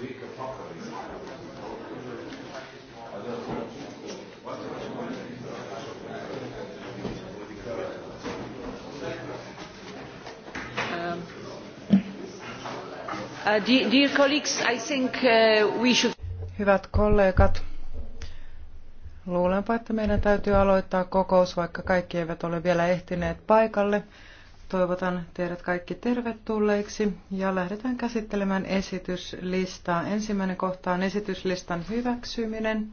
Uh, uh, Hyvät kollegat, luulenpa, että meidän täytyy aloittaa kokous, vaikka kaikki eivät ole vielä ehtineet paikalle. Toivotan teidät kaikki tervetulleiksi ja lähdetään käsittelemään esityslistaa. Ensimmäinen kohta on esityslistan hyväksyminen.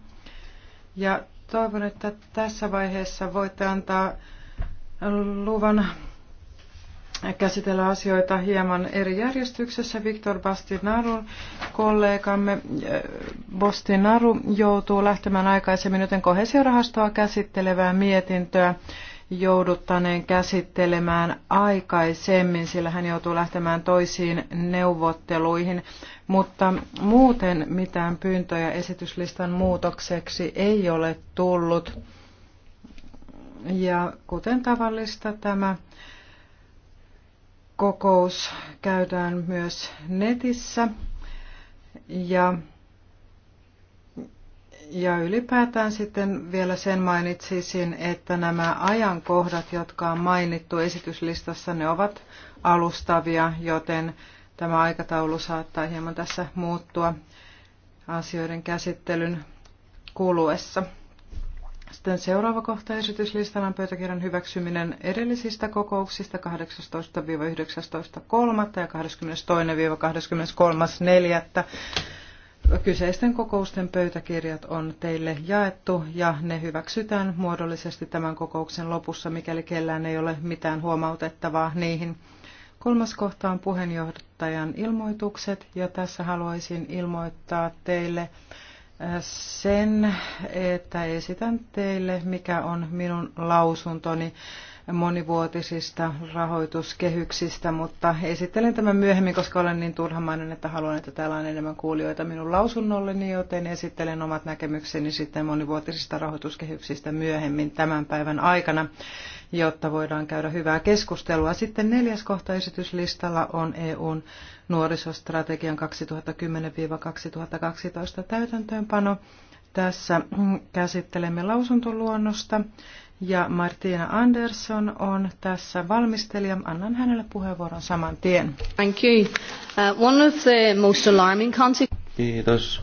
Ja toivon, että tässä vaiheessa voitte antaa luvan käsitellä asioita hieman eri järjestyksessä. Viktor Bastinaru, kollegamme eh, Bostinaru joutuu lähtemään aikaisemmin, joten kohesiorahastoa käsittelevää mietintöä jouduttaneen käsittelemään aikaisemmin, sillä hän joutuu lähtemään toisiin neuvotteluihin. Mutta muuten mitään pyyntöjä esityslistan muutokseksi ei ole tullut. Ja kuten tavallista tämä kokous käydään myös netissä. Ja ja ylipäätään sitten vielä sen mainitsisin, että nämä ajankohdat, jotka on mainittu esityslistassa, ne ovat alustavia, joten tämä aikataulu saattaa hieman tässä muuttua asioiden käsittelyn kuluessa. Sitten seuraava kohta esityslistalla on pöytäkirjan hyväksyminen edellisistä kokouksista 18-19.3. ja 22-23.4. Kyseisten kokousten pöytäkirjat on teille jaettu ja ne hyväksytään muodollisesti tämän kokouksen lopussa, mikäli kellään ei ole mitään huomautettavaa niihin. Kolmas kohta on puheenjohtajan ilmoitukset ja tässä haluaisin ilmoittaa teille äh, sen, että esitän teille, mikä on minun lausuntoni monivuotisista rahoituskehyksistä, mutta esittelen tämän myöhemmin, koska olen niin turhamainen, että haluan, että täällä on enemmän kuulijoita minun lausunnolleni, joten esittelen omat näkemykseni sitten monivuotisista rahoituskehyksistä myöhemmin tämän päivän aikana, jotta voidaan käydä hyvää keskustelua. Sitten neljäs kohta esityslistalla on EUn nuorisostrategian 2010-2012 täytäntöönpano. Tässä käsittelemme lausuntoluonnosta ja Martina Andersson on tässä valmistelija. Annan hänelle puheenvuoron saman tien. Thank you. Uh, one of the most alarming Kiitos.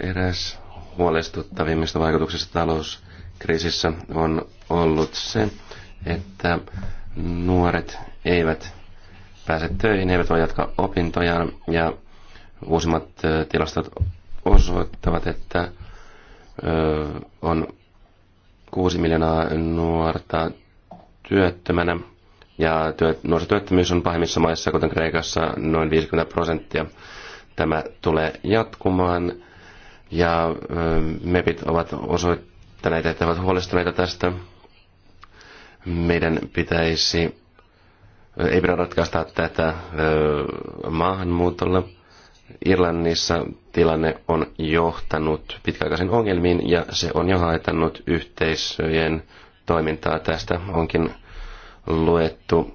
Eräs huolestuttavimmista vaikutuksista talouskriisissä on ollut se, että nuoret eivät pääse töihin, eivät voi jatkaa opintojaan ja uusimmat tilastot osoittavat, että on 6 miljoonaa nuorta työttömänä. Ja työt, nuorisotyöttömyys on pahimmissa maissa, kuten Kreikassa, noin 50 prosenttia. Tämä tulee jatkumaan. Ja MEPit ovat osoittaneet, että ovat huolestuneita tästä. Meidän pitäisi, ei pidä ratkaista tätä maahanmuutolla Irlannissa tilanne on johtanut pitkäaikaisen ongelmiin ja se on jo haitannut yhteisöjen toimintaa. Tästä onkin luettu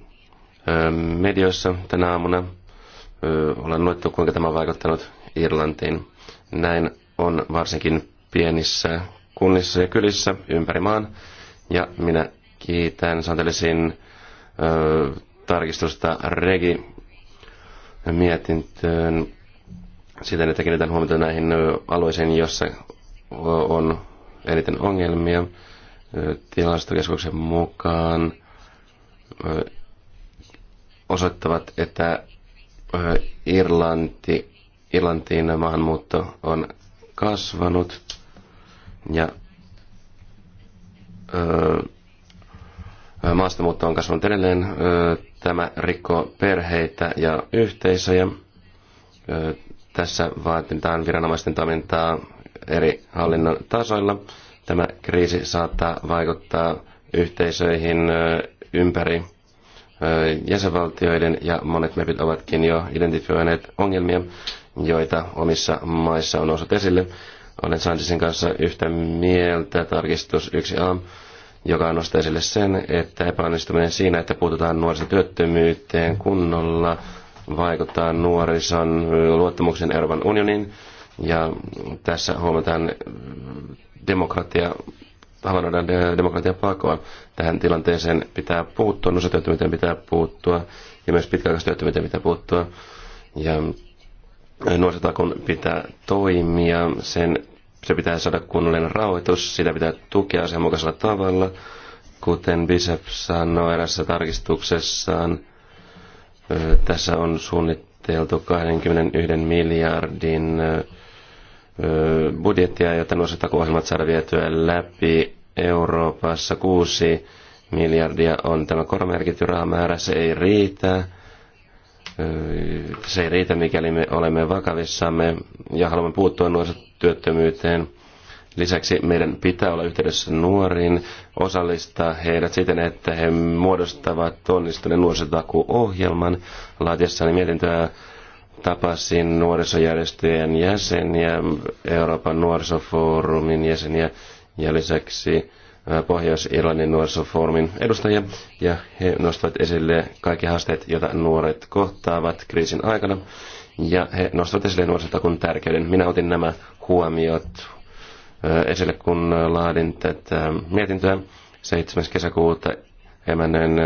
medioissa tänä aamuna. Ollaan luettu, kuinka tämä on vaikuttanut Irlantiin. Näin on varsinkin pienissä kunnissa ja kylissä ympäri maan. Ja minä kiitän Santelisin tarkistusta Regi mietintöön siten, että kiinnitän huomiota näihin alueisiin, jossa on eniten ongelmia. Tilastokeskuksen mukaan osoittavat, että Irlanti, Irlantiin maahanmuutto on kasvanut ja maastamuutto on kasvanut edelleen. Tämä rikkoo perheitä ja yhteisöjä. Tässä vaatitaan viranomaisten toimintaa eri hallinnon tasoilla. Tämä kriisi saattaa vaikuttaa yhteisöihin ympäri jäsenvaltioiden ja monet mepit ovatkin jo identifioineet ongelmia, joita omissa maissa on noussut esille. Olen Sanchezin kanssa yhtä mieltä tarkistus 1a, joka nostaa esille sen, että epäonnistuminen siinä, että puututaan nuorisotyöttömyyteen kunnolla, vaikuttaa nuorison luottamuksen Euroopan unionin. Ja tässä huomataan demokratia, havainnoidaan demokratia pakoon. Tähän tilanteeseen pitää puuttua, nuorisotyöttömyyteen pitää puuttua ja myös pitkäaikaistyöttömyyteen pitää puuttua. Ja nuorisotakun pitää toimia, sen, se pitää saada kunnollinen rahoitus, sitä pitää tukea asianmukaisella tavalla, kuten Bisep sanoi erässä tarkistuksessaan – tässä on suunniteltu 21 miljardin budjettia, jotta nuorisotakuohjelmat saada vietyä läpi. Euroopassa 6 miljardia on tämä koromerkitty rahamäärä, se ei riitä. Se ei riitä, mikäli me olemme vakavissamme ja haluamme puuttua nuorisotyöttömyyteen. Lisäksi meidän pitää olla yhteydessä nuoriin, osallistaa heidät siten, että he muodostavat onnistuneen nuorisotakuohjelman. Laatiessani mietintöä tapasin nuorisojärjestöjen jäseniä, Euroopan nuorisofoorumin jäseniä ja lisäksi Pohjois-Irlannin nuorisofoorumin edustajia, ja he nostavat esille kaikki haasteet, joita nuoret kohtaavat kriisin aikana, ja he nostavat esille nuorisotakun tärkeyden. Minä otin nämä huomiot esille, kun laadin tätä mietintöä 7. kesäkuuta emännöin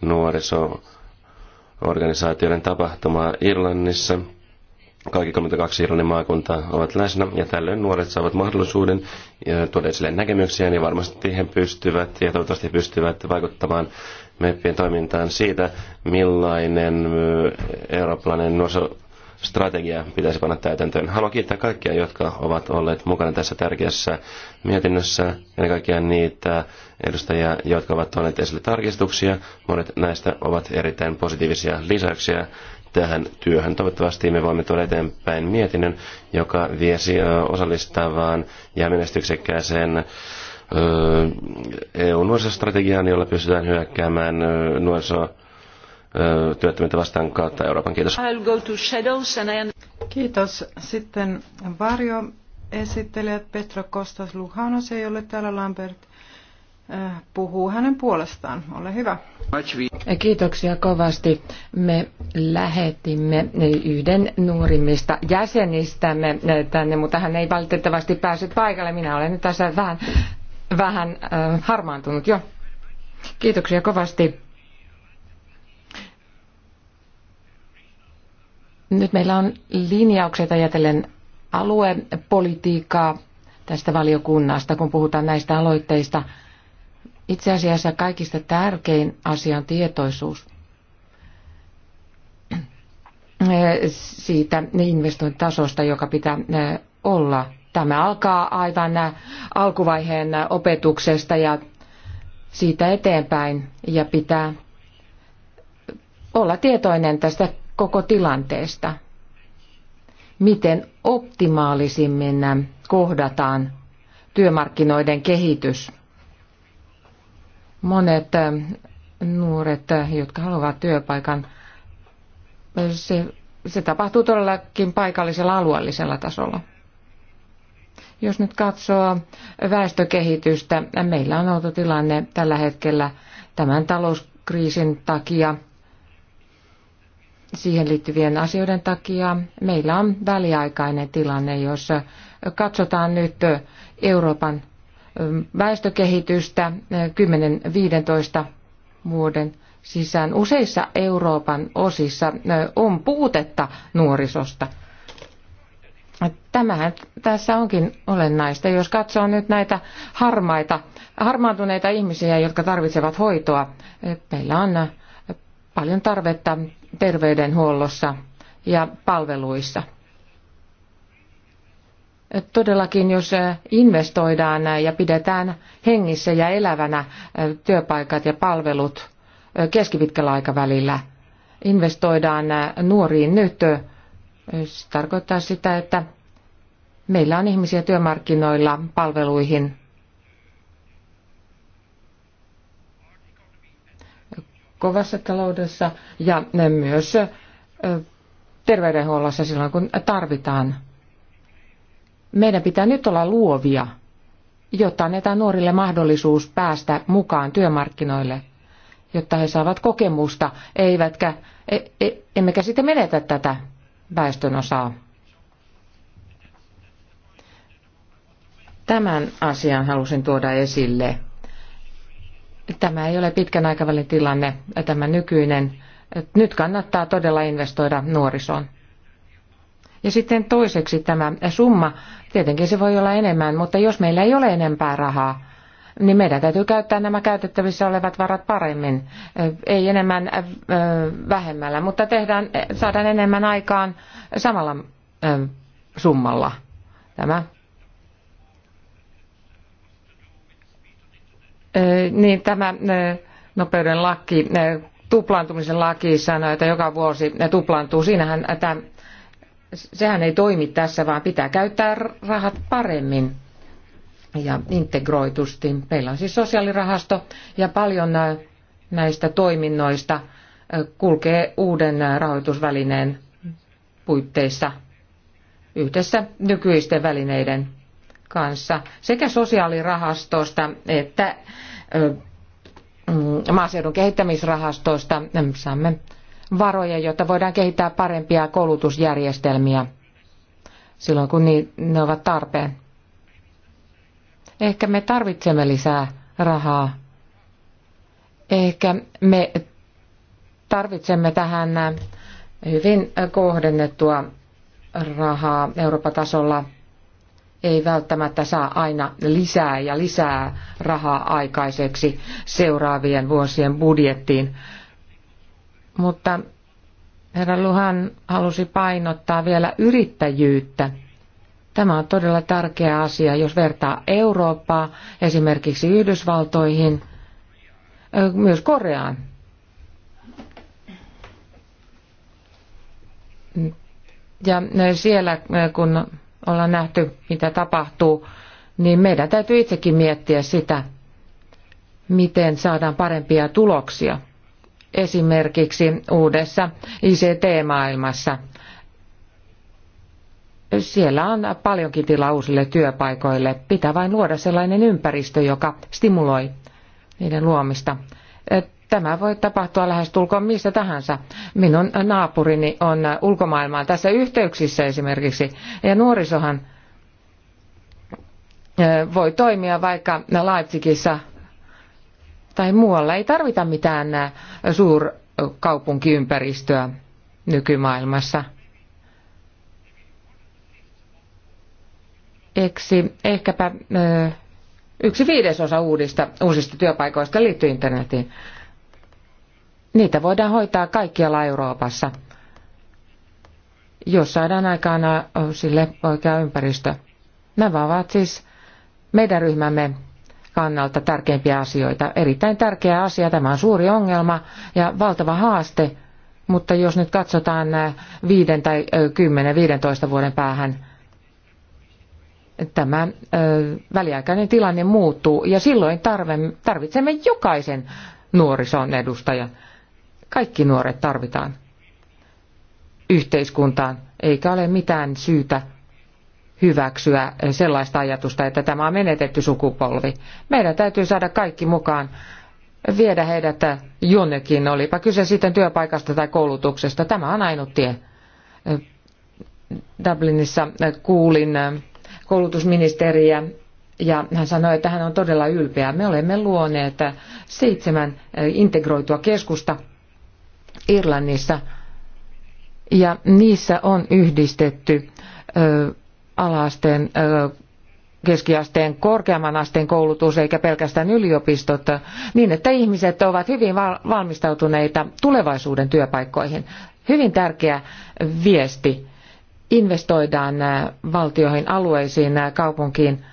nuorisoorganisaatioiden tapahtumaa Irlannissa. Kaikki 32 Irlannin maakuntaa ovat läsnä ja tällöin nuoret saavat mahdollisuuden tuoda esille näkemyksiä, niin varmasti he pystyvät ja toivottavasti pystyvät vaikuttamaan meppien toimintaan siitä, millainen eurooppalainen nuoriso strategia pitäisi panna täytäntöön. Haluan kiittää kaikkia, jotka ovat olleet mukana tässä tärkeässä mietinnössä, ennen kaikkea niitä edustajia, jotka ovat tuoneet esille tarkistuksia. Monet näistä ovat erittäin positiivisia lisäyksiä tähän työhön. Toivottavasti me voimme tuoda eteenpäin mietinnön, joka viesi osallistavaan ja menestyksekkääseen EU-nuorisostrategiaan, jolla pystytään hyökkäämään nuorisoa työttömyyttä vastaan kautta Euroopan. Kiitos. I'll go to shadows and I... Kiitos. Sitten varjo esittelijät Petro Kostas Luhanos ei ole täällä Lambert puhuu hänen puolestaan. Ole hyvä. Kiitoksia kovasti. Me lähetimme yhden nuorimmista jäsenistämme tänne, mutta hän ei valitettavasti päässyt paikalle. Minä olen nyt tässä vähän, vähän äh, harmaantunut jo. Kiitoksia kovasti Nyt meillä on linjaukset ajatellen aluepolitiikkaa tästä valiokunnasta, kun puhutaan näistä aloitteista. Itse asiassa kaikista tärkein asia on tietoisuus siitä investointitasosta, joka pitää olla. Tämä alkaa aivan alkuvaiheen opetuksesta ja siitä eteenpäin ja pitää olla tietoinen tästä koko tilanteesta. Miten optimaalisimmin kohdataan työmarkkinoiden kehitys? Monet äh, nuoret, äh, jotka haluavat työpaikan, äh, se, se tapahtuu todellakin paikallisella alueellisella tasolla. Jos nyt katsoo väestökehitystä, meillä on outo tilanne tällä hetkellä tämän talouskriisin takia siihen liittyvien asioiden takia meillä on väliaikainen tilanne, jossa katsotaan nyt Euroopan mm, väestökehitystä 10-15 mm, vuoden sisään. Useissa Euroopan osissa mm, on puutetta nuorisosta. Tämähän tässä onkin olennaista. Jos katsoo nyt näitä harmaita, harmaantuneita ihmisiä, jotka tarvitsevat hoitoa, meillä on paljon tarvetta terveydenhuollossa ja palveluissa. Todellakin, jos investoidaan ja pidetään hengissä ja elävänä työpaikat ja palvelut keskipitkällä aikavälillä, investoidaan nuoriin nyt, se tarkoittaa sitä, että meillä on ihmisiä työmarkkinoilla palveluihin kovassa taloudessa ja myös terveydenhuollossa silloin, kun tarvitaan. Meidän pitää nyt olla luovia, jotta annetaan nuorille mahdollisuus päästä mukaan työmarkkinoille, jotta he saavat kokemusta, eivätkä, e, e, emmekä sitten menetä tätä väestön osaa. Tämän asian halusin tuoda esille. Tämä ei ole pitkän aikavälin tilanne, tämä nykyinen. Nyt kannattaa todella investoida nuorisoon. Ja sitten toiseksi tämä summa, tietenkin se voi olla enemmän, mutta jos meillä ei ole enempää rahaa, niin meidän täytyy käyttää nämä käytettävissä olevat varat paremmin, ei enemmän äh, vähemmällä, mutta tehdään, saadaan enemmän aikaan samalla äh, summalla. Tämä niin tämä nopeuden laki, tuplaantumisen laki sanoi, että joka vuosi tuplaantuu. Siinähän tämä, sehän ei toimi tässä, vaan pitää käyttää rahat paremmin ja integroitusti. Meillä on siis sosiaalirahasto ja paljon näistä toiminnoista kulkee uuden rahoitusvälineen puitteissa yhdessä nykyisten välineiden kanssa sekä sosiaalirahastosta että Mm, maaseudun kehittämisrahastoista saamme varoja, jotta voidaan kehittää parempia koulutusjärjestelmiä silloin, kun ne ovat tarpeen. Ehkä me tarvitsemme lisää rahaa. Ehkä me tarvitsemme tähän hyvin kohdennettua rahaa Euroopan tasolla ei välttämättä saa aina lisää ja lisää rahaa aikaiseksi seuraavien vuosien budjettiin. Mutta herra Luhan halusi painottaa vielä yrittäjyyttä. Tämä on todella tärkeä asia, jos vertaa Eurooppaa esimerkiksi Yhdysvaltoihin, myös Koreaan. Ja siellä kun ollaan nähty, mitä tapahtuu, niin meidän täytyy itsekin miettiä sitä, miten saadaan parempia tuloksia. Esimerkiksi uudessa ICT-maailmassa. Siellä on paljonkin tilaa uusille työpaikoille. Pitää vain luoda sellainen ympäristö, joka stimuloi niiden luomista. Tämä voi tapahtua lähestulkoon missä tahansa. Minun naapurini on ulkomaailmaan tässä yhteyksissä esimerkiksi, ja nuorisohan voi toimia vaikka Leipzigissä tai muualla. Ei tarvita mitään suurkaupunkiympäristöä nykymaailmassa. Eksi, ehkäpä yksi viidesosa uudista, uusista työpaikoista liittyy internetiin niitä voidaan hoitaa kaikkialla Euroopassa, jos saadaan aikana sille oikea ympäristö. Nämä ovat siis meidän ryhmämme kannalta tärkeimpiä asioita. Erittäin tärkeä asia, tämä on suuri ongelma ja valtava haaste, mutta jos nyt katsotaan 5 äh, tai 10-15 äh, vuoden päähän, tämä äh, väliaikainen tilanne muuttuu ja silloin tarvitsemme jokaisen nuorison edustajan. Kaikki nuoret tarvitaan yhteiskuntaan, eikä ole mitään syytä hyväksyä sellaista ajatusta, että tämä on menetetty sukupolvi. Meidän täytyy saada kaikki mukaan, viedä heidät jonnekin, olipa kyse sitten työpaikasta tai koulutuksesta. Tämä on ainut tie. Dublinissa kuulin koulutusministeriä ja hän sanoi, että hän on todella ylpeä. Me olemme luoneet seitsemän integroitua keskusta Irlannissa. Ja niissä on yhdistetty ö, alaasteen, ö, keskiasteen, korkeamman asteen koulutus eikä pelkästään yliopistot, niin että ihmiset ovat hyvin valmistautuneita tulevaisuuden työpaikkoihin. Hyvin tärkeä viesti. Investoidaan valtioihin, alueisiin, kaupunkiin.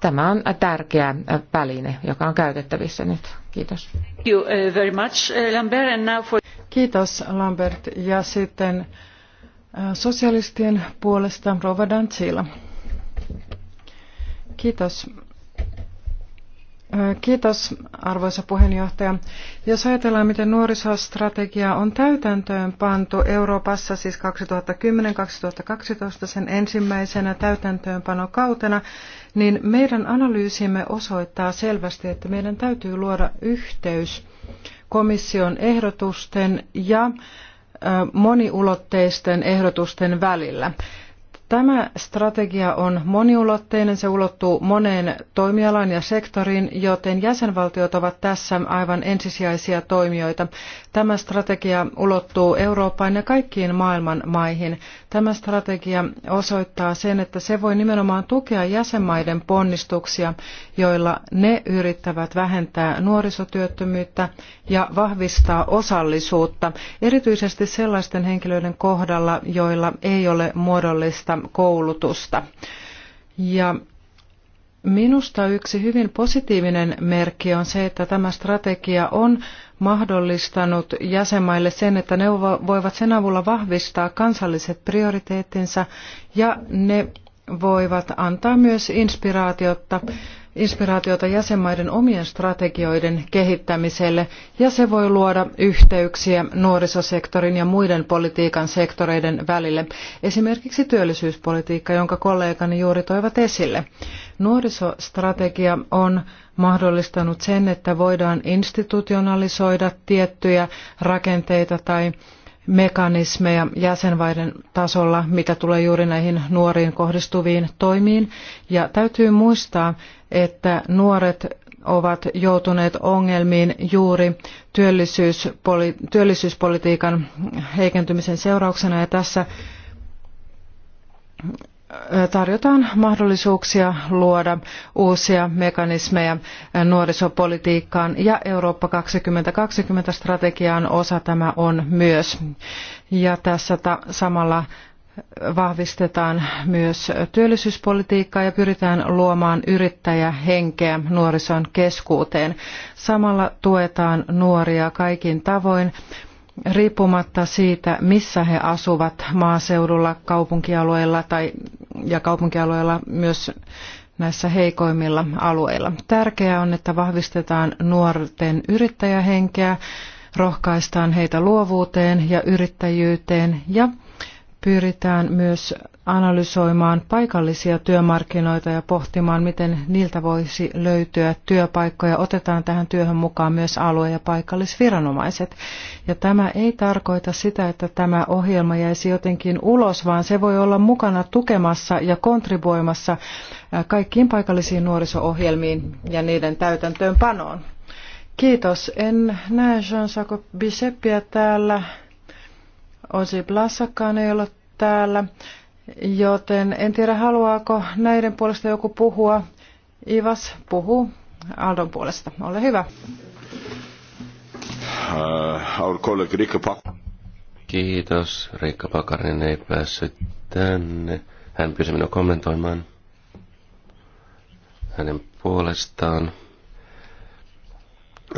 Tämä on tärkeä väline, joka on käytettävissä nyt. Kiitos. Thank you uh, very much, uh, Lambert, and now for... Kiitos Lambert ja sitten uh, sosialistien puolesta Rova Dantsila. Kiitos. Kiitos, arvoisa puheenjohtaja. Jos ajatellaan, miten nuorisostrategia on täytäntöön pantu Euroopassa siis 2010-2012 sen ensimmäisenä täytäntöönpanokautena, niin meidän analyysimme osoittaa selvästi, että meidän täytyy luoda yhteys komission ehdotusten ja moniulotteisten ehdotusten välillä. Tämä strategia on moniulotteinen, se ulottuu moneen toimialaan ja sektoriin, joten jäsenvaltiot ovat tässä aivan ensisijaisia toimijoita. Tämä strategia ulottuu Eurooppaan ja kaikkiin maailman maihin. Tämä strategia osoittaa sen, että se voi nimenomaan tukea jäsenmaiden ponnistuksia, joilla ne yrittävät vähentää nuorisotyöttömyyttä ja vahvistaa osallisuutta, erityisesti sellaisten henkilöiden kohdalla, joilla ei ole muodollista koulutusta. Ja Minusta yksi hyvin positiivinen merkki on se, että tämä strategia on mahdollistanut jäsenmaille sen, että ne voivat sen avulla vahvistaa kansalliset prioriteettinsa ja ne voivat antaa myös inspiraatiota, inspiraatiota jäsenmaiden omien strategioiden kehittämiselle ja se voi luoda yhteyksiä nuorisosektorin ja muiden politiikan sektoreiden välille, esimerkiksi työllisyyspolitiikka, jonka kollegani juuri toivat esille. Nuorisostrategia on mahdollistanut sen, että voidaan institutionalisoida tiettyjä rakenteita tai mekanismeja jäsenvaiden tasolla, mitä tulee juuri näihin nuoriin kohdistuviin toimiin. Ja täytyy muistaa, että nuoret ovat joutuneet ongelmiin juuri työllisyyspoli työllisyyspolitiikan heikentymisen seurauksena ja tässä tarjotaan mahdollisuuksia luoda uusia mekanismeja nuorisopolitiikkaan ja Eurooppa 2020 strategiaan osa tämä on myös. Ja tässä samalla vahvistetaan myös työllisyyspolitiikkaa ja pyritään luomaan yrittäjähenkeä nuorison keskuuteen. Samalla tuetaan nuoria kaikin tavoin riippumatta siitä, missä he asuvat maaseudulla, kaupunkialueilla tai, ja kaupunkialueilla myös näissä heikoimmilla alueilla. Tärkeää on, että vahvistetaan nuorten yrittäjähenkeä, rohkaistaan heitä luovuuteen ja yrittäjyyteen ja pyritään myös analysoimaan paikallisia työmarkkinoita ja pohtimaan, miten niiltä voisi löytyä työpaikkoja. Otetaan tähän työhön mukaan myös alue- ja paikallisviranomaiset. Ja tämä ei tarkoita sitä, että tämä ohjelma jäisi jotenkin ulos, vaan se voi olla mukana tukemassa ja kontribuoimassa kaikkiin paikallisiin nuoriso-ohjelmiin ja niiden täytäntöönpanoon. Kiitos. En näe Jean-Jacques Biseppiä täällä. Osi Blassakaan ei ole täällä. Joten en tiedä, haluaako näiden puolesta joku puhua. Ivas puhuu Aldon puolesta. Ole hyvä. Äh, Kiitos. Riikka Pakarinen ei päässyt tänne. Hän pyysi minua kommentoimaan hänen puolestaan.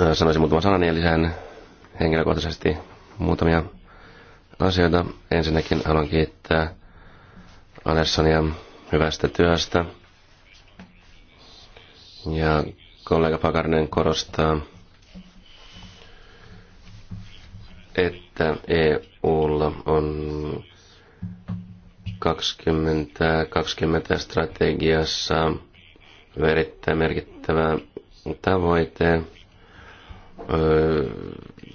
Äh, sanoisin muutaman sanan ja lisään henkilökohtaisesti muutamia asioita. Ensinnäkin haluan kiittää Anderssonia hyvästä työstä. Ja kollega Pakarinen korostaa, että EUlla on 2020 strategiassa erittäin merkittävä tavoite.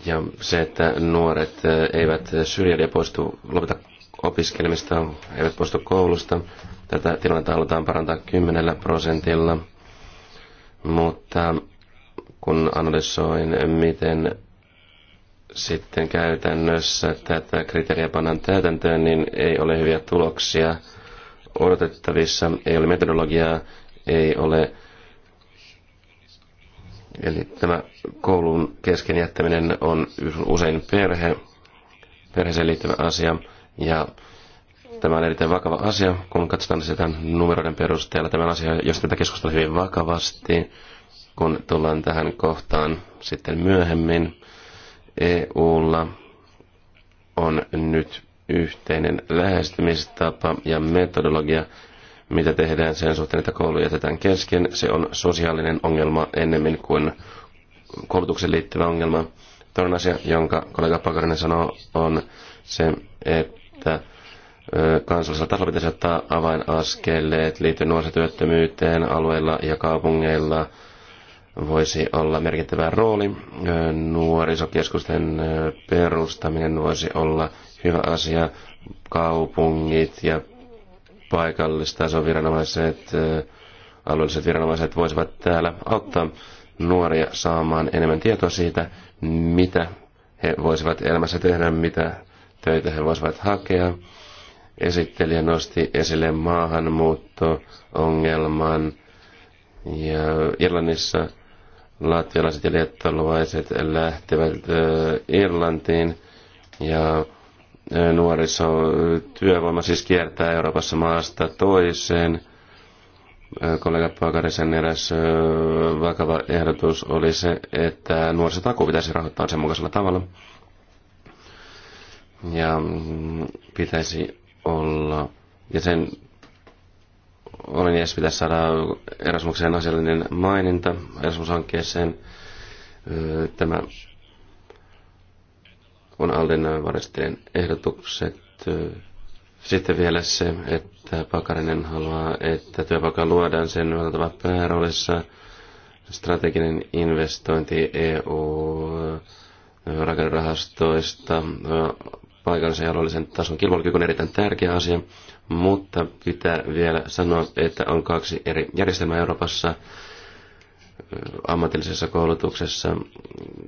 Ja se, että nuoret eivät syrjäydy ja poistu, lopeta opiskelemista eivät poistu koulusta. Tätä tilannetta halutaan parantaa 10 prosentilla, mutta kun analysoin, miten sitten käytännössä tätä kriteeriä pannaan täytäntöön, niin ei ole hyviä tuloksia odotettavissa, ei ole metodologiaa, ei ole Eli tämä koulun kesken jättäminen on usein perhe, perheeseen liittyvä asia. Ja tämä on erittäin vakava asia, kun katsotaan sitä numeroiden perusteella. Tämä asia, jos tätä keskustellaan hyvin vakavasti, kun tullaan tähän kohtaan sitten myöhemmin, EUlla on nyt yhteinen lähestymistapa ja metodologia, mitä tehdään sen suhteen, että koulu jätetään kesken. Se on sosiaalinen ongelma ennemmin kuin koulutukseen liittyvä ongelma. Toinen asia, jonka kollega Pakarinen sanoo, on se, että että kansallisella tasolla pitäisi ottaa avainaskeleet liittyen nuorisotyöttömyyteen alueilla ja kaupungeilla voisi olla merkittävä rooli. Nuorisokeskusten perustaminen voisi olla hyvä asia. Kaupungit ja paikallistason viranomaiset, alueelliset viranomaiset voisivat täällä auttaa nuoria saamaan enemmän tietoa siitä, mitä he voisivat elämässä tehdä, mitä töitä he voisivat hakea. Esittelijä nosti esille maahanmuutto-ongelman ja Irlannissa latvialaiset ja liettualaiset lähtevät Irlantiin ja nuorisotyövoima siis kiertää Euroopassa maasta toiseen. Kollega Pakarisen eräs vakava ehdotus oli se, että nuorisotaku pitäisi rahoittaa sen mukaisella tavalla ja mm, pitäisi olla, ja sen olen edes pitäisi saada Erasmukseen asiallinen maininta Erasmus-hankkeeseen. Tämä on Alden varisteen ehdotukset. Sitten vielä se, että Pakarinen haluaa, että työpaikka luodaan sen valtava pääroolissa strateginen investointi EU rakennerahastoista paikansa ja alueellisen tason kilpailukyky on erittäin tärkeä asia, mutta pitää vielä sanoa, että on kaksi eri järjestelmää Euroopassa ammatillisessa koulutuksessa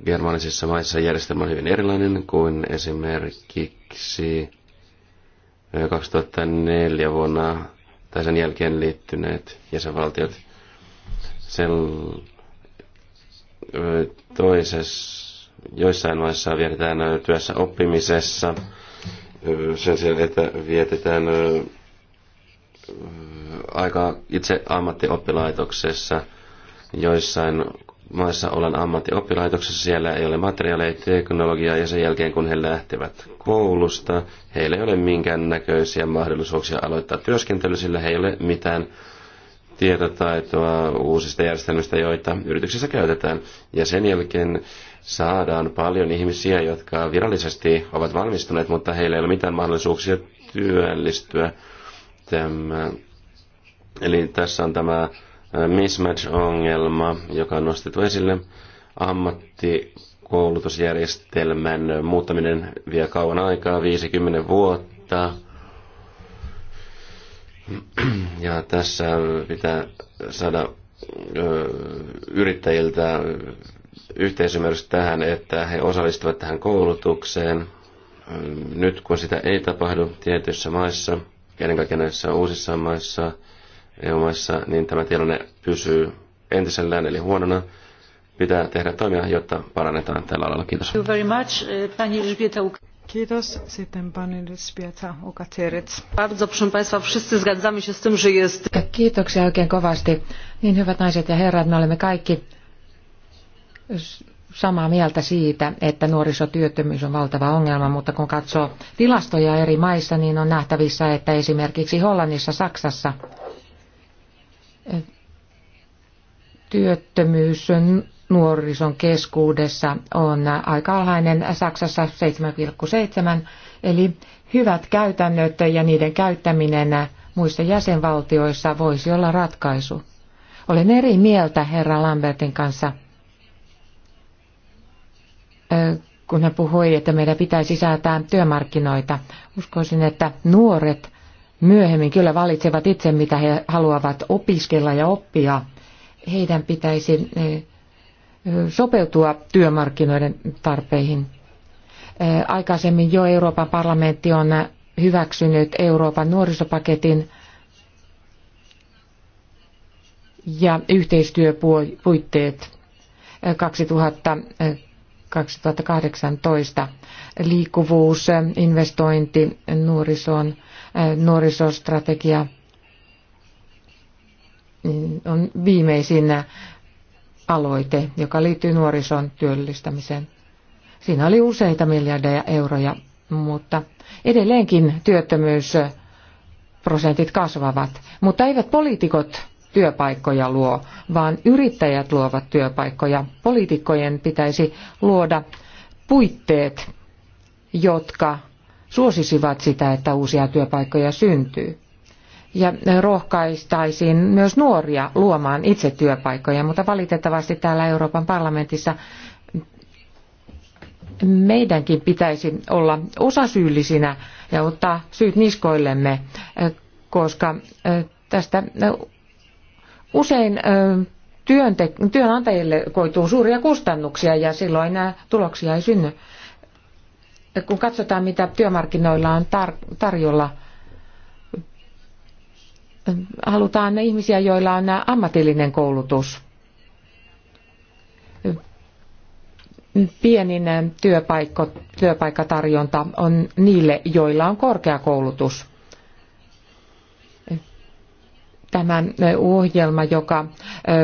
germanisissa maissa järjestelmä on hyvin erilainen kuin esimerkiksi 2004 vuonna tai sen jälkeen liittyneet jäsenvaltiot. Sel, toisessa joissain maissa vietetään työssä oppimisessa sen sijaan, että vietetään aika itse ammattioppilaitoksessa. Joissain maissa ollaan ammattioppilaitoksessa, siellä ei ole materiaaleja, teknologiaa ja sen jälkeen kun he lähtevät koulusta, heillä ei ole minkäännäköisiä mahdollisuuksia aloittaa työskentely, sillä he ei ole mitään tietotaitoa uusista järjestelmistä, joita yrityksissä käytetään. Ja sen jälkeen saadaan paljon ihmisiä, jotka virallisesti ovat valmistuneet, mutta heillä ei ole mitään mahdollisuuksia työllistyä. Tämä, eli tässä on tämä mismatch-ongelma, joka on nostettu esille. Ammattikoulutusjärjestelmän muuttaminen vie kauan aikaa, 50 vuotta. Ja tässä pitää saada yrittäjiltä yhteisymmärrys tähän, että he osallistuvat tähän koulutukseen. Nyt kun sitä ei tapahdu tietyissä maissa, ennen kaikkea näissä uusissa maissa, EU-maissa, niin tämä tilanne pysyy entisellään eli huonona. Pitää tehdä toimia, jotta parannetaan tällä alalla. Kiitos. E, Kiitos. Sitten pani Elżbieta Ukacerec. Bardzo, proszę Państwa, wszyscy zgadzamy się z tym, że jest... Kiitoksia oikein kovasti. Niin hyvät naiset ja herrat, me olemme kaikki samaa mieltä siitä, että nuorisotyöttömyys on valtava ongelma, mutta kun katsoo tilastoja eri maissa, niin on nähtävissä, että esimerkiksi Hollannissa, Saksassa työttömyys nuorison keskuudessa on aika alhainen, Saksassa 7,7, eli hyvät käytännöt ja niiden käyttäminen muissa jäsenvaltioissa voisi olla ratkaisu. Olen eri mieltä herra Lambertin kanssa kun hän puhui, että meidän pitäisi säätää työmarkkinoita. Uskoisin, että nuoret myöhemmin kyllä valitsevat itse, mitä he haluavat opiskella ja oppia. Heidän pitäisi sopeutua työmarkkinoiden tarpeihin. Aikaisemmin jo Euroopan parlamentti on hyväksynyt Euroopan nuorisopaketin ja yhteistyöpuitteet 2000. 2018 liikkuvuus, investointi nuorisoon, äh, nuorisostrategia on viimeisin aloite, joka liittyy nuorison työllistämiseen. Siinä oli useita miljardeja euroja, mutta edelleenkin työttömyysprosentit kasvavat, mutta eivät poliitikot työpaikkoja luo, vaan yrittäjät luovat työpaikkoja. Poliitikkojen pitäisi luoda puitteet, jotka suosisivat sitä, että uusia työpaikkoja syntyy. Ja rohkaistaisiin myös nuoria luomaan itse työpaikkoja, mutta valitettavasti täällä Euroopan parlamentissa meidänkin pitäisi olla osasyyllisinä ja ottaa syyt niskoillemme, koska tästä Usein työnte- työnantajille koituu suuria kustannuksia ja silloin nämä tuloksia ei synny. Kun katsotaan, mitä työmarkkinoilla on tar- tarjolla, halutaan ne ihmisiä, joilla on ammatillinen koulutus. Pienin työpaikko, työpaikkatarjonta on niille, joilla on korkea koulutus tämä ohjelma, joka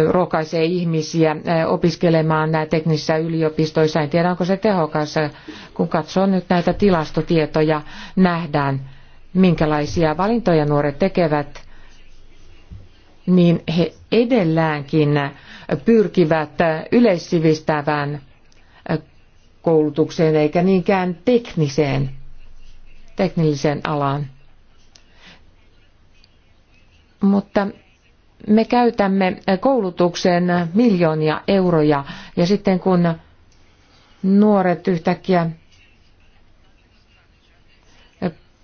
rohkaisee ihmisiä opiskelemaan teknisissä yliopistoissa. En tiedä, onko se tehokas, kun katsoo nyt näitä tilastotietoja, nähdään minkälaisia valintoja nuoret tekevät, niin he edelläänkin pyrkivät yleissivistävään koulutukseen eikä niinkään tekniseen, teknilliseen alaan. Mutta me käytämme koulutukseen miljoonia euroja ja sitten kun nuoret yhtäkkiä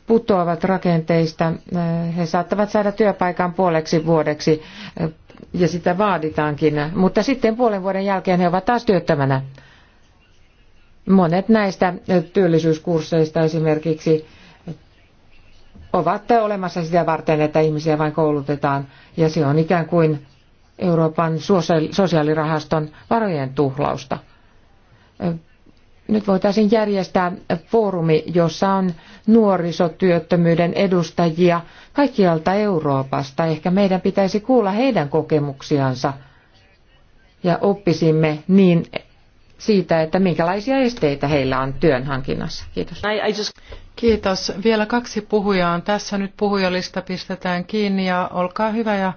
putoavat rakenteista, he saattavat saada työpaikan puoleksi vuodeksi ja sitä vaaditaankin, mutta sitten puolen vuoden jälkeen he ovat taas työttömänä. Monet näistä työllisyyskursseista esimerkiksi ovat olemassa sitä varten, että ihmisiä vain koulutetaan, ja se on ikään kuin Euroopan sosiaalirahaston varojen tuhlausta. Nyt voitaisiin järjestää foorumi, jossa on nuorisotyöttömyyden edustajia kaikkialta Euroopasta. Ehkä meidän pitäisi kuulla heidän kokemuksiansa ja oppisimme niin siitä, että minkälaisia esteitä heillä on työn hankinnassa. Kiitos. Kiitos. Vielä kaksi puhujaa on tässä. Nyt puhujalista pistetään kiinni ja olkaa hyvä ja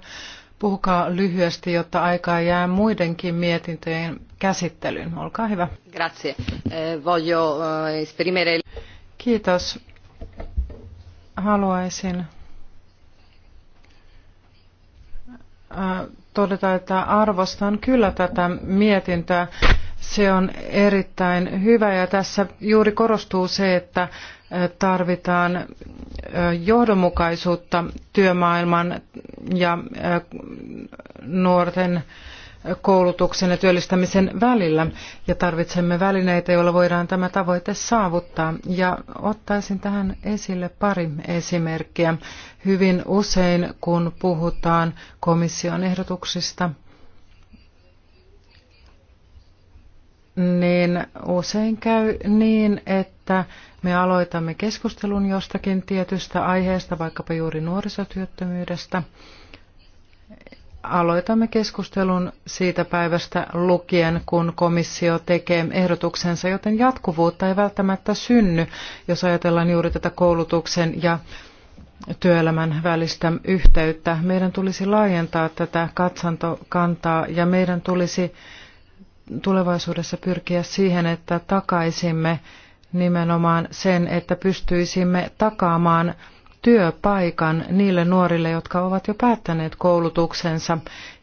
puhukaa lyhyesti, jotta aikaa jää muidenkin mietintöjen käsittelyyn. Olkaa hyvä. Grazie. Eh, voglio eh, esprimere... Kiitos. Haluaisin eh, todeta, että arvostan kyllä tätä mietintöä. Se on erittäin hyvä ja tässä juuri korostuu se, että tarvitaan johdonmukaisuutta työmaailman ja nuorten koulutuksen ja työllistämisen välillä ja tarvitsemme välineitä, joilla voidaan tämä tavoite saavuttaa. Ja ottaisin tähän esille pari esimerkkiä. Hyvin usein, kun puhutaan komission ehdotuksista niin usein käy niin, että me aloitamme keskustelun jostakin tietystä aiheesta, vaikkapa juuri nuorisotyöttömyydestä. Aloitamme keskustelun siitä päivästä lukien, kun komissio tekee ehdotuksensa, joten jatkuvuutta ei välttämättä synny, jos ajatellaan juuri tätä koulutuksen ja työelämän välistä yhteyttä. Meidän tulisi laajentaa tätä katsantokantaa ja meidän tulisi tulevaisuudessa pyrkiä siihen, että takaisimme nimenomaan sen, että pystyisimme takaamaan työpaikan niille nuorille, jotka ovat jo päättäneet koulutuksensa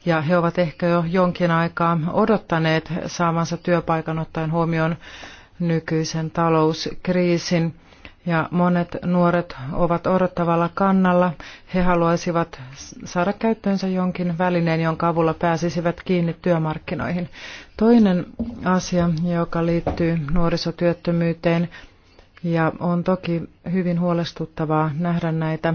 ja he ovat ehkä jo jonkin aikaa odottaneet saamansa työpaikan ottaen huomioon nykyisen talouskriisin. Ja monet nuoret ovat odottavalla kannalla. He haluaisivat saada käyttöönsä jonkin välineen, jonka avulla pääsisivät kiinni työmarkkinoihin. Toinen asia, joka liittyy nuorisotyöttömyyteen, ja on toki hyvin huolestuttavaa nähdä näitä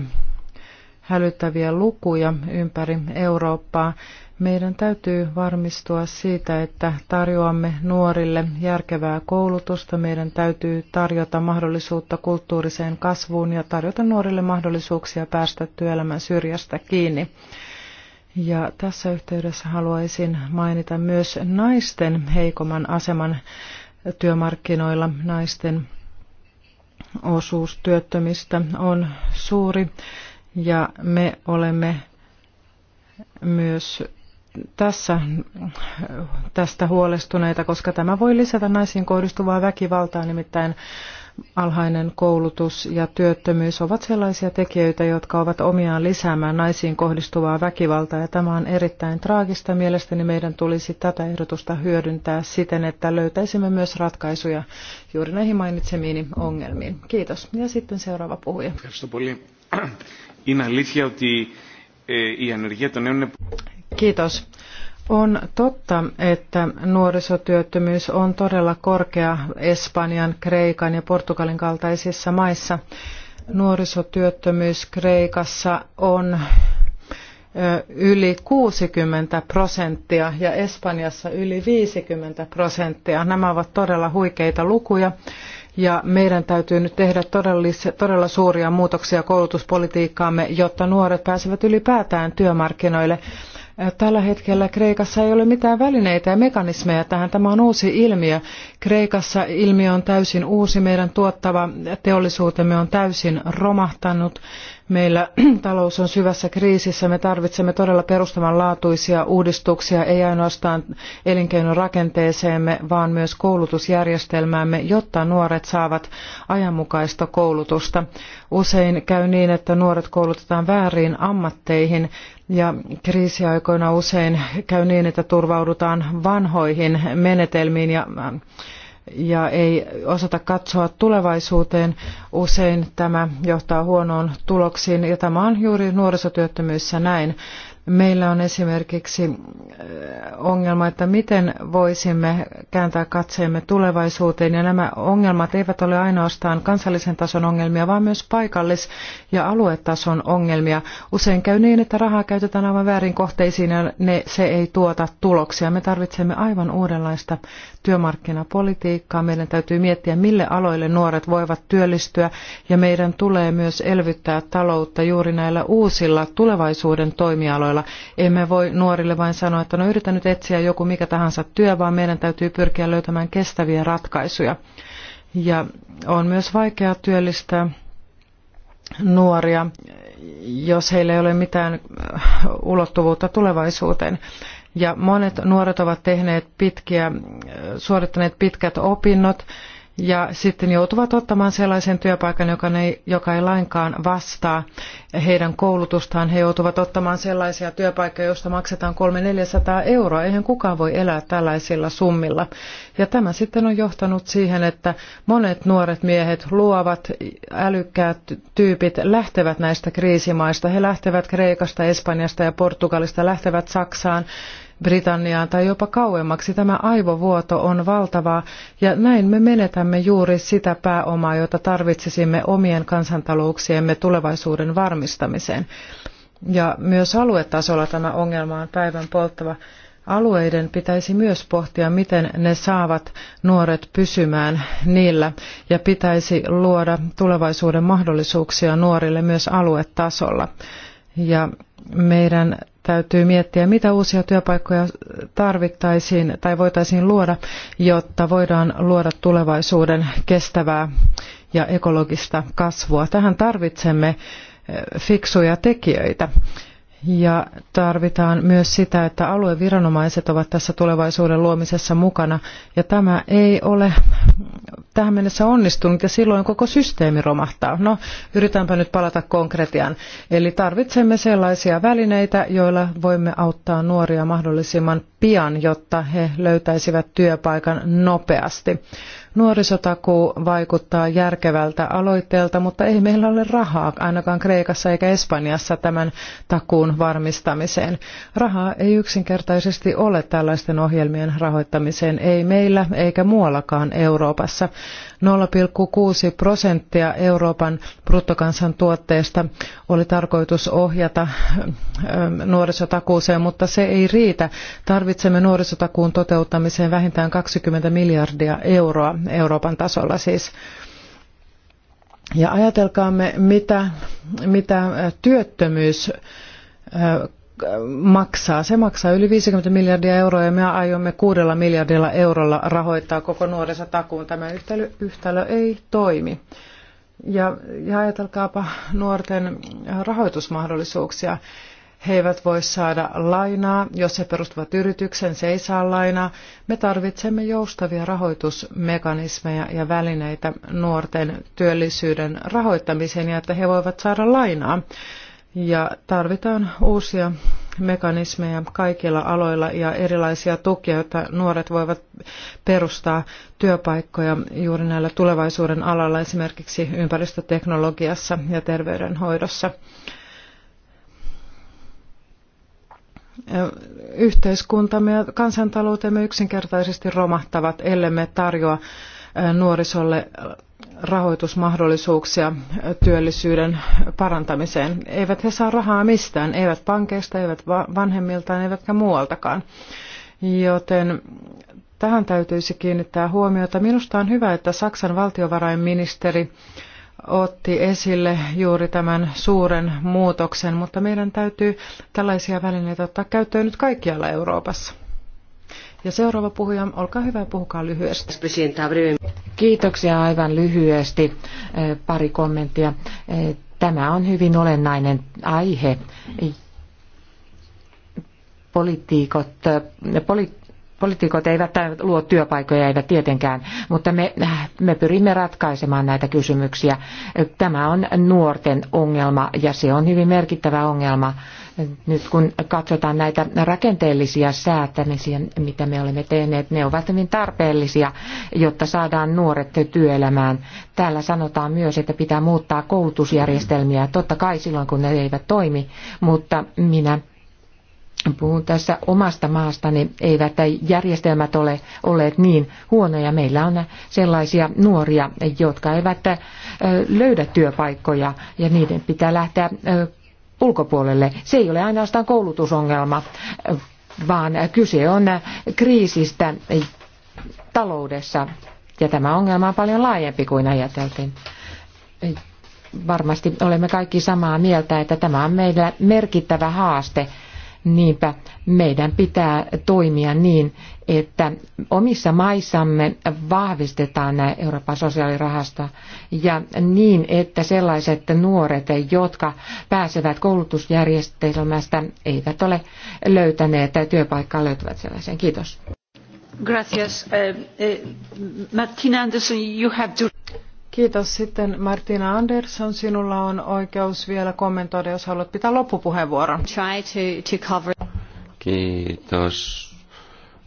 hälyttäviä lukuja ympäri Eurooppaa. Meidän täytyy varmistua siitä, että tarjoamme nuorille järkevää koulutusta. Meidän täytyy tarjota mahdollisuutta kulttuuriseen kasvuun ja tarjota nuorille mahdollisuuksia päästä työelämän syrjästä kiinni. Ja tässä yhteydessä haluaisin mainita myös naisten heikomman aseman työmarkkinoilla. Naisten osuus työttömistä on suuri ja me olemme myös tässä, tästä huolestuneita, koska tämä voi lisätä naisiin kohdistuvaa väkivaltaa, nimittäin alhainen koulutus ja työttömyys ovat sellaisia tekijöitä, jotka ovat omiaan lisäämään naisiin kohdistuvaa väkivaltaa. Ja tämä on erittäin traagista. Mielestäni meidän tulisi tätä ehdotusta hyödyntää siten, että löytäisimme myös ratkaisuja juuri näihin mainitsemiini ongelmiin. Kiitos. Ja sitten seuraava puhuja. Kiitos. On totta, että nuorisotyöttömyys on todella korkea Espanjan, Kreikan ja Portugalin kaltaisissa maissa. Nuorisotyöttömyys Kreikassa on yli 60 prosenttia ja Espanjassa yli 50 prosenttia. Nämä ovat todella huikeita lukuja ja meidän täytyy nyt tehdä todella suuria muutoksia koulutuspolitiikkaamme, jotta nuoret pääsevät ylipäätään työmarkkinoille. Tällä hetkellä Kreikassa ei ole mitään välineitä ja mekanismeja tähän. Tämä on uusi ilmiö. Kreikassa ilmiö on täysin uusi. Meidän tuottava teollisuutemme on täysin romahtanut. Meillä talous on syvässä kriisissä. Me tarvitsemme todella perustavanlaatuisia uudistuksia, ei ainoastaan elinkeinorakenteeseemme, vaan myös koulutusjärjestelmäämme, jotta nuoret saavat ajanmukaista koulutusta. Usein käy niin, että nuoret koulutetaan vääriin ammatteihin ja kriisiaikoina usein käy niin, että turvaudutaan vanhoihin menetelmiin ja ja ei osata katsoa tulevaisuuteen. Usein tämä johtaa huonoon tuloksiin ja tämä on juuri nuorisotyöttömyyssä näin. Meillä on esimerkiksi äh, ongelma, että miten voisimme kääntää katseemme tulevaisuuteen, ja nämä ongelmat eivät ole ainoastaan kansallisen tason ongelmia, vaan myös paikallis- ja aluetason ongelmia. Usein käy niin, että rahaa käytetään aivan väärin kohteisiin, ja ne, se ei tuota tuloksia. Me tarvitsemme aivan uudenlaista työmarkkinapolitiikkaa. Meidän täytyy miettiä, mille aloille nuoret voivat työllistyä, ja meidän tulee myös elvyttää taloutta juuri näillä uusilla tulevaisuuden toimialoilla puolella. Emme voi nuorille vain sanoa, että no yritä nyt etsiä joku mikä tahansa työ, vaan meidän täytyy pyrkiä löytämään kestäviä ratkaisuja. Ja on myös vaikea työllistää nuoria, jos heillä ei ole mitään äh, ulottuvuutta tulevaisuuteen. Ja monet nuoret ovat tehneet pitkiä, äh, suorittaneet pitkät opinnot ja sitten joutuvat ottamaan sellaisen työpaikan, joka ei, joka ei lainkaan vastaa heidän koulutustaan. He joutuvat ottamaan sellaisia työpaikkoja, joista maksetaan 300-400 euroa. Eihän kukaan voi elää tällaisilla summilla. Ja tämä sitten on johtanut siihen, että monet nuoret miehet, luovat, älykkäät tyypit lähtevät näistä kriisimaista. He lähtevät Kreikasta, Espanjasta ja Portugalista, lähtevät Saksaan Britanniaan tai jopa kauemmaksi. Tämä aivovuoto on valtava ja näin me menetämme juuri sitä pääomaa, jota tarvitsisimme omien kansantalouksiemme tulevaisuuden varmistamiseen. Ja myös aluetasolla tämä ongelma on päivän polttava. Alueiden pitäisi myös pohtia, miten ne saavat nuoret pysymään niillä ja pitäisi luoda tulevaisuuden mahdollisuuksia nuorille myös aluetasolla. Ja meidän täytyy miettiä, mitä uusia työpaikkoja tarvittaisiin tai voitaisiin luoda, jotta voidaan luoda tulevaisuuden kestävää ja ekologista kasvua. Tähän tarvitsemme eh, fiksuja tekijöitä. Ja tarvitaan myös sitä, että alueviranomaiset ovat tässä tulevaisuuden luomisessa mukana. Ja tämä ei ole tähän mennessä onnistunut ja silloin koko systeemi romahtaa. No, yritänpä nyt palata konkretiaan. Eli tarvitsemme sellaisia välineitä, joilla voimme auttaa nuoria mahdollisimman pian, jotta he löytäisivät työpaikan nopeasti. Nuorisotakuu vaikuttaa järkevältä aloitteelta, mutta ei meillä ole rahaa ainakaan Kreikassa eikä Espanjassa tämän takuun varmistamiseen. Rahaa ei yksinkertaisesti ole tällaisten ohjelmien rahoittamiseen, ei meillä eikä muuallakaan Euroopassa kuusi prosenttia Euroopan bruttokansantuotteesta oli tarkoitus ohjata ähm, nuorisotakuuseen, mutta se ei riitä. Tarvitsemme nuorisotakuun toteuttamiseen vähintään 20 miljardia euroa Euroopan tasolla siis. Ja ajatelkaamme, mitä, mitä työttömyys äh, maksaa. Se maksaa yli 50 miljardia euroa ja me aiomme kuudella miljardilla eurolla rahoittaa koko nuorisotakuun. Tämä yhtälö, yhtälö ei toimi. Ja, ja ajatelkaapa nuorten rahoitusmahdollisuuksia. He eivät voi saada lainaa, jos he perustuvat yrityksen, se ei saa lainaa. Me tarvitsemme joustavia rahoitusmekanismeja ja välineitä nuorten työllisyyden rahoittamiseen ja että he voivat saada lainaa ja tarvitaan uusia mekanismeja kaikilla aloilla ja erilaisia tukia, jotta nuoret voivat perustaa työpaikkoja juuri näillä tulevaisuuden alalla, esimerkiksi ympäristöteknologiassa ja terveydenhoidossa. Yhteiskuntamme ja kansantaloutemme yksinkertaisesti romahtavat, ellemme tarjoa nuorisolle rahoitusmahdollisuuksia työllisyyden parantamiseen. Eivät he saa rahaa mistään, eivät pankeista, eivät vanhemmiltaan, eivätkä muualtakaan. Joten tähän täytyisi kiinnittää huomiota. Minusta on hyvä, että Saksan valtiovarainministeri otti esille juuri tämän suuren muutoksen, mutta meidän täytyy tällaisia välineitä ottaa käyttöön nyt kaikkialla Euroopassa. Ja seuraava puhuja, olkaa hyvä puhukaa lyhyesti. Kiitoksia aivan lyhyesti. Eh, pari kommenttia. Eh, tämä on hyvin olennainen aihe. Politiikot, eh, poli, politiikot eivät luo työpaikoja, eivät tietenkään, mutta me, me pyrimme ratkaisemaan näitä kysymyksiä. Tämä on nuorten ongelma ja se on hyvin merkittävä ongelma nyt kun katsotaan näitä rakenteellisia säätämisiä, mitä me olemme tehneet, ne ovat hyvin tarpeellisia, jotta saadaan nuoret työelämään. Täällä sanotaan myös, että pitää muuttaa koulutusjärjestelmiä, totta kai silloin kun ne eivät toimi, mutta minä puhun tässä omasta maastani, eivät järjestelmät ole olleet niin huonoja. Meillä on sellaisia nuoria, jotka eivät löydä työpaikkoja ja niiden pitää lähteä ulkopuolelle. Se ei ole ainoastaan koulutusongelma, vaan kyse on kriisistä taloudessa. Ja tämä ongelma on paljon laajempi kuin ajateltiin. Varmasti olemme kaikki samaa mieltä, että tämä on meillä merkittävä haaste Niinpä meidän pitää toimia niin, että omissa maissamme vahvistetaan Euroopan sosiaalirahasto ja niin, että sellaiset nuoret, jotka pääsevät koulutusjärjestelmästä, eivät ole löytäneet työpaikkaa, löytävät sellaisen. Kiitos. Gracias. Eh, eh, Martin Anderson, you have to... Kiitos sitten Martina Andersson. Sinulla on oikeus vielä kommentoida, jos haluat pitää loppupuheenvuoron. Try to, to cover. Kiitos.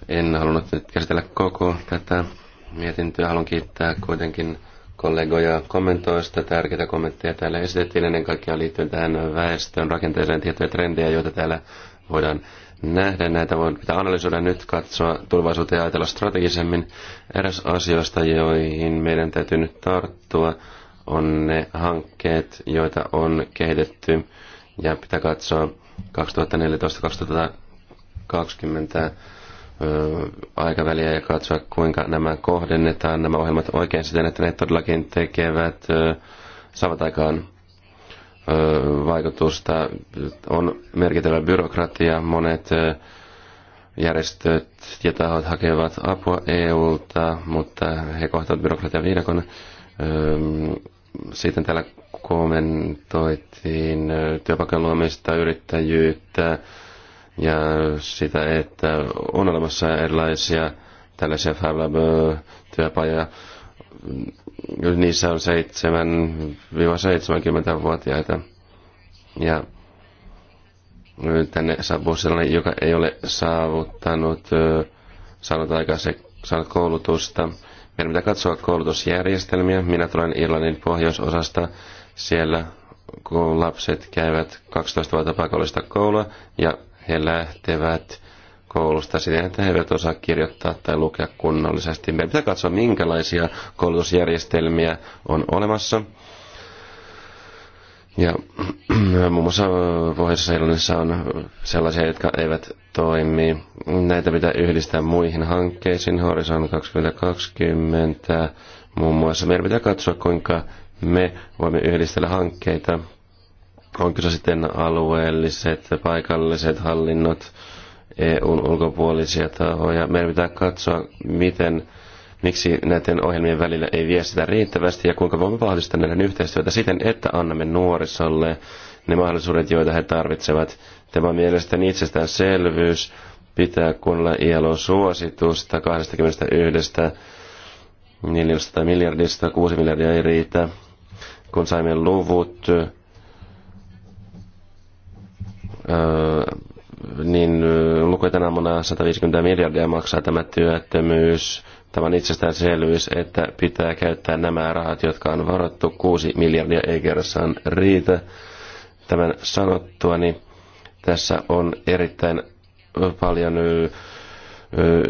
En halunnut nyt käsitellä koko tätä mietintöä. Haluan kiittää kuitenkin kollegoja kommentoista. Tärkeitä kommentteja täällä esitettiin ennen kaikkea liittyen tähän väestön rakenteeseen tiettyjä trendejä, joita täällä voidaan nähdä näitä, voi pitää analysoida nyt, katsoa tulevaisuuteen ja ajatella strategisemmin. Eräs asioista, joihin meidän täytyy nyt tarttua, on ne hankkeet, joita on kehitetty ja pitää katsoa 2014-2020 aikaväliä ja katsoa, kuinka nämä kohdennetaan, nämä ohjelmat oikein siten, että ne todellakin tekevät, saavat aikaan vaikutusta on merkittävä byrokratia. Monet järjestöt ja tahot hakevat apua EUlta, mutta he kohtavat byrokratian viidakon. Sitten täällä kommentoitiin työpaikan luomista, yrittäjyyttä ja sitä, että on olemassa erilaisia tällaisia Fab Lab-työpajoja niissä on 7-70-vuotiaita. Ja tänne saapuu sellainen, joka ei ole saavuttanut, saanut aikaisemmin koulutusta. Meidän pitää katsoa koulutusjärjestelmiä. Minä tulen Irlannin pohjoisosasta. Siellä kun lapset käyvät 12 vuotta pakollista koulua ja he lähtevät koulusta siten, että he eivät osaa kirjoittaa tai lukea kunnollisesti. Meidän pitää katsoa, minkälaisia koulutusjärjestelmiä on olemassa. Ja muun muassa pohjois on sellaisia, jotka eivät toimi. Näitä pitää yhdistää muihin hankkeisiin, Horizon 2020 muun muassa. Meidän pitää katsoa, kuinka me voimme yhdistellä hankkeita. Onko se sitten alueelliset, paikalliset hallinnot, EUn ulkopuolisia tahoja. Meidän pitää katsoa, miten, miksi näiden ohjelmien välillä ei viestitä riittävästi ja kuinka voimme vahvistaa näiden yhteistyötä siten, että annamme nuorisolle ne mahdollisuudet, joita he tarvitsevat. Tämä on mielestäni itsestäänselvyys. Pitää kuunnella ILOn suositusta 21 400 miljardista, 6 miljardia ei riitä. Kun saimme luvut, niin lukuja tänä aamuna 150 miljardia maksaa tämä työttömyys. Tämä on itsestäänselvyys, että pitää käyttää nämä rahat, jotka on varattu. 6 miljardia ei kerrassaan riitä. Tämän sanottua, niin tässä on erittäin paljon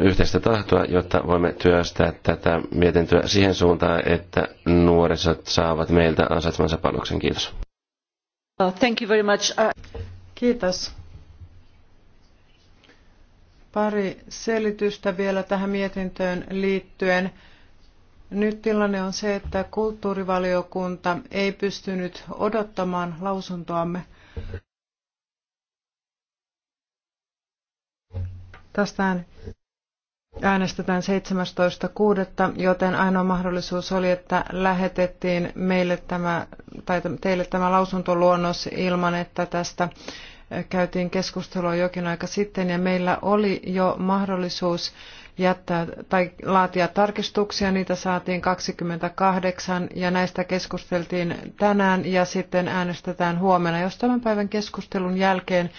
yhteistä tahtoa, jotta voimme työstää tätä mietintöä siihen suuntaan, että nuorisot saavat meiltä ansaitsemansa panoksen. Kiitos. Thank you very much. Uh, Kiitos. Pari selitystä vielä tähän mietintöön liittyen. Nyt tilanne on se, että kulttuurivaliokunta ei pystynyt odottamaan lausuntoamme. Tästä äänestetään 17.6., joten ainoa mahdollisuus oli, että lähetettiin meille tämä, tai teille tämä lausuntoluonnos ilman, että tästä käytiin keskustelua jokin aika sitten ja meillä oli jo mahdollisuus jättää tai laatia tarkistuksia. Niitä saatiin 28 ja näistä keskusteltiin tänään ja sitten äänestetään huomenna. Jos tämän päivän keskustelun jälkeen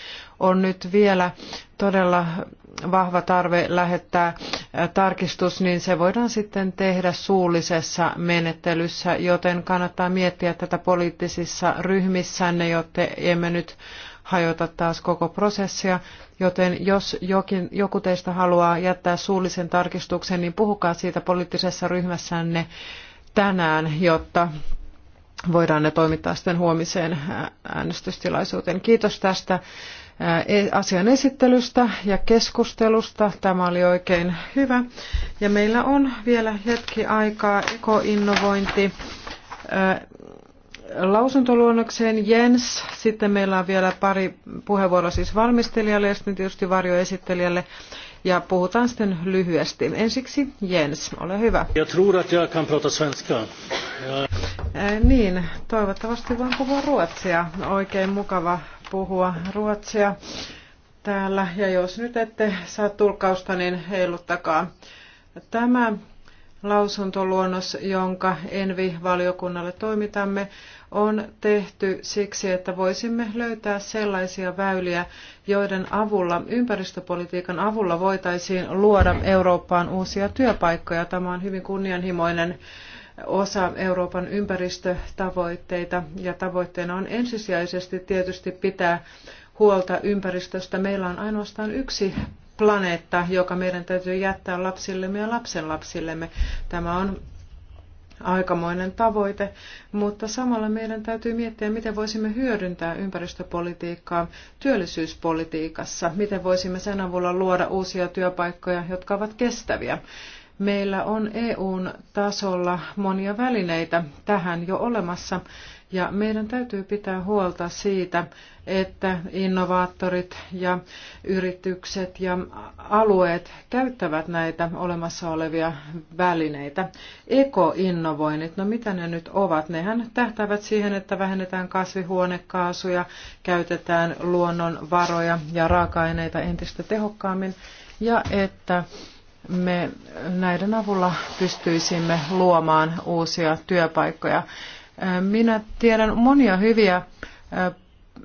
on nyt vielä todella vahva tarve lähettää tarkistus, niin se voidaan sitten tehdä suullisessa menettelyssä, joten kannattaa miettiä tätä poliittisissa ryhmissänne, jotta emme nyt hajota taas koko prosessia, joten jos jokin, joku teistä haluaa jättää suullisen tarkistuksen, niin puhukaa siitä poliittisessa ryhmässänne tänään, jotta voidaan ne toimittaa sitten huomiseen äänestystilaisuuteen. Kiitos tästä e, asian esittelystä ja keskustelusta. Tämä oli oikein hyvä. Ja meillä on vielä hetki aikaa ekoinnovointi lausuntoluonnokseen Jens, sitten meillä on vielä pari puheenvuoroa siis valmistelijalle ja sitten tietysti varjoesittelijälle. Ja puhutaan sitten lyhyesti. Ensiksi Jens, ole hyvä. Jag tror att jag kan prata svenska. Ja... Niin, toivottavasti voin puhua ruotsia. Oikein mukava puhua ruotsia täällä. Ja jos nyt ette saa tulkausta, niin heiluttakaa. Tämä lausuntoluonnos, jonka Envi-valiokunnalle toimitamme, on tehty siksi, että voisimme löytää sellaisia väyliä, joiden avulla, ympäristöpolitiikan avulla voitaisiin luoda Eurooppaan uusia työpaikkoja. Tämä on hyvin kunnianhimoinen osa Euroopan ympäristötavoitteita ja tavoitteena on ensisijaisesti tietysti pitää huolta ympäristöstä. Meillä on ainoastaan yksi planeetta, joka meidän täytyy jättää lapsillemme ja lapsenlapsillemme. Tämä on aikamoinen tavoite, mutta samalla meidän täytyy miettiä, miten voisimme hyödyntää ympäristöpolitiikkaa työllisyyspolitiikassa, miten voisimme sen avulla luoda uusia työpaikkoja, jotka ovat kestäviä. Meillä on EUn tasolla monia välineitä tähän jo olemassa ja meidän täytyy pitää huolta siitä, että innovaattorit ja yritykset ja alueet käyttävät näitä olemassa olevia välineitä. Ekoinnovoinnit, no mitä ne nyt ovat? Nehän tähtävät siihen, että vähennetään kasvihuonekaasuja, käytetään luonnonvaroja ja raaka-aineita entistä tehokkaammin ja että me näiden avulla pystyisimme luomaan uusia työpaikkoja. Äh, minä tiedän monia hyviä äh,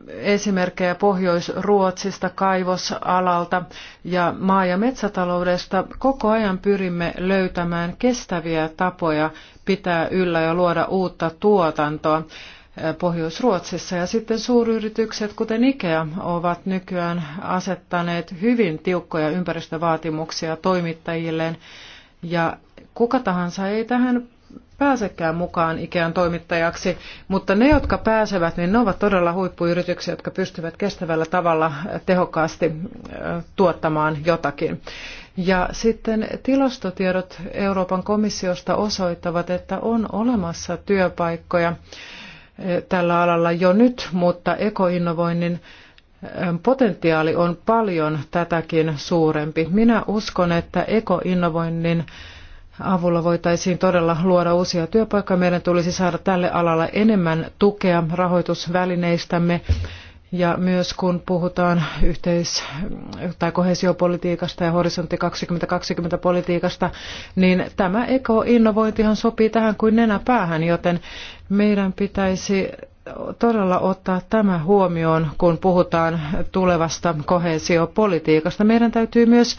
esimerkkejä Pohjois-Ruotsista, kaivosalalta ja maa- ja metsätaloudesta. Koko ajan pyrimme löytämään kestäviä tapoja pitää yllä ja luoda uutta tuotantoa. Äh, Pohjois-Ruotsissa. Ja sitten suuryritykset, kuten IKEA, ovat nykyään asettaneet hyvin tiukkoja ympäristövaatimuksia toimittajilleen. Ja kuka tahansa ei tähän pääsekään mukaan Ikean toimittajaksi, mutta ne, jotka pääsevät, niin ne ovat todella huippuyrityksiä, jotka pystyvät kestävällä tavalla äh, tehokkaasti äh, tuottamaan jotakin. Ja sitten tilastotiedot Euroopan komissiosta osoittavat, että on olemassa työpaikkoja äh, tällä alalla jo nyt, mutta ekoinnovoinnin potentiaali on paljon tätäkin suurempi. Minä uskon, että ekoinnovoinnin avulla voitaisiin todella luoda uusia työpaikkoja. Meidän tulisi saada tälle alalle enemmän tukea rahoitusvälineistämme. Ja myös kun puhutaan yhteis- tai kohesiopolitiikasta ja horisontti 2020 politiikasta, niin tämä ekoinnovointihan sopii tähän kuin nenä päähän, joten meidän pitäisi todella ottaa tämä huomioon, kun puhutaan tulevasta kohesiopolitiikasta. Meidän täytyy myös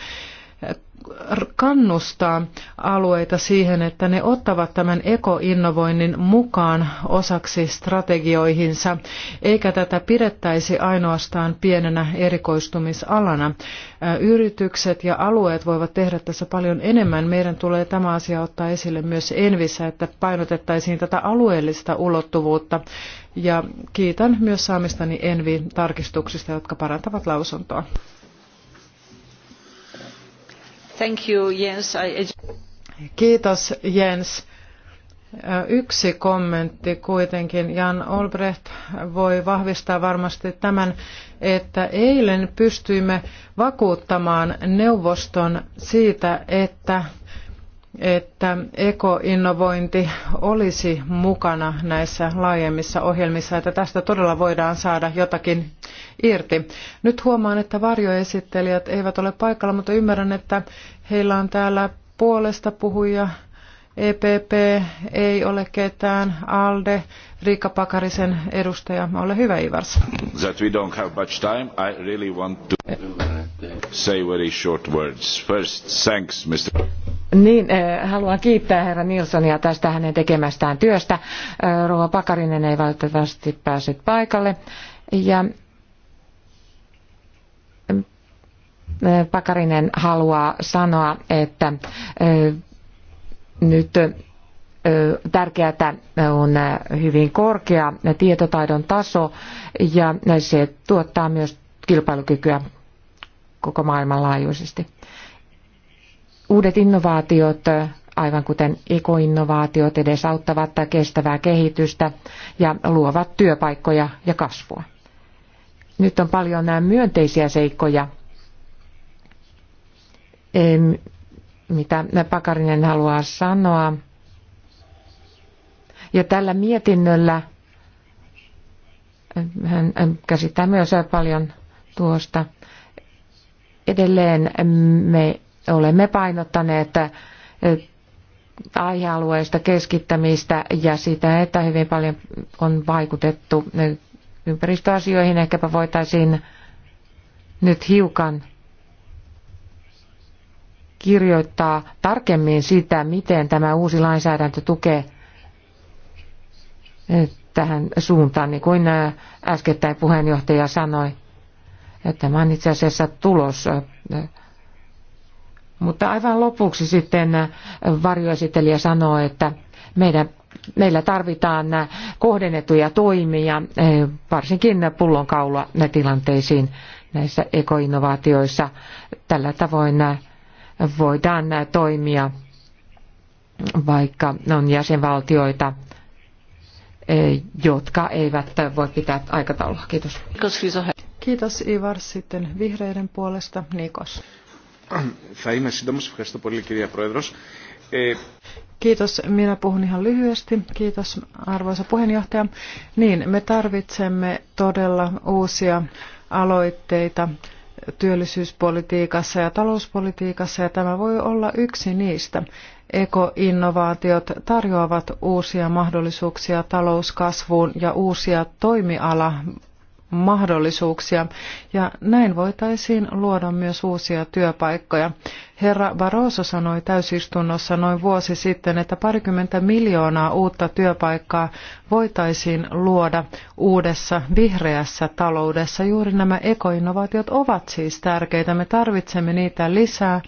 kannustaa alueita siihen, että ne ottavat tämän ekoinnovoinnin mukaan osaksi strategioihinsa, eikä tätä pidettäisi ainoastaan pienenä erikoistumisalana. Yritykset ja alueet voivat tehdä tässä paljon enemmän. Meidän tulee tämä asia ottaa esille myös Envissä, että painotettaisiin tätä alueellista ulottuvuutta. Ja kiitän myös saamistani Envi-tarkistuksista, jotka parantavat lausuntoa. Kiitos Jens. Yksi kommentti kuitenkin. Jan Olbrecht voi vahvistaa varmasti tämän, että eilen pystyimme vakuuttamaan neuvoston siitä, että että ekoinnovointi olisi mukana näissä laajemmissa ohjelmissa, että tästä todella voidaan saada jotakin irti. Nyt huomaan, että varjoesittelijät eivät ole paikalla, mutta ymmärrän, että heillä on täällä puolesta puhuja EPP ei ole ketään, ALDE, Riikka Pakarisen edustaja, ole hyvä Ivars. That we don't have much time, I really want to say very short words. First, thanks Mr. Niin, eh, haluan kiittää herra Nilssonia tästä hänen tekemästään työstä. Eh, rouva Pakarinen ei valitettavasti päässyt paikalle. Ja eh, Pakarinen haluaa sanoa, että nyt tärkeää on hyvin korkea tietotaidon taso ja se tuottaa myös kilpailukykyä koko maailman laajuisesti. Uudet innovaatiot, aivan kuten ekoinnovaatiot, edesauttavat kestävää kehitystä ja luovat työpaikkoja ja kasvua. Nyt on paljon nämä myönteisiä seikkoja, mitä Pakarinen haluaa sanoa. Ja tällä mietinnöllä hän käsittää myös paljon tuosta. Edelleen me olemme painottaneet aihealueista keskittämistä ja sitä, että hyvin paljon on vaikutettu ympäristöasioihin. Ehkäpä voitaisiin nyt hiukan kirjoittaa tarkemmin sitä, miten tämä uusi lainsäädäntö tukee eh, tähän suuntaan, niin kuin eh, äskettäin puheenjohtaja sanoi. Eh, tämä on itse asiassa tulos. Mutta aivan lopuksi sitten varjoesittelijä sanoi, että meidän, meillä tarvitaan kohdennettuja toimia, varsinkin pullonkaula tilanteisiin näissä ekoinnovaatioissa. Tällä tavoin voidaan toimia, vaikka on jäsenvaltioita, eh, jotka eivät voi pitää aikataulua. Kiitos. Kiitos Ivar. Sitten vihreiden puolesta Nikos. Kiitos. Minä puhun ihan lyhyesti. Kiitos arvoisa puheenjohtaja. Niin, me tarvitsemme todella uusia aloitteita työllisyyspolitiikassa ja talouspolitiikassa ja tämä voi olla yksi niistä. Ekoinnovaatiot tarjoavat uusia mahdollisuuksia talouskasvuun ja uusia toimiala, mahdollisuuksia ja näin voitaisiin luoda myös uusia työpaikkoja. Herra Barroso sanoi täysistunnossa noin vuosi sitten, että parikymmentä miljoonaa uutta työpaikkaa voitaisiin luoda uudessa vihreässä taloudessa. Juuri nämä ekoinnovaatiot ovat siis tärkeitä. Me tarvitsemme niitä lisää.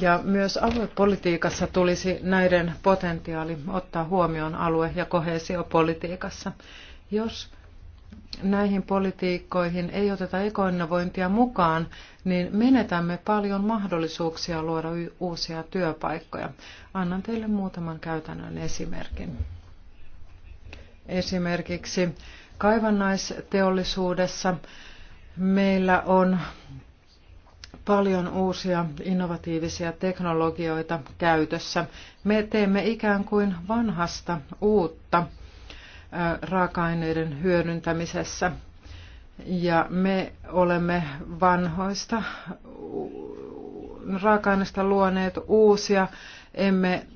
Ja myös aluepolitiikassa tulisi näiden potentiaali ottaa huomioon alue- ja kohesiopolitiikassa. Jos näihin politiikkoihin ei oteta ekoinnovointia mukaan, niin menetämme paljon mahdollisuuksia luoda uusia työpaikkoja. Annan teille muutaman käytännön esimerkin. Esimerkiksi kaivannaisteollisuudessa meillä on paljon uusia innovatiivisia teknologioita käytössä. Me teemme ikään kuin vanhasta uutta raaka-aineiden hyödyntämisessä. Ja me olemme vanhoista raaka-aineista luoneet uusia, emme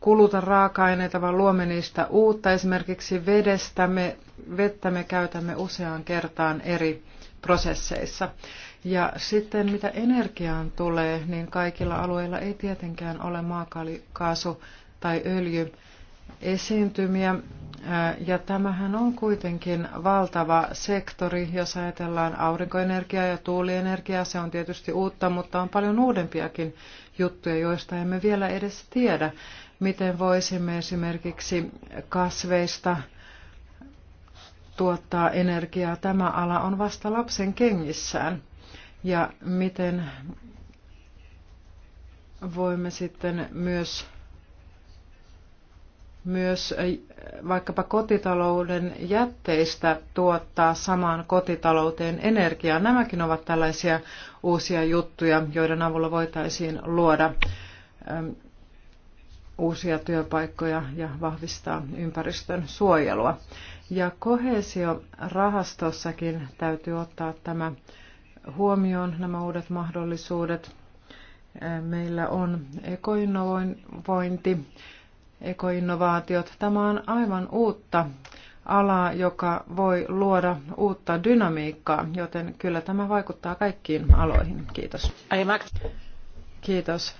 kuluta raaka-aineita, vaan luomme niistä uutta. Esimerkiksi vedestä me, vettä me käytämme useaan kertaan eri prosesseissa. Ja sitten mitä energiaan tulee, niin kaikilla alueilla ei tietenkään ole maakaasu tai öljy esiintymiä. Äh, ja tämähän on kuitenkin valtava sektori, jos ajatellaan aurinkoenergiaa ja tuulienergiaa. Se on tietysti uutta, mutta on paljon uudempiakin juttuja, joista emme vielä edes tiedä. Miten voisimme esimerkiksi kasveista tuottaa energiaa. Tämä ala on vasta lapsen kengissään. Ja miten voimme sitten myös myös vaikkapa kotitalouden jätteistä tuottaa samaan kotitalouteen energiaa. Nämäkin ovat tällaisia uusia juttuja, joiden avulla voitaisiin luoda uusia työpaikkoja ja vahvistaa ympäristön suojelua. Ja kohesiorahastossakin täytyy ottaa tämä huomioon, nämä uudet mahdollisuudet. Meillä on ekoinnovointi ekoinnovaatiot. Tämä on aivan uutta alaa, joka voi luoda uutta dynamiikkaa, joten kyllä tämä vaikuttaa kaikkiin aloihin. Kiitos. Kiitos.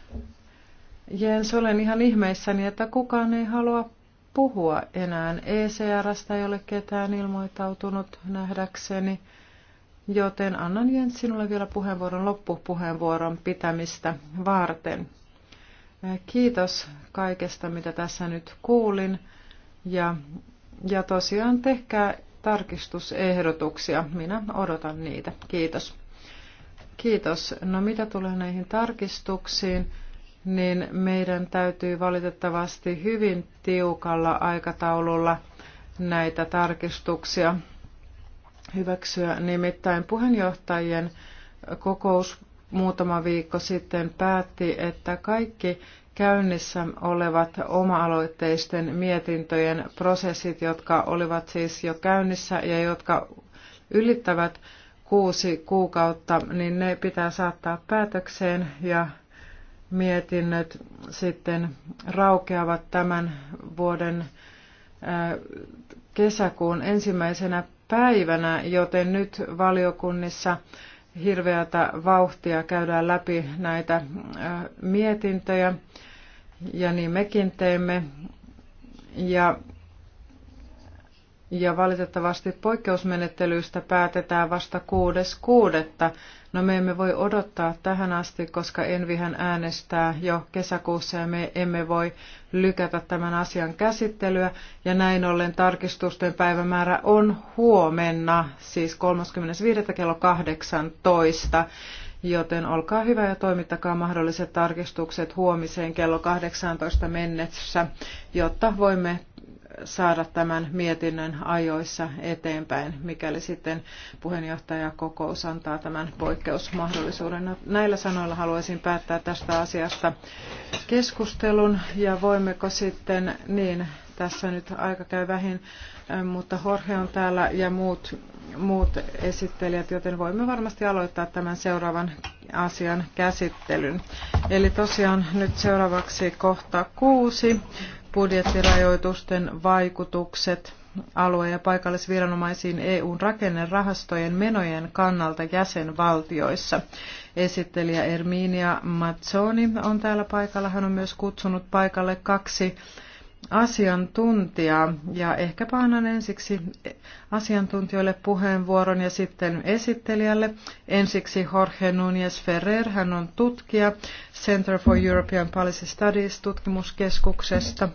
Jens, olen ihan ihmeissäni, että kukaan ei halua puhua enää. ECRstä ei ole ketään ilmoittautunut nähdäkseni, joten annan Jens sinulle vielä puheenvuoron loppupuheenvuoron pitämistä varten. Kiitos kaikesta, mitä tässä nyt kuulin. Ja, ja tosiaan tehkää tarkistusehdotuksia. Minä odotan niitä. Kiitos. Kiitos. No mitä tulee näihin tarkistuksiin, niin meidän täytyy valitettavasti hyvin tiukalla aikataululla näitä tarkistuksia hyväksyä. Nimittäin puheenjohtajien kokous muutama viikko sitten päätti, että kaikki käynnissä olevat oma-aloitteisten mietintöjen prosessit, jotka olivat siis jo käynnissä ja jotka ylittävät kuusi kuukautta, niin ne pitää saattaa päätökseen ja mietinnöt sitten raukeavat tämän vuoden äh, kesäkuun ensimmäisenä päivänä, joten nyt valiokunnissa hirveätä vauhtia käydään läpi näitä mietintöjä ja niin mekin teemme Ja, ja valitettavasti poikkeusmenettelyistä päätetään vasta 6.6. No me emme voi odottaa tähän asti, koska Envihän äänestää jo kesäkuussa ja me emme voi lykätä tämän asian käsittelyä. Ja näin ollen tarkistusten päivämäärä on huomenna, siis 35. kello 18. Joten olkaa hyvä ja toimittakaa mahdolliset tarkistukset huomiseen kello 18 mennessä, jotta voimme saada tämän mietinnön ajoissa eteenpäin, mikäli sitten puheenjohtajakokous antaa tämän poikkeusmahdollisuuden. No, näillä sanoilla haluaisin päättää tästä asiasta keskustelun ja voimmeko sitten, niin tässä nyt aika käy vähin, mutta Jorge on täällä ja muut, muut esittelijät, joten voimme varmasti aloittaa tämän seuraavan asian käsittelyn. Eli tosiaan nyt seuraavaksi kohta kuusi budjettirajoitusten vaikutukset alue- ja paikallisviranomaisiin EUn rakennerahastojen menojen kannalta jäsenvaltioissa. Esittelijä Erminia Mazzoni on täällä paikalla. Hän on myös kutsunut paikalle kaksi asiantuntijaa ja ehkäpä annan ensiksi asiantuntijoille puheenvuoron ja sitten esittelijälle. Ensiksi Jorge Núñez Ferrer, hän on tutkija Center for European Policy Studies tutkimuskeskuksesta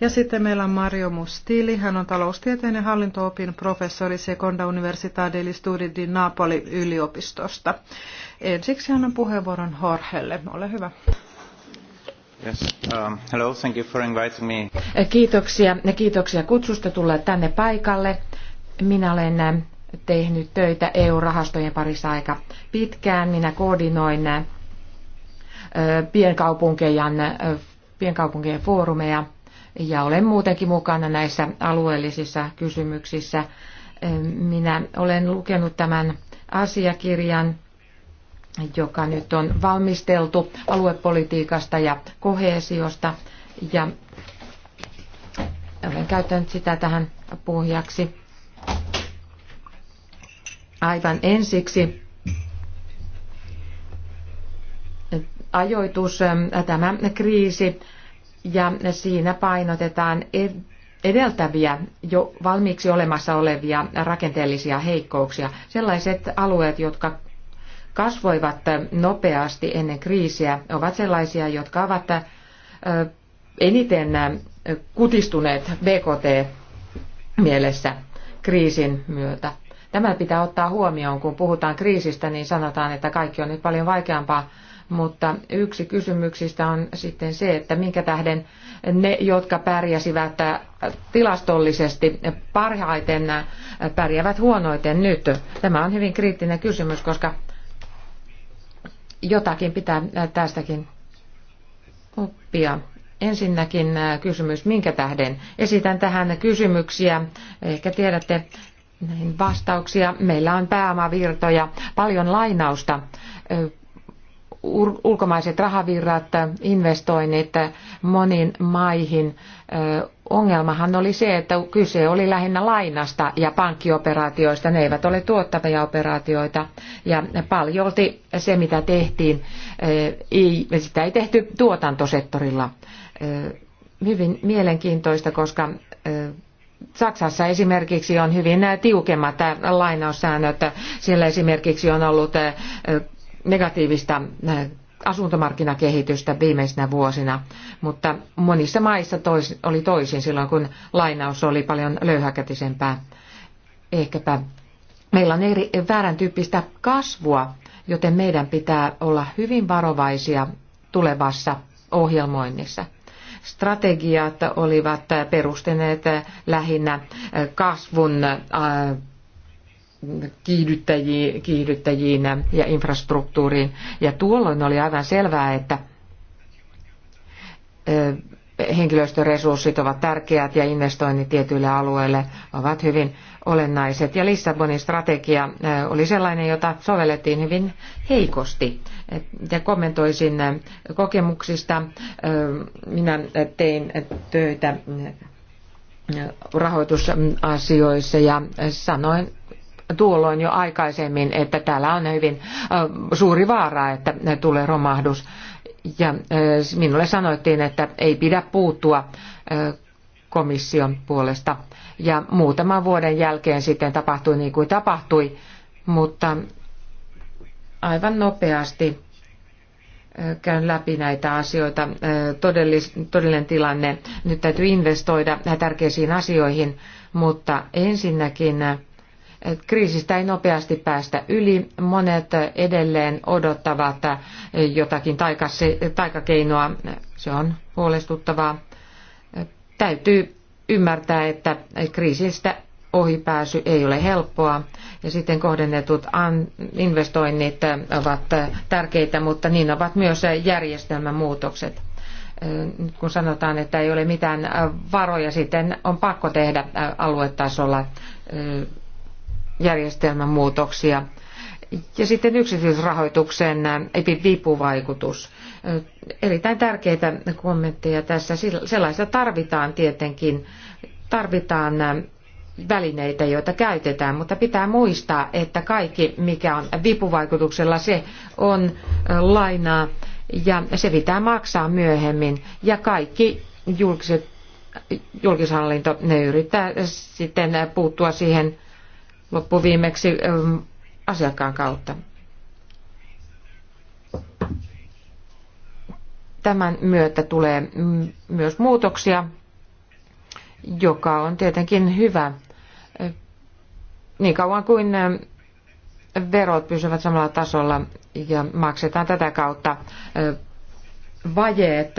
ja sitten meillä on Mario Mustili, hän on taloustieteen ja hallintoopin professori Seconda Università degli Studi di Napoli yliopistosta. Ensiksi annan puheenvuoron Horhelle. Ole hyvä. Yes. Um, hello, thank you for inviting me. Kiitoksia, kiitoksia kutsusta tulla tänne paikalle. Minä olen äh, tehnyt töitä EU-rahastojen parissa aika pitkään. Minä koordinoin pienkaupunkien, äh, äh, pienkaupunkien foorumeja – ja olen muutenkin mukana näissä alueellisissa kysymyksissä. Minä olen lukenut tämän asiakirjan, joka nyt on valmisteltu aluepolitiikasta ja kohesiosta ja olen käyttänyt sitä tähän pohjaksi. Aivan ensiksi ajoitus, tämä kriisi ja siinä painotetaan edeltäviä jo valmiiksi olemassa olevia rakenteellisia heikkouksia. Sellaiset alueet, jotka kasvoivat nopeasti ennen kriisiä, ovat sellaisia, jotka ovat eniten kutistuneet BKT mielessä kriisin myötä. Tämä pitää ottaa huomioon, kun puhutaan kriisistä, niin sanotaan, että kaikki on nyt paljon vaikeampaa mutta yksi kysymyksistä on sitten se, että minkä tähden ne, jotka pärjäsivät tilastollisesti parhaiten, pärjäävät huonoiten nyt. Tämä on hyvin kriittinen kysymys, koska jotakin pitää tästäkin oppia. Ensinnäkin kysymys, minkä tähden? Esitän tähän kysymyksiä. Ehkä tiedätte näihin vastauksia. Meillä on pääomavirtoja, paljon lainausta ulkomaiset rahavirrat, investoinnit moniin maihin. Ongelmahan oli se, että kyse oli lähinnä lainasta ja pankkioperaatioista. Ne eivät ole tuottavia operaatioita ja paljolti se, mitä tehtiin, ei, sitä ei tehty tuotantosektorilla. Hyvin mielenkiintoista, koska Saksassa esimerkiksi on hyvin tiukemmat lainaussäännöt. Siellä esimerkiksi on ollut negatiivista äh, asuntomarkkinakehitystä viimeisinä vuosina, mutta monissa maissa tois, oli toisin silloin, kun lainaus oli paljon löyhäkätisempää. Ehkäpä meillä on eri, väärän tyyppistä kasvua, joten meidän pitää olla hyvin varovaisia tulevassa ohjelmoinnissa. Strategiat olivat perustuneet äh, lähinnä äh, kasvun kiihdyttäjiin ja infrastruktuuriin. Ja tuolloin oli aivan selvää, että henkilöstöresurssit ovat tärkeät ja investoinnit tietyille alueille ovat hyvin olennaiset. Ja Lissabonin strategia oli sellainen, jota sovellettiin hyvin heikosti. Ja kommentoisin kokemuksista. Minä tein töitä rahoitusasioissa ja sanoin tuolloin jo aikaisemmin, että täällä on hyvin suuri vaara, että tulee romahdus. Ja minulle sanottiin, että ei pidä puuttua komission puolesta. Ja muutaman vuoden jälkeen sitten tapahtui niin kuin tapahtui, mutta aivan nopeasti käyn läpi näitä asioita. Todellis, todellinen tilanne. Nyt täytyy investoida tärkeisiin asioihin, mutta ensinnäkin Kriisistä ei nopeasti päästä yli. Monet edelleen odottavat jotakin taikakeinoa. Se on huolestuttavaa. Täytyy ymmärtää, että kriisistä ohipääsy ei ole helppoa ja sitten kohdennetut investoinnit ovat tärkeitä, mutta niin ovat myös järjestelmän muutokset. Kun sanotaan, että ei ole mitään varoja, sitten on pakko tehdä aluetasolla järjestelmän muutoksia. Ja sitten yksityisrahoituksen vipuvaikutus. Erittäin tärkeitä kommentteja tässä. Sellaista tarvitaan tietenkin. Tarvitaan välineitä, joita käytetään, mutta pitää muistaa, että kaikki, mikä on vipuvaikutuksella, se on lainaa ja se pitää maksaa myöhemmin. Ja kaikki julkiset, julkishallinto, ne yrittää sitten puuttua siihen loppuviimeksi ähm, asiakkaan kautta. Tämän myötä tulee myös muutoksia, joka on tietenkin hyvä niin kauan kuin ähm, verot pysyvät samalla tasolla ja maksetaan tätä kautta äh, vajeet.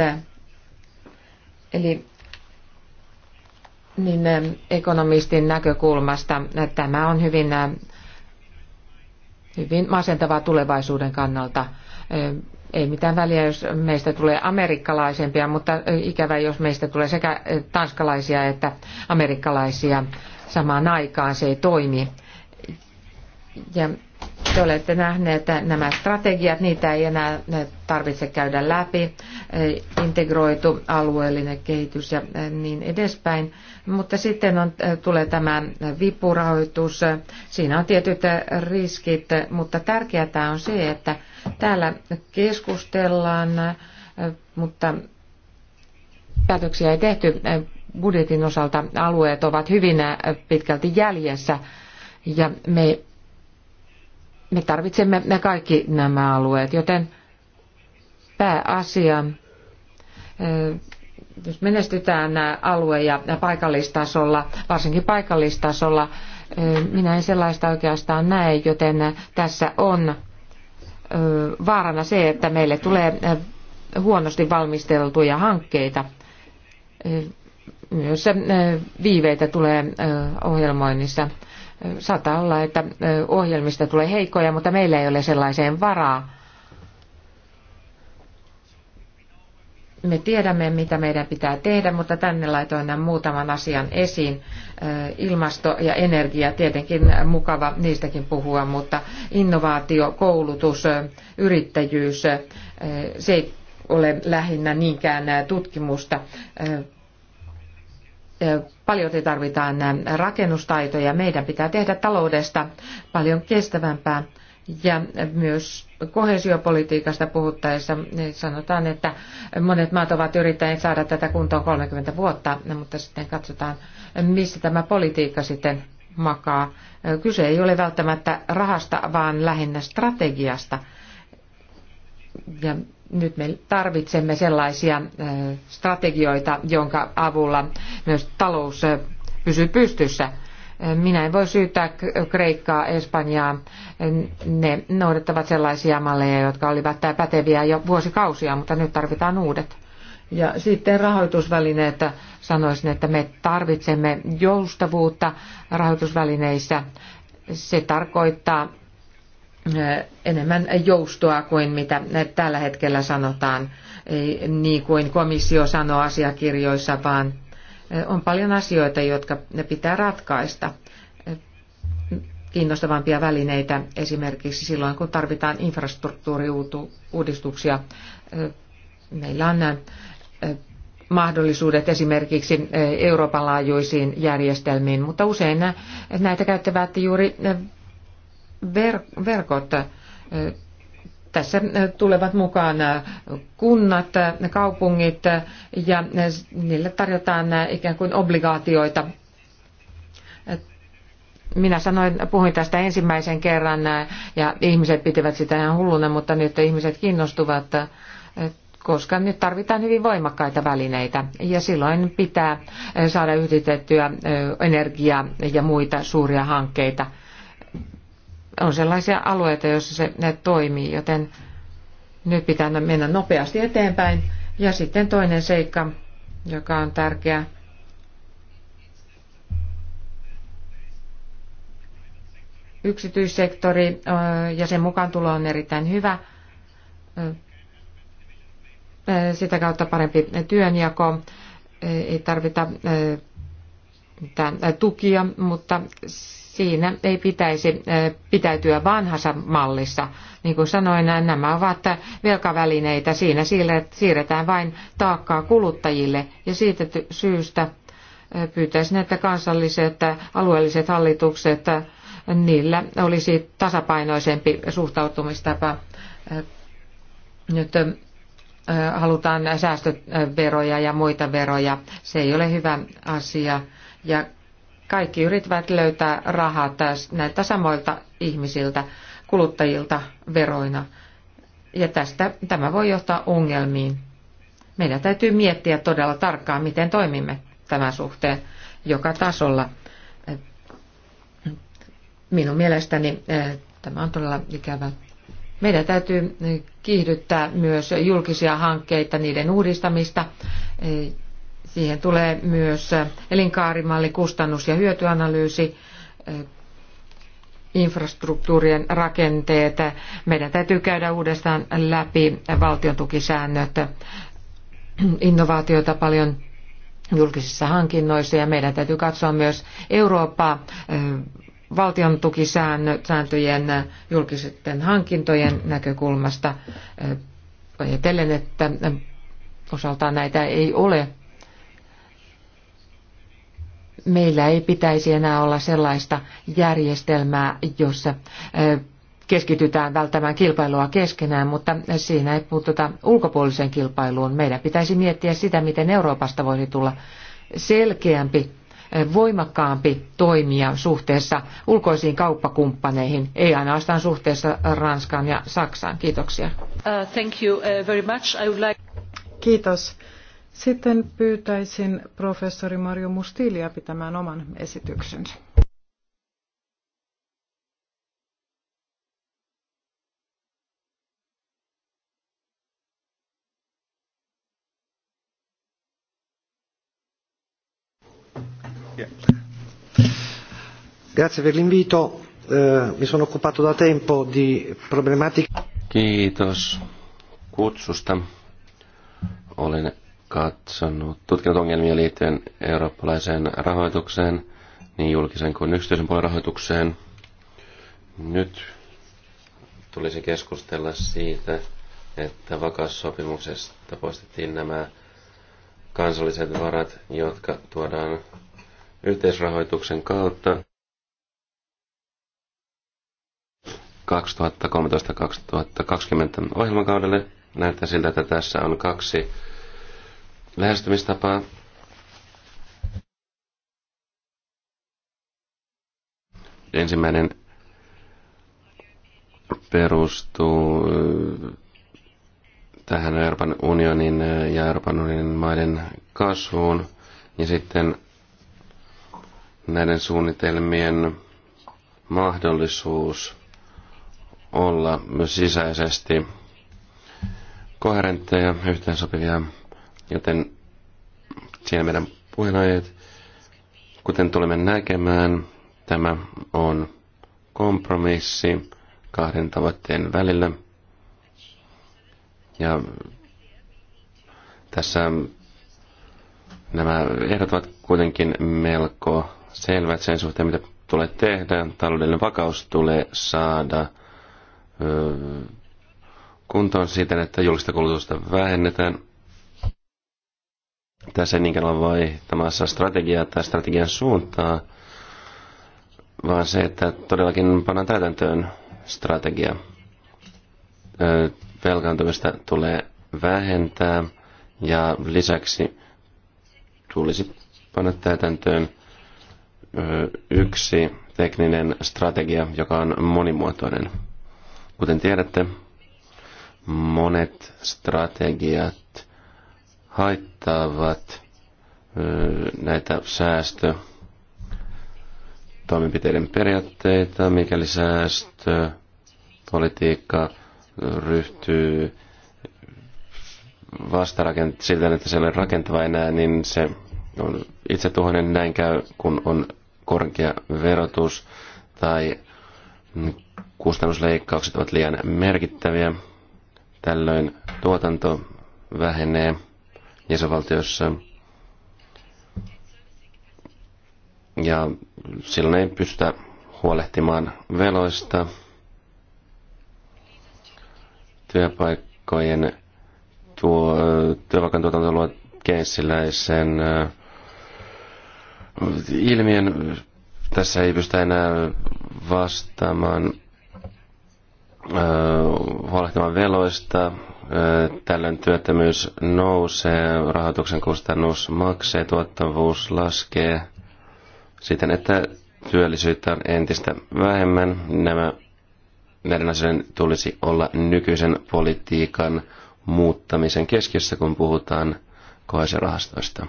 Eli niin eh, ekonomistin näkökulmasta eh, tämä on hyvin, eh, hyvin masentavaa tulevaisuuden kannalta. Ei mitään väliä, jos meistä tulee amerikkalaisempia, mutta ikävä, jos meistä tulee sekä tanskalaisia että amerikkalaisia samaan aikaan. Se ei toimi. Ja te olette nähneet että nämä strategiat, niitä ei enää tarvitse käydä läpi, integroitu alueellinen kehitys ja niin edespäin. Mutta sitten on, äh, tulee tämä vipurahoitus. Siinä on tietyt äh, riskit, mutta tärkeää on se, että täällä keskustellaan, äh, mutta päätöksiä ei tehty budjetin osalta. Alueet ovat hyvin pitkälti jäljessä ja me, me tarvitsemme ne kaikki nämä alueet, joten pääasia jos menestytään alue- ja paikallistasolla, varsinkin paikallistasolla, minä en sellaista oikeastaan näe, joten tässä on vaarana se, että meille tulee huonosti valmisteltuja hankkeita. Myös viiveitä tulee ohjelmoinnissa. Saattaa olla, että ohjelmista tulee heikkoja, mutta meillä ei ole sellaiseen varaa me tiedämme, mitä meidän pitää tehdä, mutta tänne laitoin muutaman asian esiin. Ilmasto ja energia, tietenkin mukava niistäkin puhua, mutta innovaatio, koulutus, yrittäjyys, se ei ole lähinnä niinkään tutkimusta. Paljon tarvitaan rakennustaitoja. Meidän pitää tehdä taloudesta paljon kestävämpää ja myös kohesiopolitiikasta puhuttaessa niin sanotaan, että monet maat ovat yrittäneet saada tätä kuntoon 30 vuotta, mutta sitten katsotaan, missä tämä politiikka sitten makaa. Kyse ei ole välttämättä rahasta, vaan lähinnä strategiasta. Ja nyt me tarvitsemme sellaisia strategioita, jonka avulla myös talous pysyy pystyssä minä en voi syyttää Kreikkaa, Espanjaa. Ne noudattavat sellaisia malleja, jotka olivat päteviä jo vuosikausia, mutta nyt tarvitaan uudet. Ja sitten rahoitusvälineet, sanoisin, että me tarvitsemme joustavuutta rahoitusvälineissä. Se tarkoittaa eh, enemmän joustoa kuin mitä tällä hetkellä sanotaan, ei niin kuin komissio sanoo asiakirjoissa, vaan on paljon asioita, jotka pitää ratkaista. Kiinnostavampia välineitä esimerkiksi silloin, kun tarvitaan infrastruktuuriuudistuksia. Meillä on mahdollisuudet esimerkiksi Euroopan laajuisiin järjestelmiin, mutta usein näitä käyttävät juuri verkot tässä äh, tulevat mukaan äh, kunnat, äh, kaupungit ja niille tarjotaan ikään kuin obligaatioita. Minä sanoin, puhuin tästä ensimmäisen kerran ja ihmiset pitivät sitä ihan hulluna, mutta nyt ihmiset kiinnostuvat, koska nyt tarvitaan hyvin voimakkaita välineitä ja silloin pitää saada yhdistettyä energiaa ja muita suuria hankkeita – on sellaisia alueita, joissa se ne toimii, joten nyt pitää no- mennä nopeasti eteenpäin. Ja sitten toinen seikka, joka on tärkeä, yksityissektori ja sen mukaan tulo on erittäin hyvä. Sitä kautta parempi työnjako. Ei tarvita tukia, mutta siinä ei pitäisi pitäytyä vanhassa mallissa. Niin kuin sanoin, nämä ovat velkavälineitä. Siinä siirretään vain taakkaa kuluttajille ja siitä syystä pyytäisin, että kansalliset alueelliset hallitukset, niillä olisi tasapainoisempi suhtautumistapa. Nyt halutaan säästöveroja ja muita veroja. Se ei ole hyvä asia. Ja kaikki yrittävät löytää rahaa näiltä samoilta ihmisiltä, kuluttajilta veroina. Ja tästä tämä voi johtaa ongelmiin. Meidän täytyy miettiä todella tarkkaan, miten toimimme tämän suhteen joka tasolla. Minun mielestäni eh, tämä on todella ikävä. Meidän täytyy kiihdyttää myös julkisia hankkeita, niiden uudistamista eh, Siihen tulee myös äh, elinkaarimalli, kustannus- ja hyötyanalyysi, äh, infrastruktuurien rakenteet. Meidän täytyy käydä uudestaan läpi valtiontukisäännöt, innovaatioita paljon julkisissa hankinnoissa ja meidän täytyy katsoa myös Eurooppaa äh, valtion tukisääntöjen julkisten hankintojen näkökulmasta ajatellen, että osaltaan näitä ei ole meillä ei pitäisi enää olla sellaista järjestelmää, jossa keskitytään välttämään kilpailua keskenään, mutta siinä ei puututa ulkopuoliseen kilpailuun. Meidän pitäisi miettiä sitä, miten Euroopasta voisi tulla selkeämpi, voimakkaampi toimija suhteessa ulkoisiin kauppakumppaneihin, ei ainoastaan suhteessa Ranskaan ja Saksaan. Kiitoksia. Uh, thank you uh, very much. I would like... Kiitos. Sitten pyytäisin professori Marjo Mustilia pitämään oman esityksensä. Grazie per l'invito. Eh, mi sono occupato da tempo di problematiche. Kiitos kutsusta. Olen katsonut, tutkinut ongelmia liittyen eurooppalaiseen rahoitukseen, niin julkisen kuin yksityisen puolen rahoitukseen. Nyt tulisi keskustella siitä, että vakaussopimuksesta poistettiin nämä kansalliset varat, jotka tuodaan yhteisrahoituksen kautta 2013-2020 ohjelmakaudelle. Näyttää siltä, että tässä on kaksi lähestymistapaa. Ensimmäinen perustuu äh, tähän Euroopan unionin äh, ja Euroopan unionin maiden kasvuun ja sitten näiden suunnitelmien mahdollisuus olla myös sisäisesti koherentteja, yhteensopivia Joten siinä meidän puheenaiheet. Kuten tulemme näkemään, tämä on kompromissi kahden tavoitteen välillä. Ja tässä nämä ehdot ovat kuitenkin melko selvät sen suhteen, mitä tulee tehdä. Taloudellinen vakaus tulee saada kuntoon siten, että julkista kulutusta vähennetään – tässä ei niinkään ole vaihtamassa strategiaa tai strategian suuntaa, vaan se, että todellakin pannaan täytäntöön strategia. Velkaantumista tulee vähentää ja lisäksi tulisi panna täytäntöön yksi tekninen strategia, joka on monimuotoinen. Kuten tiedätte, monet strategiat haittaavat näitä säästö periaatteita, mikäli säästöpolitiikka ryhtyy vastarakent siltä, että se ei ole rakentava enää, niin se on itse tuhoinen näin käy, kun on korkea verotus tai kustannusleikkaukset ovat liian merkittäviä. Tällöin tuotanto vähenee jäsenvaltioissa. Ja silloin ei pystytä huolehtimaan veloista, työpaikkojen tuo, työpaikan tuotanto luo keissiläisen äh, ilmiön. Tässä ei pystytä enää vastaamaan äh, huolehtimaan veloista, Tällöin työttömyys nousee, rahoituksen kustannus maksee, tuottavuus laskee siten, että työllisyyttä on entistä vähemmän. Nämä, näiden asioiden tulisi olla nykyisen politiikan muuttamisen keskiössä, kun puhutaan kohderahastoista.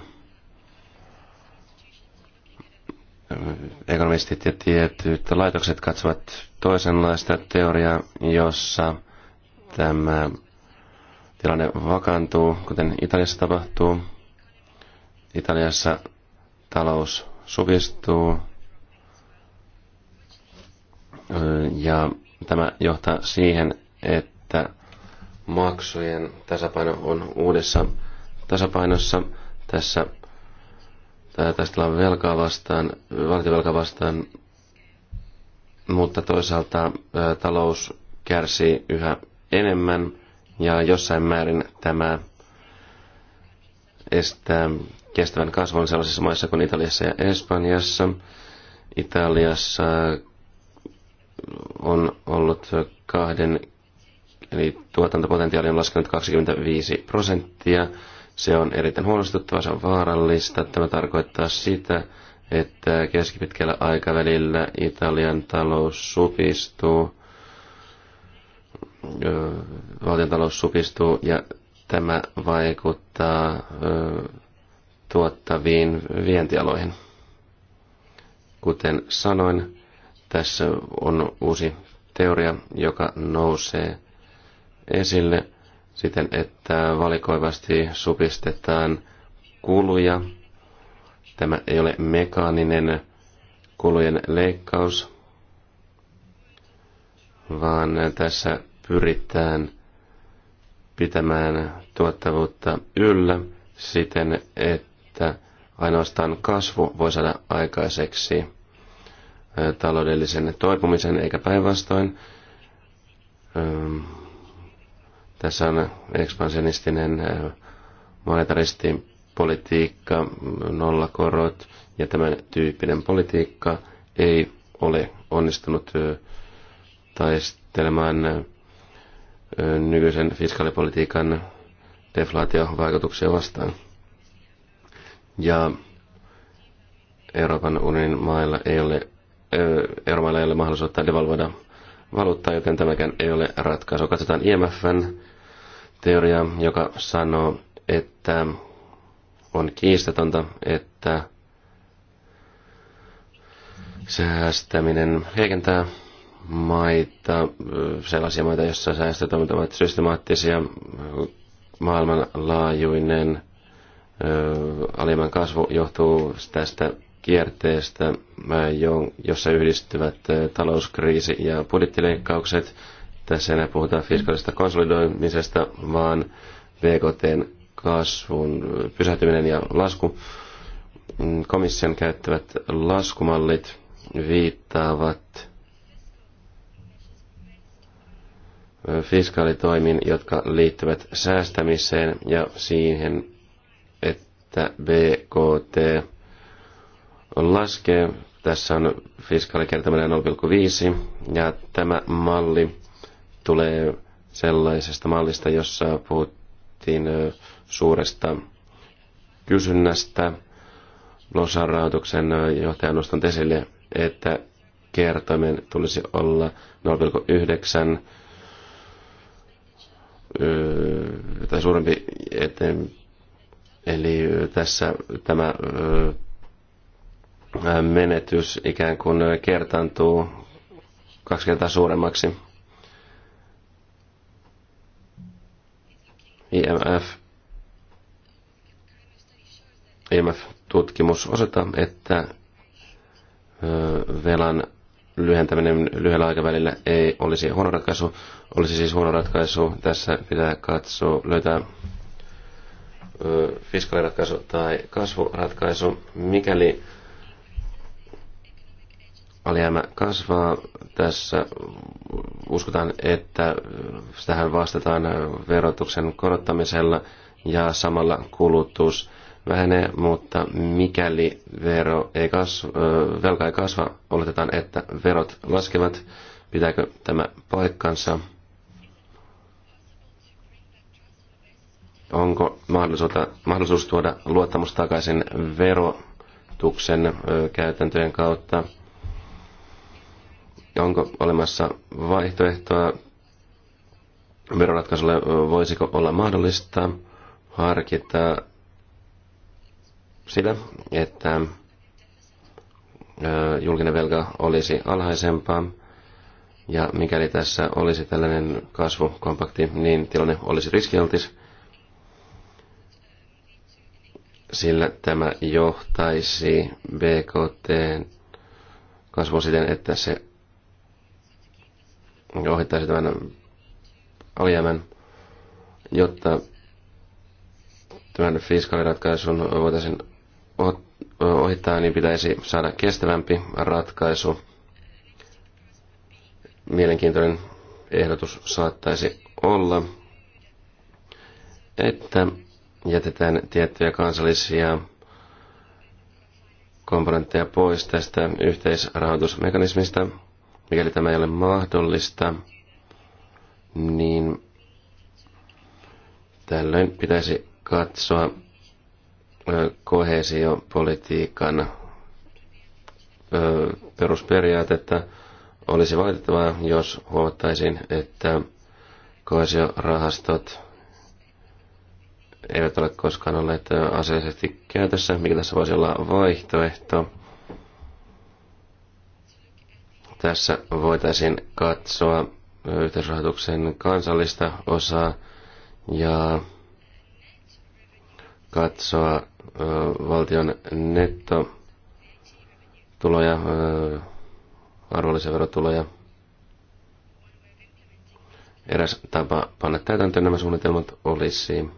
Ekonomistit ja tietyt laitokset katsovat toisenlaista teoriaa, jossa tämä tilanne vakaantuu, kuten Italiassa tapahtuu. Italiassa talous supistuu ja tämä johtaa siihen, että maksujen tasapaino on uudessa tasapainossa. Tässä taistellaan velkaa vastaan, valtiovelkaa vastaan, mutta toisaalta talous kärsii yhä enemmän – ja jossain määrin tämä estää kestävän kasvun sellaisissa maissa kuin Italiassa ja Espanjassa. Italiassa on ollut kahden, eli tuotantopotentiaali on laskenut 25 prosenttia. Se on erittäin huolestuttavaa, se on vaarallista. Tämä tarkoittaa sitä, että keskipitkällä aikavälillä Italian talous supistuu valtiontalous supistuu ja tämä vaikuttaa tuottaviin vientialoihin. Kuten sanoin, tässä on uusi teoria, joka nousee esille siten, että valikoivasti supistetaan kuluja. Tämä ei ole mekaaninen kulujen leikkaus, vaan tässä pyritään pitämään tuottavuutta yllä siten, että ainoastaan kasvu voi saada aikaiseksi taloudellisen toipumisen, eikä päinvastoin. Tässä on ekspansionistinen politiikka, nollakorot ja tämän tyyppinen politiikka ei ole onnistunut taistelemaan nykyisen fiskaalipolitiikan deflaatiovaikutuksia vastaan. Ja Euroopan unionin mailla ei ole, euromailla ei ole mahdollisuutta devalvoida valuuttaa, joten tämäkään ei ole ratkaisu. Katsotaan IMFn teoriaa, joka sanoo, että on kiistatonta, että säästäminen heikentää maita, sellaisia maita, joissa säästötoimet ovat systemaattisia, maailmanlaajuinen alimman kasvu johtuu tästä kierteestä, jossa yhdistyvät talouskriisi ja budjettileikkaukset. Tässä enää puhutaan fiskaalisesta konsolidoimisesta, vaan VKTn kasvun pysähtyminen ja lasku. Komission käyttävät laskumallit viittaavat fiskaalitoimin, jotka liittyvät säästämiseen ja siihen, että BKT laskee. Tässä on fiskaalikertominen 0,5 ja tämä malli tulee sellaisesta mallista, jossa puhuttiin suuresta kysynnästä. Losan rahoituksen johtajan nostan esille, että kertoimen tulisi olla 0,9 tai suurempi eteen. Eli tässä tämä menetys ikään kuin kertaantuu kaksi kertaa suuremmaksi. IMF, IMF-tutkimus osoittaa, että velan lyhentäminen lyhyellä aikavälillä ei olisi huono ratkaisu. Olisi siis huono ratkaisu. Tässä pitää katsoa, löytää fiskaaliratkaisu tai kasvuratkaisu. Mikäli alijäämä kasvaa, tässä uskotaan, että tähän vastataan verotuksen korottamisella ja samalla kulutus vähenee, mutta mikäli vero ei kasva, velka ei kasva, oletetaan, että verot laskevat. Pitääkö tämä paikkansa? Onko mahdollisuus tuoda luottamus takaisin verotuksen käytäntöjen kautta? Onko olemassa vaihtoehtoa veroratkaisulle? Voisiko olla mahdollista harkita sitä, että julkinen velka olisi alhaisempaa. Ja mikäli tässä olisi tällainen kasvukompakti, niin tilanne olisi riskialtis, sillä tämä johtaisi BKT kasvuun siten, että se ohittaisi tämän alijäämän, jotta tämän fiskaaliratkaisun voitaisiin ohittaa, niin pitäisi saada kestävämpi ratkaisu. Mielenkiintoinen ehdotus saattaisi olla, että jätetään tiettyjä kansallisia komponentteja pois tästä yhteisrahoitusmekanismista. Mikäli tämä ei ole mahdollista, niin tällöin pitäisi katsoa kohesiopolitiikan perusperiaatetta. Olisi valitettavaa, jos huomattaisiin, että kohesiorahastot eivät ole koskaan olleet asiallisesti käytössä, mikä tässä voisi olla vaihtoehto. Tässä voitaisiin katsoa yhteisrahoituksen kansallista osaa ja katsoa valtion nettotuloja, arvonlisäverotuloja. Eräs tapa panna täytäntöön nämä suunnitelmat olisi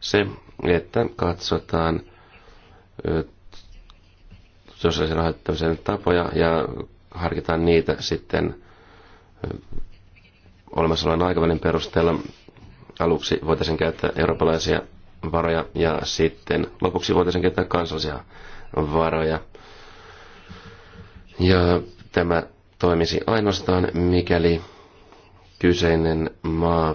se, että katsotaan sosiaalisen rahoittamisen tapoja ja harkitaan niitä sitten olemassa olevan aikavälin perusteella. Aluksi voitaisiin käyttää eurooppalaisia varoja ja sitten lopuksi voitaisiin käyttää kansallisia varoja. Ja tämä toimisi ainoastaan, mikäli kyseinen maa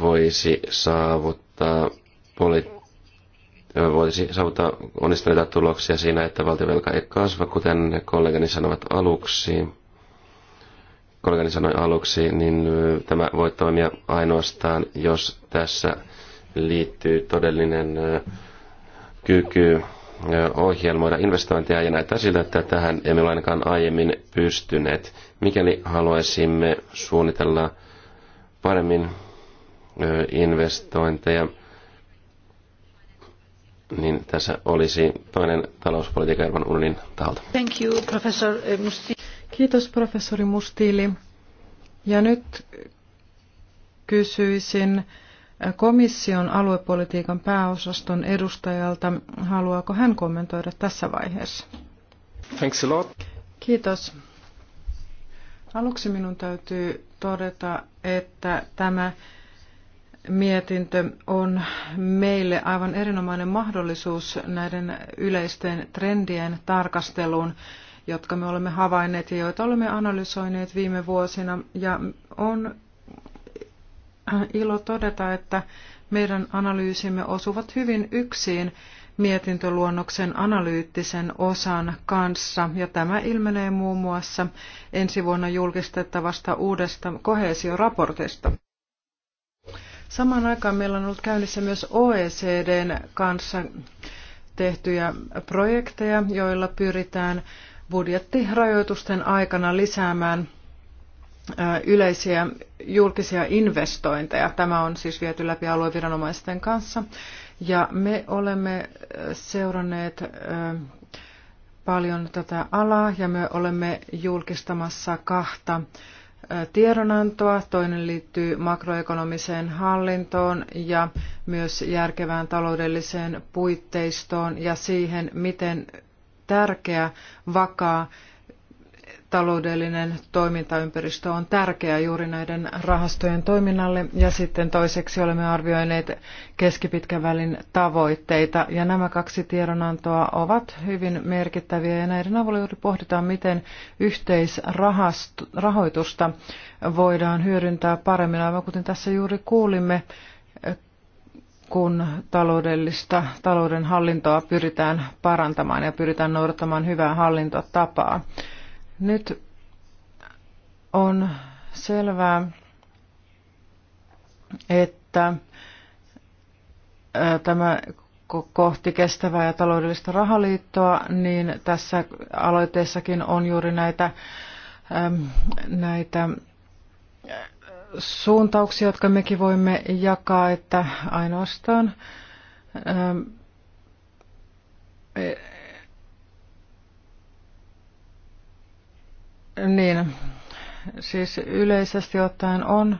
voisi saavuttaa, poli- voisi saavuttaa onnistuneita tuloksia siinä, että valtiovelka ei kasva, kuten kollegani sanovat aluksi. Kollegani sanoi aluksi, niin tämä voi toimia ainoastaan, jos tässä liittyy todellinen kyky ohjelmoida investointeja ja näyttää siltä, että tähän emme ole ainakaan aiemmin pystyneet. Mikäli haluaisimme suunnitella paremmin investointeja, niin tässä olisi toinen talouspolitiikan Euroopan unionin taholta. Thank you, professor eh, Musti. Kiitos professori Mustili. Ja nyt kysyisin komission aluepolitiikan pääosaston edustajalta. Haluaako hän kommentoida tässä vaiheessa? Thanks a lot. Kiitos. Aluksi minun täytyy todeta, että tämä mietintö on meille aivan erinomainen mahdollisuus näiden yleisten trendien tarkasteluun, jotka me olemme havainneet ja joita olemme analysoineet viime vuosina. Ja on Äh, ilo todeta, että meidän analyysimme osuvat hyvin yksiin mietintöluonnoksen analyyttisen osan kanssa, ja tämä ilmenee muun muassa ensi vuonna julkistettavasta uudesta kohesioraportista. Samaan aikaan meillä on ollut käynnissä myös OECDn kanssa tehtyjä projekteja, joilla pyritään budjettirajoitusten aikana lisäämään yleisiä julkisia investointeja. Tämä on siis viety läpi alueviranomaisten kanssa. Ja me olemme seuranneet paljon tätä alaa ja me olemme julkistamassa kahta tiedonantoa. Toinen liittyy makroekonomiseen hallintoon ja myös järkevään taloudelliseen puitteistoon ja siihen, miten tärkeä, vakaa taloudellinen toimintaympäristö on tärkeä juuri näiden rahastojen toiminnalle ja sitten toiseksi olemme arvioineet keskipitkän välin tavoitteita ja nämä kaksi tiedonantoa ovat hyvin merkittäviä ja näiden avulla juuri pohditaan, miten yhteisrahoitusta voidaan hyödyntää paremmin, aivan kuten tässä juuri kuulimme, kun taloudellista talouden hallintoa pyritään parantamaan ja pyritään noudattamaan hyvää hallintotapaa. Nyt on selvää, että tämä kohti kestävää ja taloudellista rahaliittoa, niin tässä aloitteessakin on juuri näitä, näitä suuntauksia, jotka mekin voimme jakaa, että ainoastaan Niin, siis yleisesti ottaen on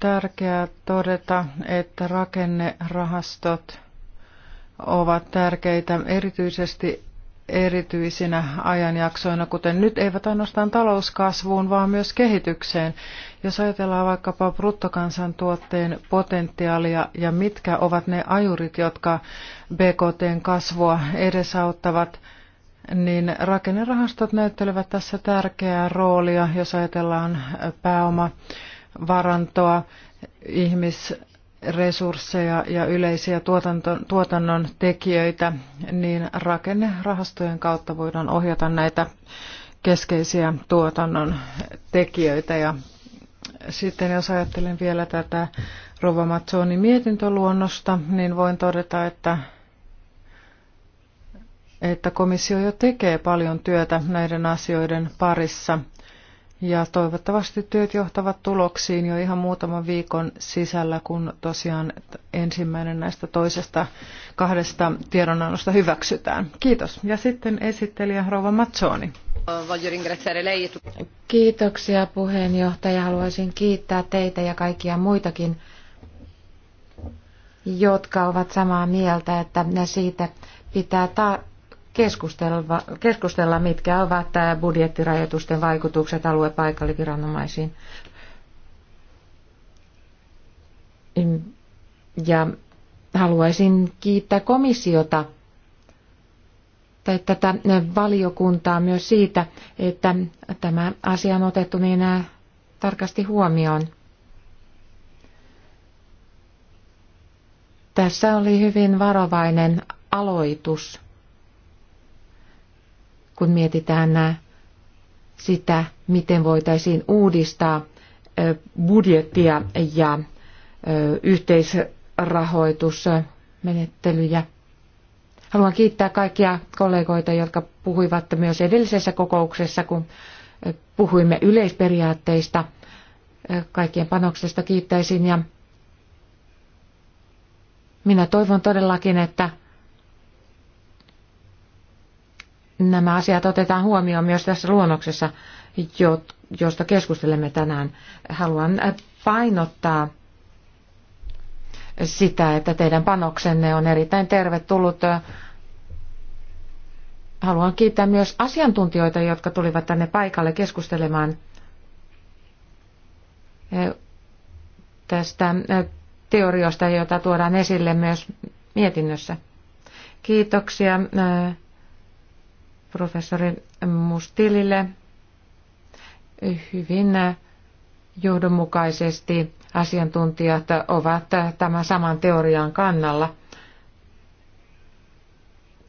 tärkeää todeta, että rakennerahastot ovat tärkeitä erityisesti erityisinä ajanjaksoina, kuten nyt eivät ainoastaan talouskasvuun, vaan myös kehitykseen. Jos ajatellaan vaikkapa bruttokansantuotteen potentiaalia ja mitkä ovat ne ajurit, jotka BKTn kasvua edesauttavat, niin rakennerahastot näyttelevät tässä tärkeää roolia, jos ajatellaan pääomavarantoa, ihmisresursseja ja yleisiä tuotanto, tuotannon tekijöitä, niin rakennerahastojen kautta voidaan ohjata näitä keskeisiä tuotannon tekijöitä. Ja sitten jos ajattelen vielä tätä Rova Mazzoni mietintöluonnosta, niin voin todeta, että että komissio jo tekee paljon työtä näiden asioiden parissa. Ja toivottavasti työt johtavat tuloksiin jo ihan muutaman viikon sisällä, kun tosiaan ensimmäinen näistä toisesta kahdesta tiedonannosta hyväksytään. Kiitos. Ja sitten esittelijä Rova Mazzoni. Kiitoksia puheenjohtaja. Haluaisin kiittää teitä ja kaikkia muitakin, jotka ovat samaa mieltä, että ne siitä pitää ta- keskustella, keskustella, mitkä ovat äh, budjettirajoitusten vaikutukset aluepaikalliviranomaisiin. Ja haluaisin kiittää komissiota tai tätä äh, valiokuntaa myös siitä, että tämä asia on otettu niin äh, tarkasti huomioon. Tässä oli hyvin varovainen aloitus kun mietitään äh, sitä, miten voitaisiin uudistaa äh, budjettia ja äh, yhteisrahoitusmenettelyjä. Haluan kiittää kaikkia kollegoita, jotka puhuivat myös edellisessä kokouksessa, kun puhuimme yleisperiaatteista. Kaikkien panoksesta kiittäisin ja minä toivon todellakin, että nämä asiat otetaan huomioon myös tässä luonnoksessa, josta keskustelemme tänään. Haluan äh, painottaa sitä, että teidän panoksenne on erittäin tervetullut. Haluan kiittää myös asiantuntijoita, jotka tulivat tänne paikalle keskustelemaan äh, tästä äh, teoriosta, jota tuodaan esille myös mietinnössä. Kiitoksia professori Mustilille hyvin johdonmukaisesti asiantuntijat ovat tämän saman teorian kannalla.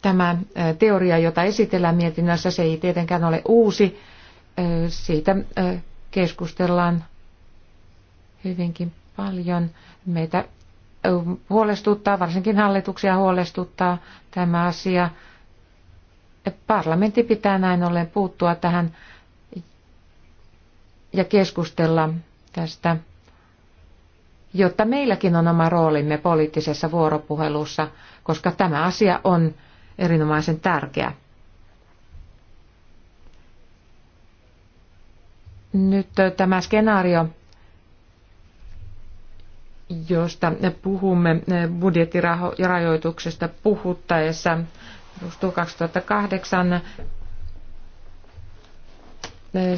Tämä teoria, jota esitellään mietinnössä, se ei tietenkään ole uusi. Siitä keskustellaan hyvinkin paljon. Meitä huolestuttaa, varsinkin hallituksia huolestuttaa tämä asia. Parlamentti pitää näin ollen puuttua tähän ja keskustella tästä, jotta meilläkin on oma roolimme poliittisessa vuoropuhelussa, koska tämä asia on erinomaisen tärkeä. Nyt tämä skenaario, josta puhumme budjettirajoituksesta puhuttaessa, perustuu 2008.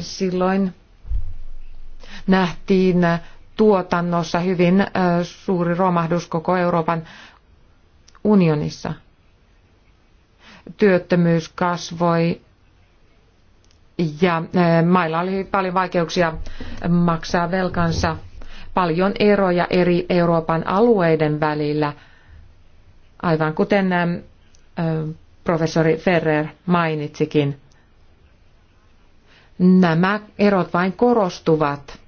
Silloin nähtiin tuotannossa hyvin suuri romahdus koko Euroopan unionissa. Työttömyys kasvoi ja mailla oli paljon vaikeuksia maksaa velkansa. Paljon eroja eri Euroopan alueiden välillä, aivan kuten professori Ferrer mainitsikin. Nämä erot vain korostuvat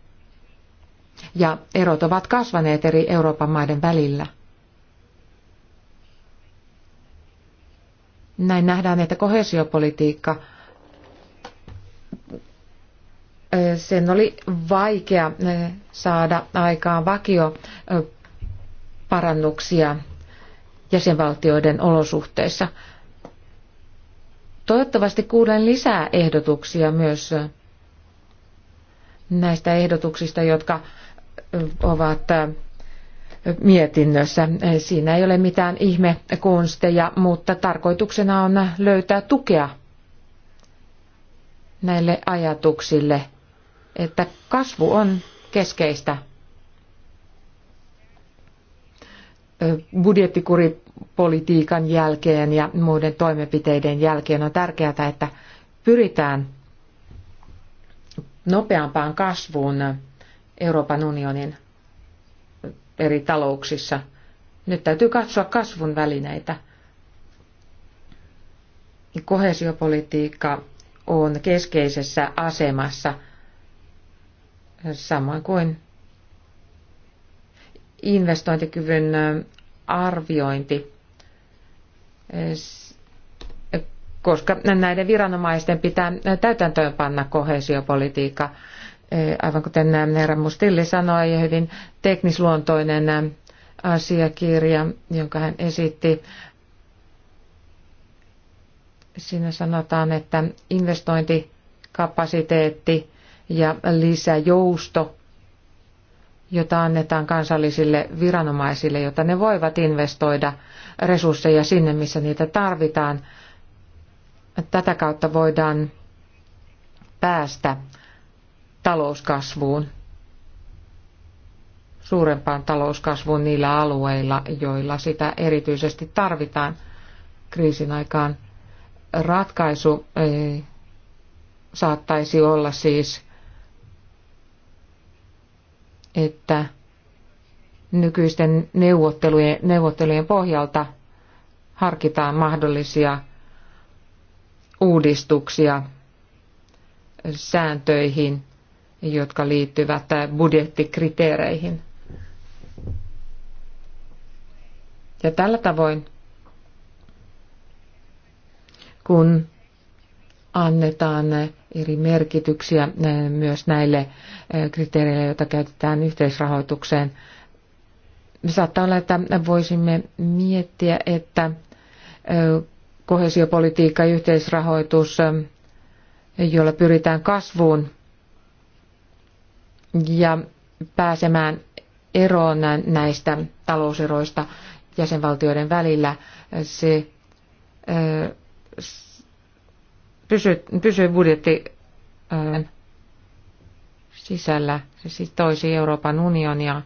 ja erot ovat kasvaneet eri Euroopan maiden välillä. Näin nähdään, että kohesiopolitiikka sen oli vaikea saada aikaan vakio parannuksia jäsenvaltioiden olosuhteissa. Toivottavasti kuulen lisää ehdotuksia myös näistä ehdotuksista, jotka ovat mietinnössä. Siinä ei ole mitään ihmekonsteja, mutta tarkoituksena on löytää tukea näille ajatuksille, että kasvu on keskeistä budjettikuripolitiikan jälkeen ja muiden toimenpiteiden jälkeen on tärkeää, että pyritään nopeampaan kasvuun Euroopan unionin eri talouksissa. Nyt täytyy katsoa kasvun välineitä. Kohesiopolitiikka on keskeisessä asemassa, samoin kuin investointikyvyn arviointi, koska näiden viranomaisten pitää täytäntöönpanna kohesiopolitiikka. Aivan kuten Herra Mustilli sanoi, hyvin teknisluontoinen asiakirja, jonka hän esitti. Siinä sanotaan, että investointikapasiteetti ja lisäjousto jota annetaan kansallisille viranomaisille, jotta ne voivat investoida resursseja sinne, missä niitä tarvitaan. Tätä kautta voidaan päästä talouskasvuun, suurempaan talouskasvuun niillä alueilla, joilla sitä erityisesti tarvitaan kriisin aikaan. Ratkaisu eh, saattaisi olla siis että nykyisten neuvottelujen, neuvottelujen pohjalta harkitaan mahdollisia uudistuksia sääntöihin, jotka liittyvät budjettikriteereihin. Ja tällä tavoin, kun annetaan eri merkityksiä eh, myös näille eh, kriteereille, joita käytetään yhteisrahoitukseen. Saattaa olla, että voisimme miettiä, että eh, kohesiopolitiikka ja yhteisrahoitus, jolla pyritään kasvuun ja pääsemään eroon näistä talouseroista jäsenvaltioiden välillä, se pysyy, pysyy budjetti sisällä, se siis toisi Euroopan unionia.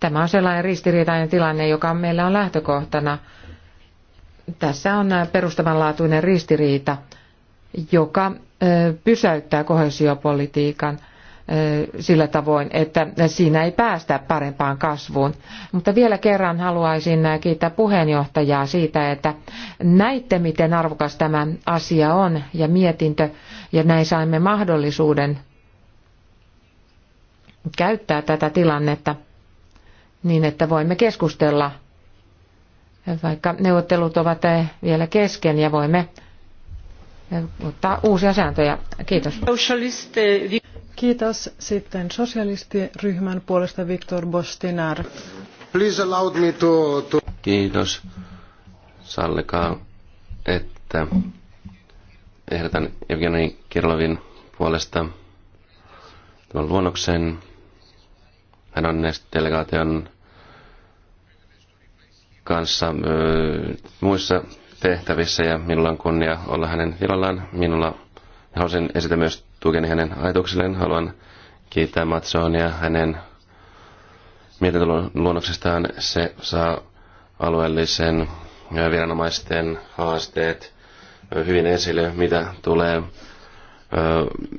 Tämä on sellainen ristiriitainen tilanne, joka meillä on lähtökohtana. Tässä on perustavanlaatuinen ristiriita, joka pysäyttää kohesiopolitiikan – sillä tavoin, että siinä ei päästä parempaan kasvuun. Mutta vielä kerran haluaisin kiittää puheenjohtajaa siitä, että näitte, miten arvokas tämä asia on ja mietintö, ja näin saimme mahdollisuuden käyttää tätä tilannetta niin, että voimme keskustella, vaikka neuvottelut ovat vielä kesken ja voimme ottaa uusia sääntöjä. Kiitos. Kiitos. Sitten sosialistiryhmän puolesta Viktor Bostinar. Please allow me to, to... Kiitos. Sallikaa, että ehdotan Evgeni Kirlovin puolesta tämän luonnoksen. Hän on näistä delegaation kanssa ö, muissa tehtävissä ja minulla on kunnia olla hänen tilallaan. Minulla haluaisin esitä myös tukeni hänen ajatuksilleen. Haluan kiittää Matsonia hänen mietintöluonnoksestaan. Se saa alueellisen viranomaisten haasteet hyvin esille, mitä tulee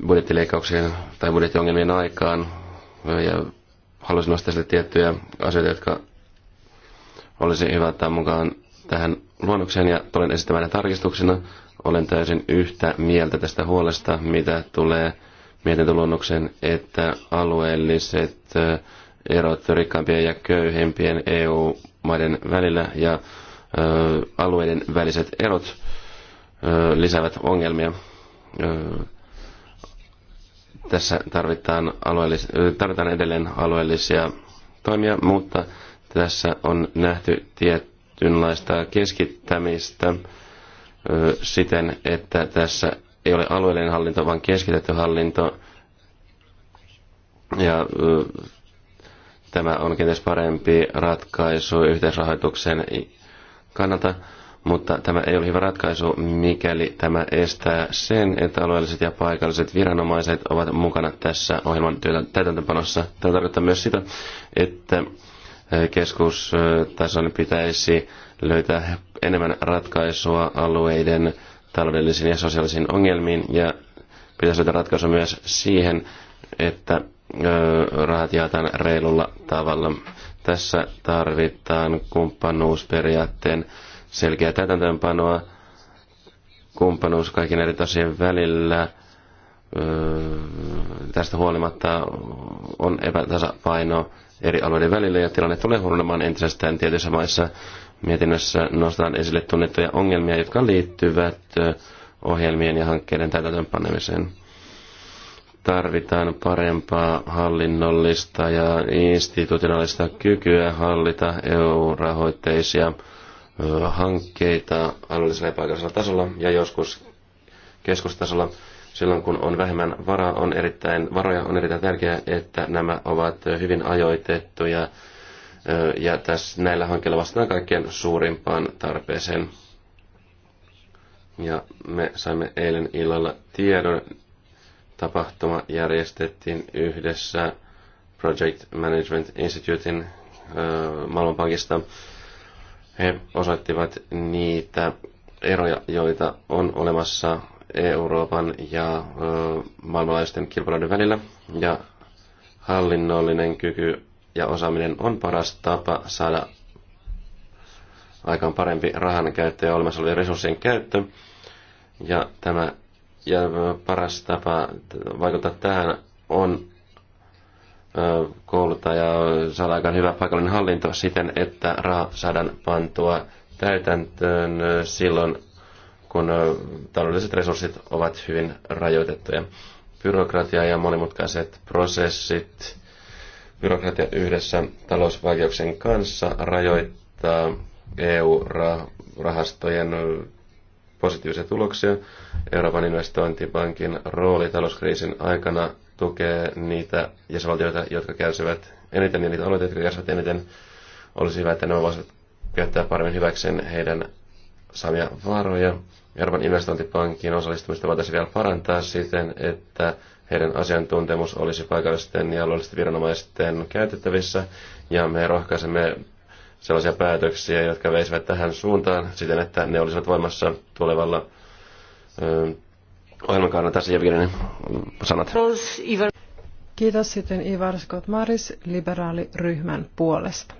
budjettileikkauksien tai budjettiongelmien aikaan. Ja haluaisin nostaa sille tiettyjä asioita, jotka olisi hyvä ottaa mukaan tähän luonnokseen ja tulen esittämään tarkistuksena. Olen täysin yhtä mieltä tästä huolesta, mitä tulee mietintöluonnokseen, että alueelliset eh, erot rikkaampien ja köyhempien EU-maiden välillä ja eh, alueiden väliset erot eh, lisäävät ongelmia. Tässä tarvitaan, alueellis- tarvitaan edelleen alueellisia toimia, mutta tässä on nähty tietynlaista keskittämistä siten, että tässä ei ole alueellinen hallinto, vaan keskitetty hallinto. Ja tämä on kenties parempi ratkaisu yhteisrahoituksen kannalta, mutta tämä ei ole hyvä ratkaisu, mikäli tämä estää sen, että alueelliset ja paikalliset viranomaiset ovat mukana tässä ohjelman täytäntöpanossa. Tämä tarkoittaa myös sitä, että keskustason pitäisi löytää enemmän ratkaisua alueiden taloudellisiin ja sosiaalisiin ongelmiin ja pitäisi löytää ratkaisu myös siihen, että rahat jaetaan reilulla tavalla. Tässä tarvitaan kumppanuusperiaatteen selkeää täytäntöönpanoa, kumppanuus kaiken eri tasien välillä. Tästä huolimatta on epätasapaino eri alueiden välillä ja tilanne tulee huononemaan entisestään tietyissä maissa. Mietinnössä nostetaan esille tunnettuja ongelmia, jotka liittyvät ohjelmien ja hankkeiden täytäntöönpanemiseen. Tarvitaan parempaa hallinnollista ja institutionaalista kykyä hallita EU-rahoitteisia hankkeita alueellisella ja paikallisella tasolla ja joskus keskustasolla. Silloin kun on vähemmän varaa, on erittäin, varoja, on erittäin tärkeää, että nämä ovat hyvin ajoitettuja ja tässä näillä hankkeilla vastataan kaikkien suurimpaan tarpeeseen. Ja me saimme eilen illalla tiedon. Tapahtuma järjestettiin yhdessä Project Management Institutein Maailmanpankista. He osoittivat niitä eroja, joita on olemassa Euroopan ja maailmanlaajuisten kilpailuiden välillä. Ja hallinnollinen kyky ja osaaminen on paras tapa saada aikaan parempi rahan käyttö ja olemassa olevien resurssien käyttö. Ja tämä ja paras tapa vaikuttaa tähän on kouluttaa ja saada aikaan hyvä paikallinen hallinto siten, että raha saadaan pantua täytäntöön silloin, kun taloudelliset resurssit ovat hyvin rajoitettuja. Byrokratia ja monimutkaiset prosessit Byrokratia yhdessä talousvaikeuksien kanssa rajoittaa EU-rahastojen positiivisia tuloksia. Euroopan investointipankin rooli talouskriisin aikana tukee niitä jäsenvaltioita, jotka kärsivät eniten ja niitä alueita, jotka kärsivät eniten. Olisi hyvä, että nämä voisivat käyttää paremmin hyväkseen heidän saamia varoja. Euroopan investointipankin osallistumista voitaisiin vielä parantaa siten, että heidän asiantuntemus olisi paikallisten ja alueellisten viranomaisten käytettävissä, ja me rohkaisemme sellaisia päätöksiä, jotka veisivät tähän suuntaan siten, että ne olisivat voimassa tulevalla ohjelman kannalta. Tässä Jevgenin sanat. Kiitos sitten Ivar Scott Maris liberaaliryhmän puolesta.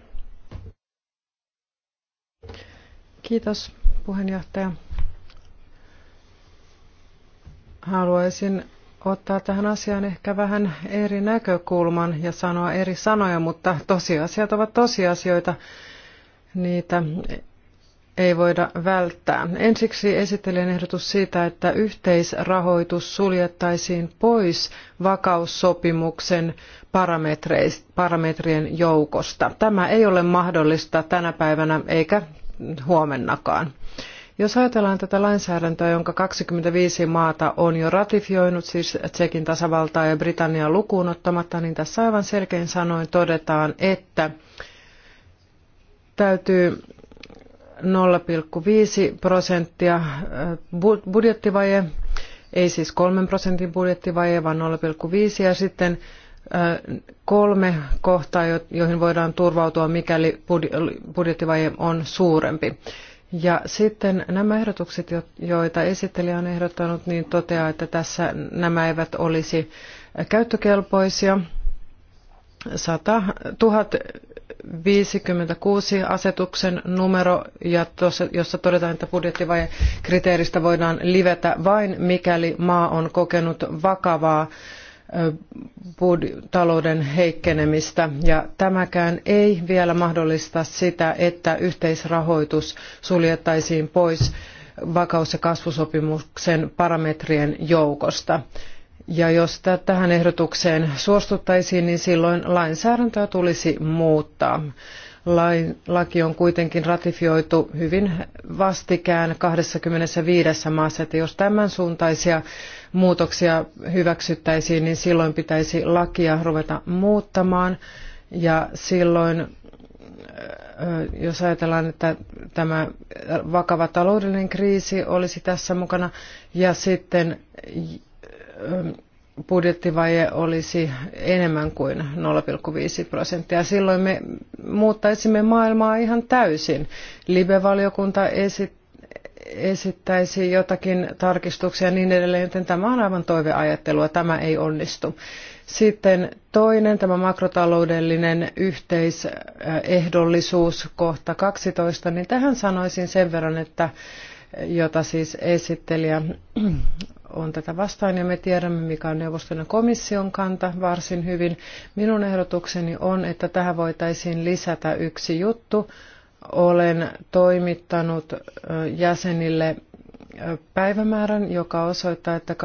Kiitos puheenjohtaja. Haluaisin ottaa tähän asiaan ehkä vähän eri näkökulman ja sanoa eri sanoja, mutta tosiasiat ovat tosiasioita. Niitä ei voida välttää. Ensiksi esittelen ehdotus siitä, että yhteisrahoitus suljettaisiin pois vakaussopimuksen parametrien joukosta. Tämä ei ole mahdollista tänä päivänä eikä huomennakaan. Jos ajatellaan tätä lainsäädäntöä, jonka 25 maata on jo ratifioinut, siis Tsekin tasavaltaa ja Britannia lukuun ottamatta, niin tässä aivan selkein sanoin todetaan, että täytyy 0,5 prosenttia äh, budjettivaje, ei siis 3 prosentin budjettivaje, vaan 0,5 ja sitten äh, kolme kohtaa, joihin voidaan turvautua, mikäli budjettivaje on suurempi. Ja sitten nämä ehdotukset, joita esittelijä on ehdottanut, niin toteaa, että tässä nämä eivät olisi käyttökelpoisia. 100, 1056 asetuksen numero, ja tuossa, jossa todetaan, että budjettivaje kriteeristä voidaan livetä vain, mikäli maa on kokenut vakavaa talouden heikkenemistä ja tämäkään ei vielä mahdollista sitä, että yhteisrahoitus suljettaisiin pois vakaus- ja kasvusopimuksen parametrien joukosta. Ja jos tähän ehdotukseen suostuttaisiin, niin silloin lainsäädäntöä tulisi muuttaa. Lain, laki on kuitenkin ratifioitu hyvin vastikään 25 maassa, että jos tämän suuntaisia muutoksia hyväksyttäisiin, niin silloin pitäisi lakia ruveta muuttamaan. Ja silloin, jos ajatellaan, että tämä vakava taloudellinen kriisi olisi tässä mukana, ja sitten budjettivaje olisi enemmän kuin 0,5 prosenttia. Silloin me muuttaisimme maailmaa ihan täysin. Live-valiokunta esitti esittäisi jotakin tarkistuksia ja niin edelleen, joten tämä on aivan toiveajattelua, tämä ei onnistu. Sitten toinen, tämä makrotaloudellinen yhteisehdollisuus kohta 12, niin tähän sanoisin sen verran, että jota siis esittelijä on tätä vastaan ja me tiedämme, mikä on neuvoston ja komission kanta varsin hyvin. Minun ehdotukseni on, että tähän voitaisiin lisätä yksi juttu, olen toimittanut jäsenille päivämäärän, joka osoittaa, että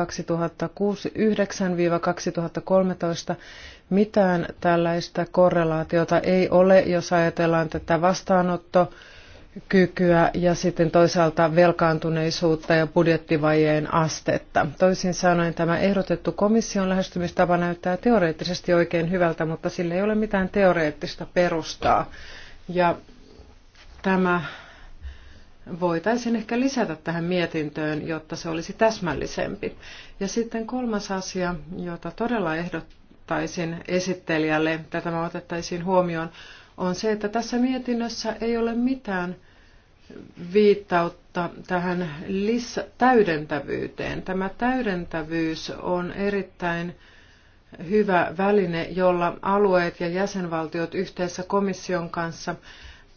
2009-2013 mitään tällaista korrelaatiota ei ole, jos ajatellaan tätä vastaanottokykyä ja sitten toisaalta velkaantuneisuutta ja budjettivajeen astetta. Toisin sanoen tämä ehdotettu komission lähestymistapa näyttää teoreettisesti oikein hyvältä, mutta sillä ei ole mitään teoreettista perustaa. Ja tämä voitaisiin ehkä lisätä tähän mietintöön, jotta se olisi täsmällisempi. Ja sitten kolmas asia, jota todella ehdottaisin esittelijälle, että tämä otettaisiin huomioon, on se, että tässä mietinnössä ei ole mitään viittautta tähän lisä- täydentävyyteen. Tämä täydentävyys on erittäin hyvä väline, jolla alueet ja jäsenvaltiot yhteensä komission kanssa –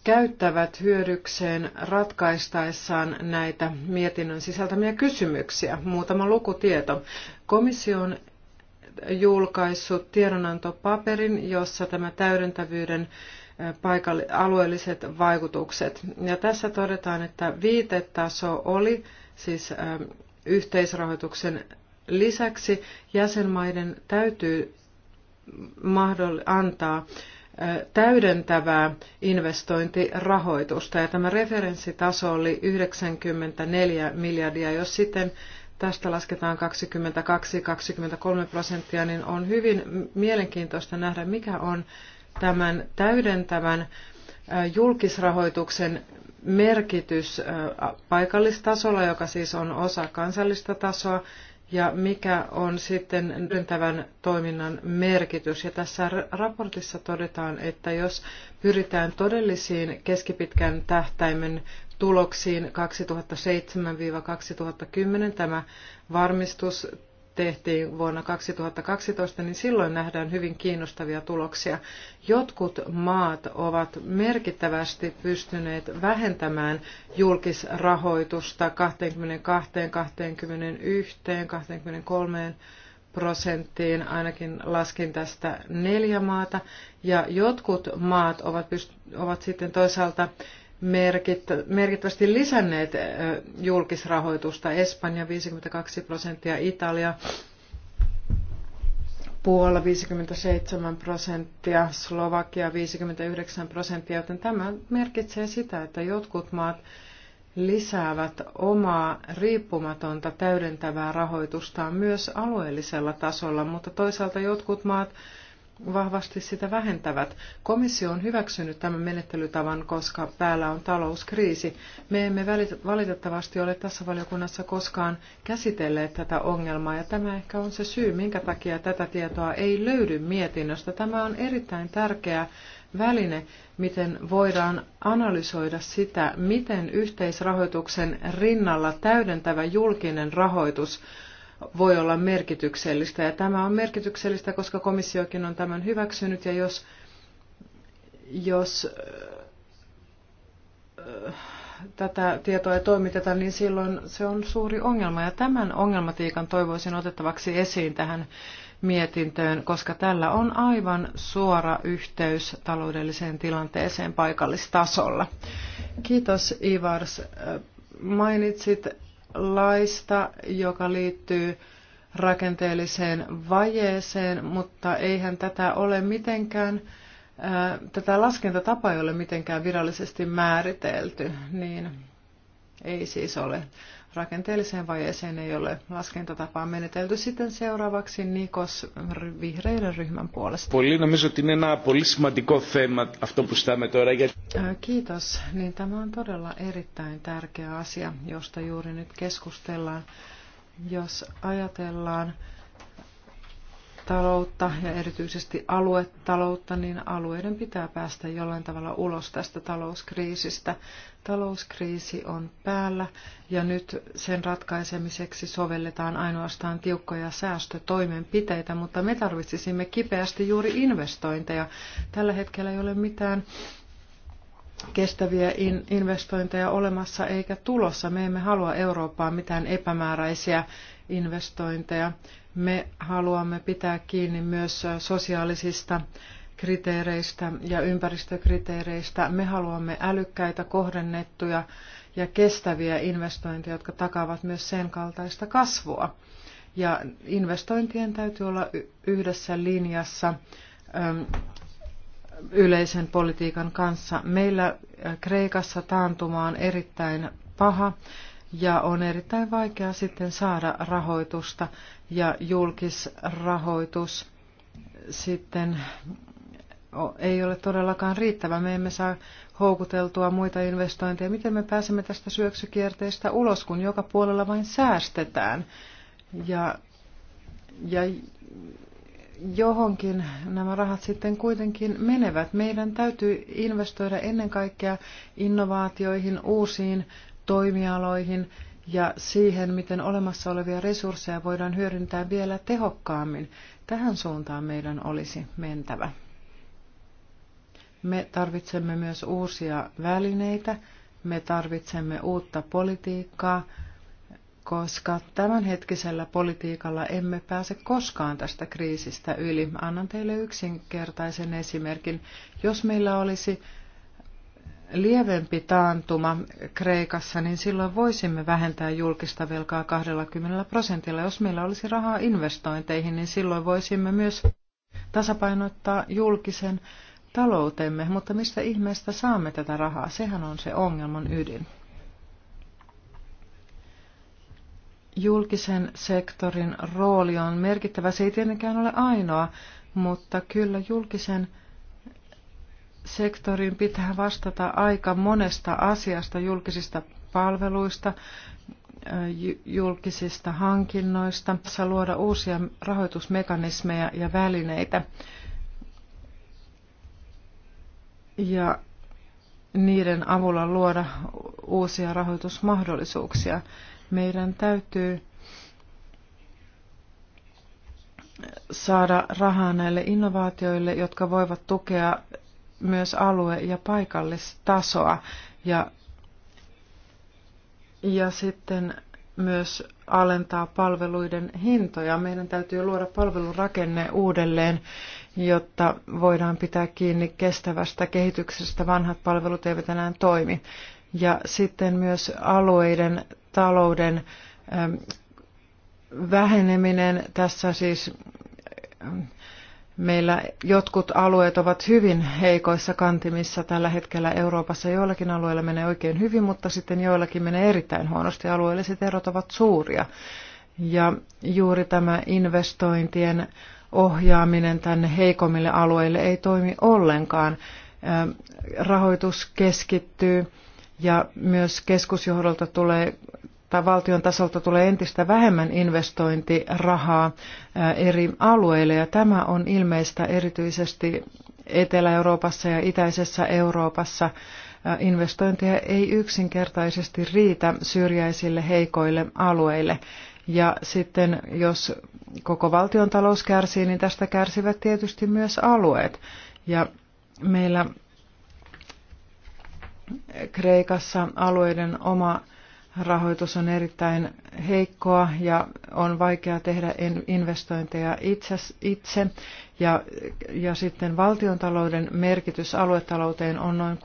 käyttävät hyödykseen ratkaistaessaan näitä mietinnön sisältämiä kysymyksiä. Muutama lukutieto. Komissio on julkaissut tiedonantopaperin, jossa tämä täydentävyyden paikalli, alueelliset vaikutukset. Ja tässä todetaan, että viitetaso oli siis yhteisrahoituksen lisäksi jäsenmaiden täytyy antaa täydentävää investointirahoitusta ja tämä referenssitaso oli 94 miljardia. Jos sitten tästä lasketaan 22-23 prosenttia, niin on hyvin mielenkiintoista nähdä, mikä on tämän täydentävän julkisrahoituksen merkitys paikallistasolla, joka siis on osa kansallista tasoa, ja mikä on sitten yhdentävän toiminnan merkitys. Ja tässä raportissa todetaan, että jos pyritään todellisiin keskipitkän tähtäimen tuloksiin 2007-2010, tämä varmistus tehtiin vuonna 2012, niin silloin nähdään hyvin kiinnostavia tuloksia. Jotkut maat ovat merkittävästi pystyneet vähentämään julkisrahoitusta 22, 21, 23 prosenttiin, ainakin laskin tästä neljä maata, ja jotkut maat ovat, pyst- ovat sitten toisaalta merkittävästi lisänneet julkisrahoitusta. Espanja 52 prosenttia, Italia, Puola 57 prosenttia, Slovakia 59 prosenttia, joten tämä merkitsee sitä, että jotkut maat lisäävät omaa riippumatonta täydentävää rahoitustaan myös alueellisella tasolla, mutta toisaalta jotkut maat vahvasti sitä vähentävät. Komissio on hyväksynyt tämän menettelytavan, koska päällä on talouskriisi. Me emme valitettavasti ole tässä valiokunnassa koskaan käsitelleet tätä ongelmaa, ja tämä ehkä on se syy, minkä takia tätä tietoa ei löydy mietinnöstä. Tämä on erittäin tärkeä väline, miten voidaan analysoida sitä, miten yhteisrahoituksen rinnalla täydentävä julkinen rahoitus voi olla merkityksellistä. Ja tämä on merkityksellistä, koska komissiokin on tämän hyväksynyt ja jos, jos äh, tätä tietoa ei toimiteta, niin silloin se on suuri ongelma. Ja tämän ongelmatiikan toivoisin otettavaksi esiin tähän mietintöön, koska tällä on aivan suora yhteys taloudelliseen tilanteeseen paikallistasolla. Kiitos Ivars. Äh, mainitsit laista, joka liittyy rakenteelliseen vajeeseen, mutta eihän tätä ole mitenkään, ää, äh, tätä laskentatapaa ei ole mitenkään virallisesti määritelty, niin ei siis ole rakenteelliseen vaiheeseen ei ole laskentatapaa menetelty. Sitten seuraavaksi Nikos vihreiden ryhmän puolesta. Πολύ νομίζω ότι είναι ένα πολύ σημαντικό θέμα αυτό που στάμε τώρα. Kiitos. Niin tämä on todella erittäin tärkeä asia, josta juuri nyt keskustellaan. Jos ajatellaan taloutta ja erityisesti aluetaloutta, niin alueiden pitää päästä jollain tavalla ulos tästä talouskriisistä. Talouskriisi on päällä ja nyt sen ratkaisemiseksi sovelletaan ainoastaan tiukkoja säästötoimenpiteitä, mutta me tarvitsisimme kipeästi juuri investointeja. Tällä hetkellä ei ole mitään kestäviä investointeja olemassa eikä tulossa. Me emme halua Eurooppaan mitään epämääräisiä investointeja. Me haluamme pitää kiinni myös sosiaalisista kriteereistä ja ympäristökriteereistä. Me haluamme älykkäitä, kohdennettuja ja kestäviä investointeja, jotka takaavat myös sen kaltaista kasvua. Ja investointien täytyy olla yhdessä linjassa ähm, yleisen politiikan kanssa. Meillä Kreikassa taantuma on erittäin paha ja on erittäin vaikea sitten saada rahoitusta ja julkisrahoitus sitten ei ole todellakaan riittävä. Me emme saa houkuteltua muita investointeja. Miten me pääsemme tästä syöksykierteestä ulos, kun joka puolella vain säästetään? Ja, ja johonkin nämä rahat sitten kuitenkin menevät. Meidän täytyy investoida ennen kaikkea innovaatioihin, uusiin toimialoihin ja siihen, miten olemassa olevia resursseja voidaan hyödyntää vielä tehokkaammin. Tähän suuntaan meidän olisi mentävä. Me tarvitsemme myös uusia välineitä, me tarvitsemme uutta politiikkaa, koska tämänhetkisellä politiikalla emme pääse koskaan tästä kriisistä yli. Annan teille yksinkertaisen esimerkin. Jos meillä olisi lievempi taantuma Kreikassa, niin silloin voisimme vähentää julkista velkaa 20 prosentilla. Jos meillä olisi rahaa investointeihin, niin silloin voisimme myös tasapainottaa julkisen taloutemme. Mutta mistä ihmeestä saamme tätä rahaa? Sehän on se ongelman ydin. Julkisen sektorin rooli on merkittävä. Se ei tietenkään ole ainoa, mutta kyllä julkisen sektorin pitää vastata aika monesta asiasta, julkisista palveluista, julkisista hankinnoista, saa luoda uusia rahoitusmekanismeja ja välineitä. Ja niiden avulla luoda uusia rahoitusmahdollisuuksia. Meidän täytyy saada rahaa näille innovaatioille, jotka voivat tukea myös alue- ja paikallistasoa ja, ja sitten myös alentaa palveluiden hintoja. Meidän täytyy luoda palvelurakenne uudelleen, jotta voidaan pitää kiinni kestävästä kehityksestä. Vanhat palvelut eivät enää toimi. Ja sitten myös alueiden talouden väheneminen. Tässä siis Meillä jotkut alueet ovat hyvin heikoissa kantimissa tällä hetkellä Euroopassa. Joillakin alueilla menee oikein hyvin, mutta sitten joillakin menee erittäin huonosti. Alueelliset erot ovat suuria. Ja juuri tämä investointien ohjaaminen tänne heikommille alueille ei toimi ollenkaan. Rahoitus keskittyy ja myös keskusjohdolta tulee tai valtion tasolta tulee entistä vähemmän investointirahaa äh, eri alueille ja tämä on ilmeistä erityisesti Etelä-Euroopassa ja Itäisessä Euroopassa. Äh, investointeja ei yksinkertaisesti riitä syrjäisille heikoille alueille. Ja sitten jos koko valtion talous kärsii, niin tästä kärsivät tietysti myös alueet. Ja meillä Kreikassa alueiden oma rahoitus on erittäin heikkoa ja on vaikea tehdä investointeja itse, itse. Ja, ja sitten valtiontalouden merkitys aluetalouteen on noin 60-70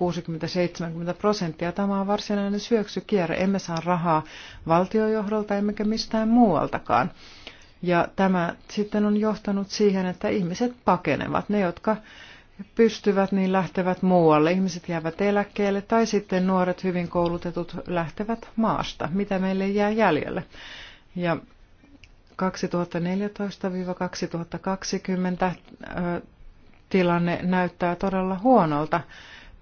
prosenttia. Tämä on varsinainen syöksykierre. Emme saa rahaa valtiojohdolta emmekä mistään muualtakaan. Ja tämä sitten on johtanut siihen, että ihmiset pakenevat. Ne, jotka pystyvät, niin lähtevät muualle. Ihmiset jäävät eläkkeelle tai sitten nuoret hyvin koulutetut lähtevät maasta, mitä meille jää jäljelle. Ja 2014-2020 tilanne näyttää todella huonolta.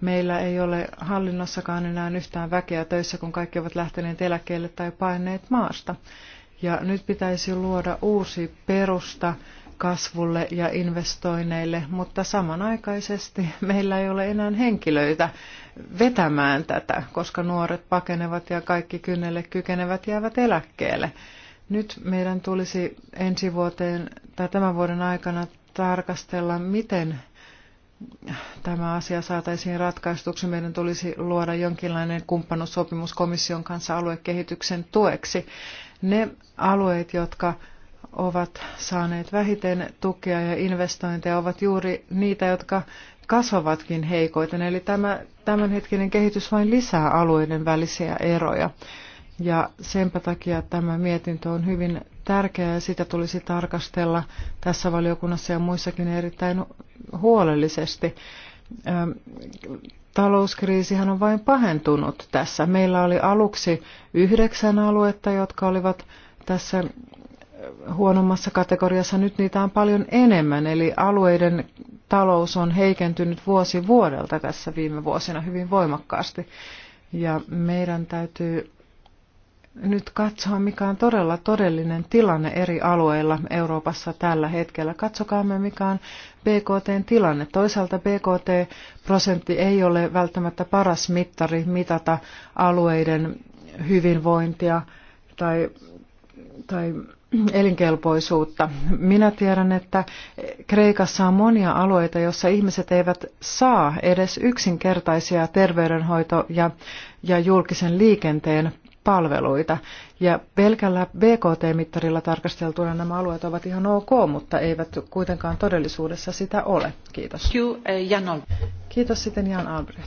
Meillä ei ole hallinnossakaan enää yhtään väkeä töissä, kun kaikki ovat lähteneet eläkkeelle tai paineet maasta. Ja nyt pitäisi luoda uusi perusta kasvulle ja investoinneille, mutta samanaikaisesti meillä ei ole enää henkilöitä vetämään tätä, koska nuoret pakenevat ja kaikki kynnelle kykenevät jäävät eläkkeelle. Nyt meidän tulisi ensi vuoteen tai tämän vuoden aikana tarkastella, miten tämä asia saataisiin ratkaistuksi. Meidän tulisi luoda jonkinlainen kumppanuussopimus komission kanssa aluekehityksen tueksi. Ne alueet, jotka ovat saaneet vähiten tukea ja investointeja ovat juuri niitä, jotka kasvavatkin heikoiten. Eli tämä tämänhetkinen kehitys vain lisää alueiden välisiä eroja. Ja senpä takia tämä mietintö on hyvin tärkeä ja sitä tulisi tarkastella tässä valiokunnassa ja muissakin erittäin huolellisesti. Ähm, talouskriisihän on vain pahentunut tässä. Meillä oli aluksi yhdeksän aluetta, jotka olivat tässä huonommassa kategoriassa. Nyt niitä on paljon enemmän, eli alueiden talous on heikentynyt vuosi vuodelta tässä viime vuosina hyvin voimakkaasti. Ja meidän täytyy nyt katsoa, mikä on todella todellinen tilanne eri alueilla Euroopassa tällä hetkellä. Katsokaamme, mikä on BKTn tilanne. Toisaalta BKT-prosentti ei ole välttämättä paras mittari mitata alueiden hyvinvointia tai, tai elinkelpoisuutta. Minä tiedän, että Kreikassa on monia alueita, joissa ihmiset eivät saa edes yksinkertaisia terveydenhoito- ja, ja julkisen liikenteen palveluita. Ja pelkällä BKT-mittarilla tarkasteltuna nämä alueet ovat ihan ok, mutta eivät kuitenkaan todellisuudessa sitä ole. Kiitos. Eh, Kiitos sitten Jan Albrecht.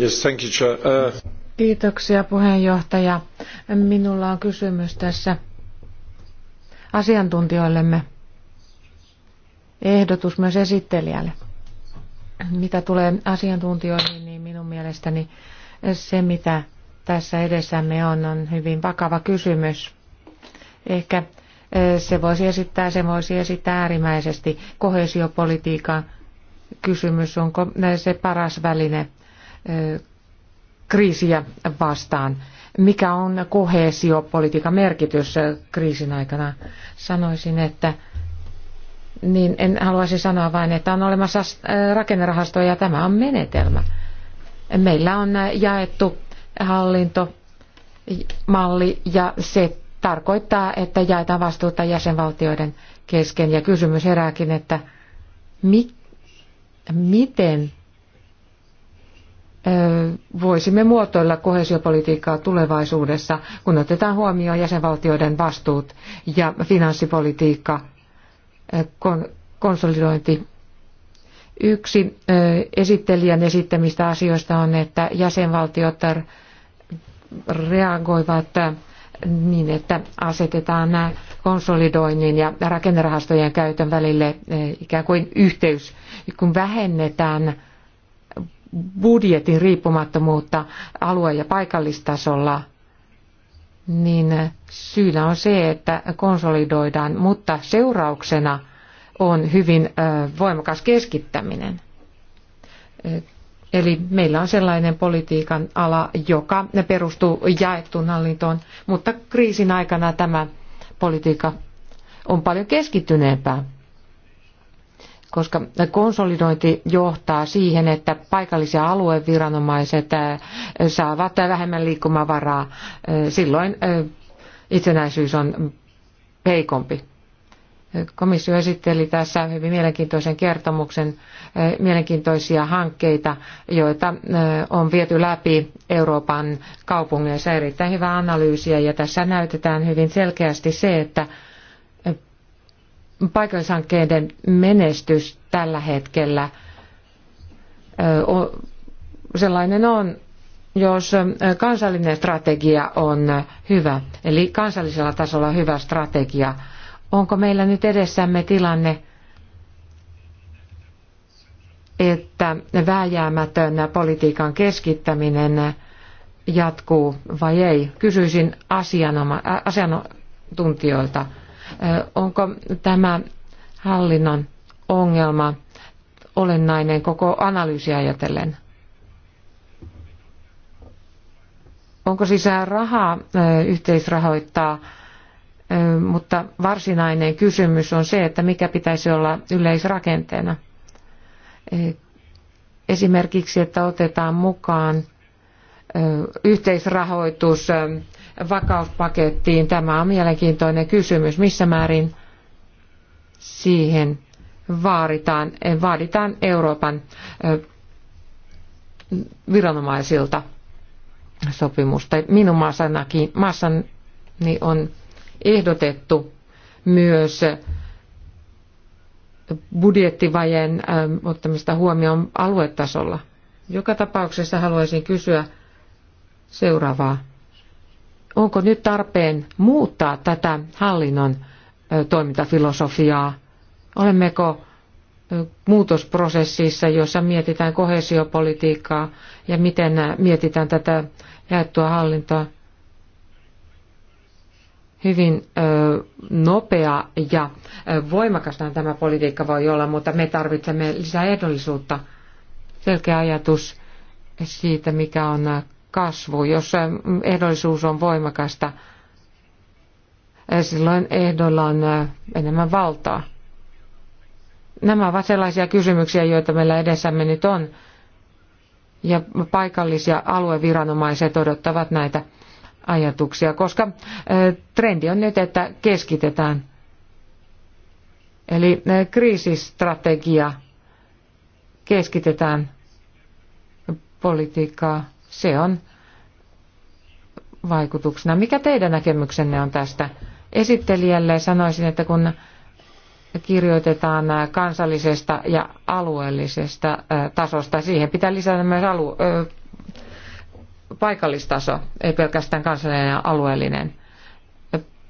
Yes, thank you, Chair. Uh... Kiitoksia puheenjohtaja. Minulla on kysymys tässä asiantuntijoillemme. Ehdotus myös esittelijälle. Mitä tulee asiantuntijoihin, niin minun mielestäni se, mitä tässä edessämme on, on hyvin vakava kysymys. Ehkä eh, se voisi esittää, se voisi esittää äärimmäisesti kohesiopolitiikan kysymys, onko se paras väline eh, kriisiä vastaan. Mikä on kohesiopolitiikan merkitys kriisin aikana? Sanoisin, että niin en haluaisi sanoa vain, että on olemassa äh, rakennerahastoja ja tämä on menetelmä. Meillä on äh, jaettu hallintomalli ja se tarkoittaa, että jaetaan vastuuta jäsenvaltioiden kesken. Ja kysymys herääkin, että mi- miten voisimme muotoilla kohesiopolitiikkaa tulevaisuudessa, kun otetaan huomioon jäsenvaltioiden vastuut ja finanssipolitiikka, konsolidointi. Yksi esittelijän esittämistä asioista on, että jäsenvaltiot reagoivat niin, että asetetaan nämä konsolidoinnin ja rakennerahastojen käytön välille ikään kuin yhteys, kun vähennetään budjetin riippumattomuutta alue- ja paikallistasolla, niin syynä on se, että konsolidoidaan, mutta seurauksena on hyvin voimakas keskittäminen. Eli meillä on sellainen politiikan ala, joka perustuu jaettuun hallintoon, mutta kriisin aikana tämä politiikka on paljon keskittyneempää koska konsolidointi johtaa siihen, että paikallisia alueviranomaiset äh, saavat vähemmän liikkumavaraa. Äh, silloin äh, itsenäisyys on heikompi. Komissio esitteli tässä hyvin mielenkiintoisen kertomuksen mielenkiintoisia hankkeita, joita on viety läpi Euroopan kaupungeissa. Erittäin hyvää analyysiä ja tässä näytetään hyvin selkeästi se, että paikallishankkeiden menestys tällä hetkellä sellainen on, jos kansallinen strategia on hyvä, eli kansallisella tasolla hyvä strategia. Onko meillä nyt edessämme tilanne, että vääjäämätön politiikan keskittäminen jatkuu vai ei? Kysyisin asianoma- asiantuntijoilta. Onko tämä hallinnon ongelma olennainen koko analyysiä ajatellen? Onko siis rahaa yhteisrahoittaa, mutta varsinainen kysymys on se, että mikä pitäisi olla yleisrakenteena. E, esimerkiksi, että otetaan mukaan yhteisrahoitus vakauspakettiin. Tämä on mielenkiintoinen kysymys. Missä määrin siihen vaaditaan, vaaditaan Euroopan viranomaisilta sopimusta. Minun maassanakin, maassani on ehdotettu myös budjettivajeen ottamista huomioon aluetasolla. Joka tapauksessa haluaisin kysyä seuraavaa onko nyt tarpeen muuttaa tätä hallinnon toimintafilosofiaa? Olemmeko muutosprosessissa, jossa mietitään kohesiopolitiikkaa ja miten mietitään tätä jaettua hallintoa? hyvin nopea ja voimakasta? tämä politiikka voi olla, mutta me tarvitsemme lisää ehdollisuutta. Selkeä ajatus siitä, mikä on kasvu, jos ehdollisuus on voimakasta, silloin ehdolla on äh, enemmän valtaa. Nämä ovat sellaisia kysymyksiä, joita meillä edessämme nyt on, ja paikallisia alueviranomaiset odottavat näitä ajatuksia, koska äh, trendi on nyt, että keskitetään. Eli äh, kriisistrategia keskitetään politiikkaa se on vaikutuksena. Mikä teidän näkemyksenne on tästä? Esittelijälle sanoisin, että kun kirjoitetaan kansallisesta ja alueellisesta tasosta, siihen pitää lisätä myös alu- paikallistaso, ei pelkästään kansallinen ja alueellinen.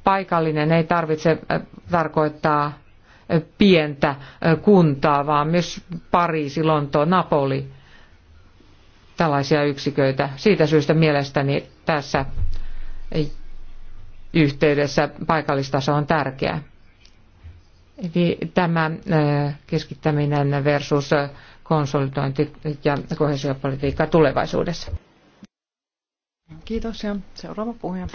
Paikallinen ei tarvitse tarkoittaa pientä kuntaa, vaan myös Pariisi, Lontoa, Napoli – tällaisia yksiköitä. Siitä syystä mielestäni tässä yhteydessä paikallistaso on tärkeä. Eli tämä äh, keskittäminen versus konsolidointi ja kohesiopolitiikka tulevaisuudessa. Kiitos ja seuraava puhuja.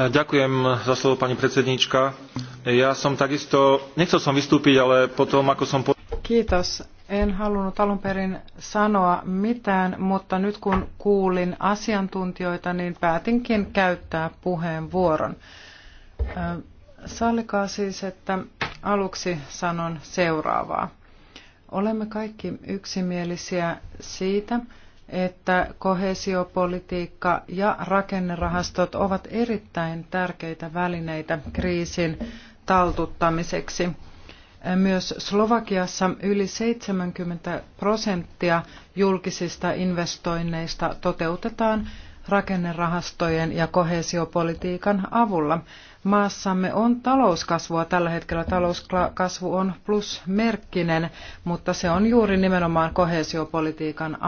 Äh, ďakujem za slovo, pani predsedníčka. Ja som takisto, nechcel som vystúpiť, ale potom, ako som... Kiitos. En halunnut alun perin sanoa mitään, mutta nyt kun kuulin asiantuntijoita, niin päätinkin käyttää puheenvuoron. Sallikaa siis, että aluksi sanon seuraavaa. Olemme kaikki yksimielisiä siitä, että kohesiopolitiikka ja rakennerahastot ovat erittäin tärkeitä välineitä kriisin taltuttamiseksi. Myös Slovakiassa yli 70 prosenttia julkisista investoinneista toteutetaan rakennerahastojen ja kohesiopolitiikan avulla. Maassamme on talouskasvua tällä hetkellä. Talouskasvu on plusmerkkinen, mutta se on juuri nimenomaan kohesiopolitiikan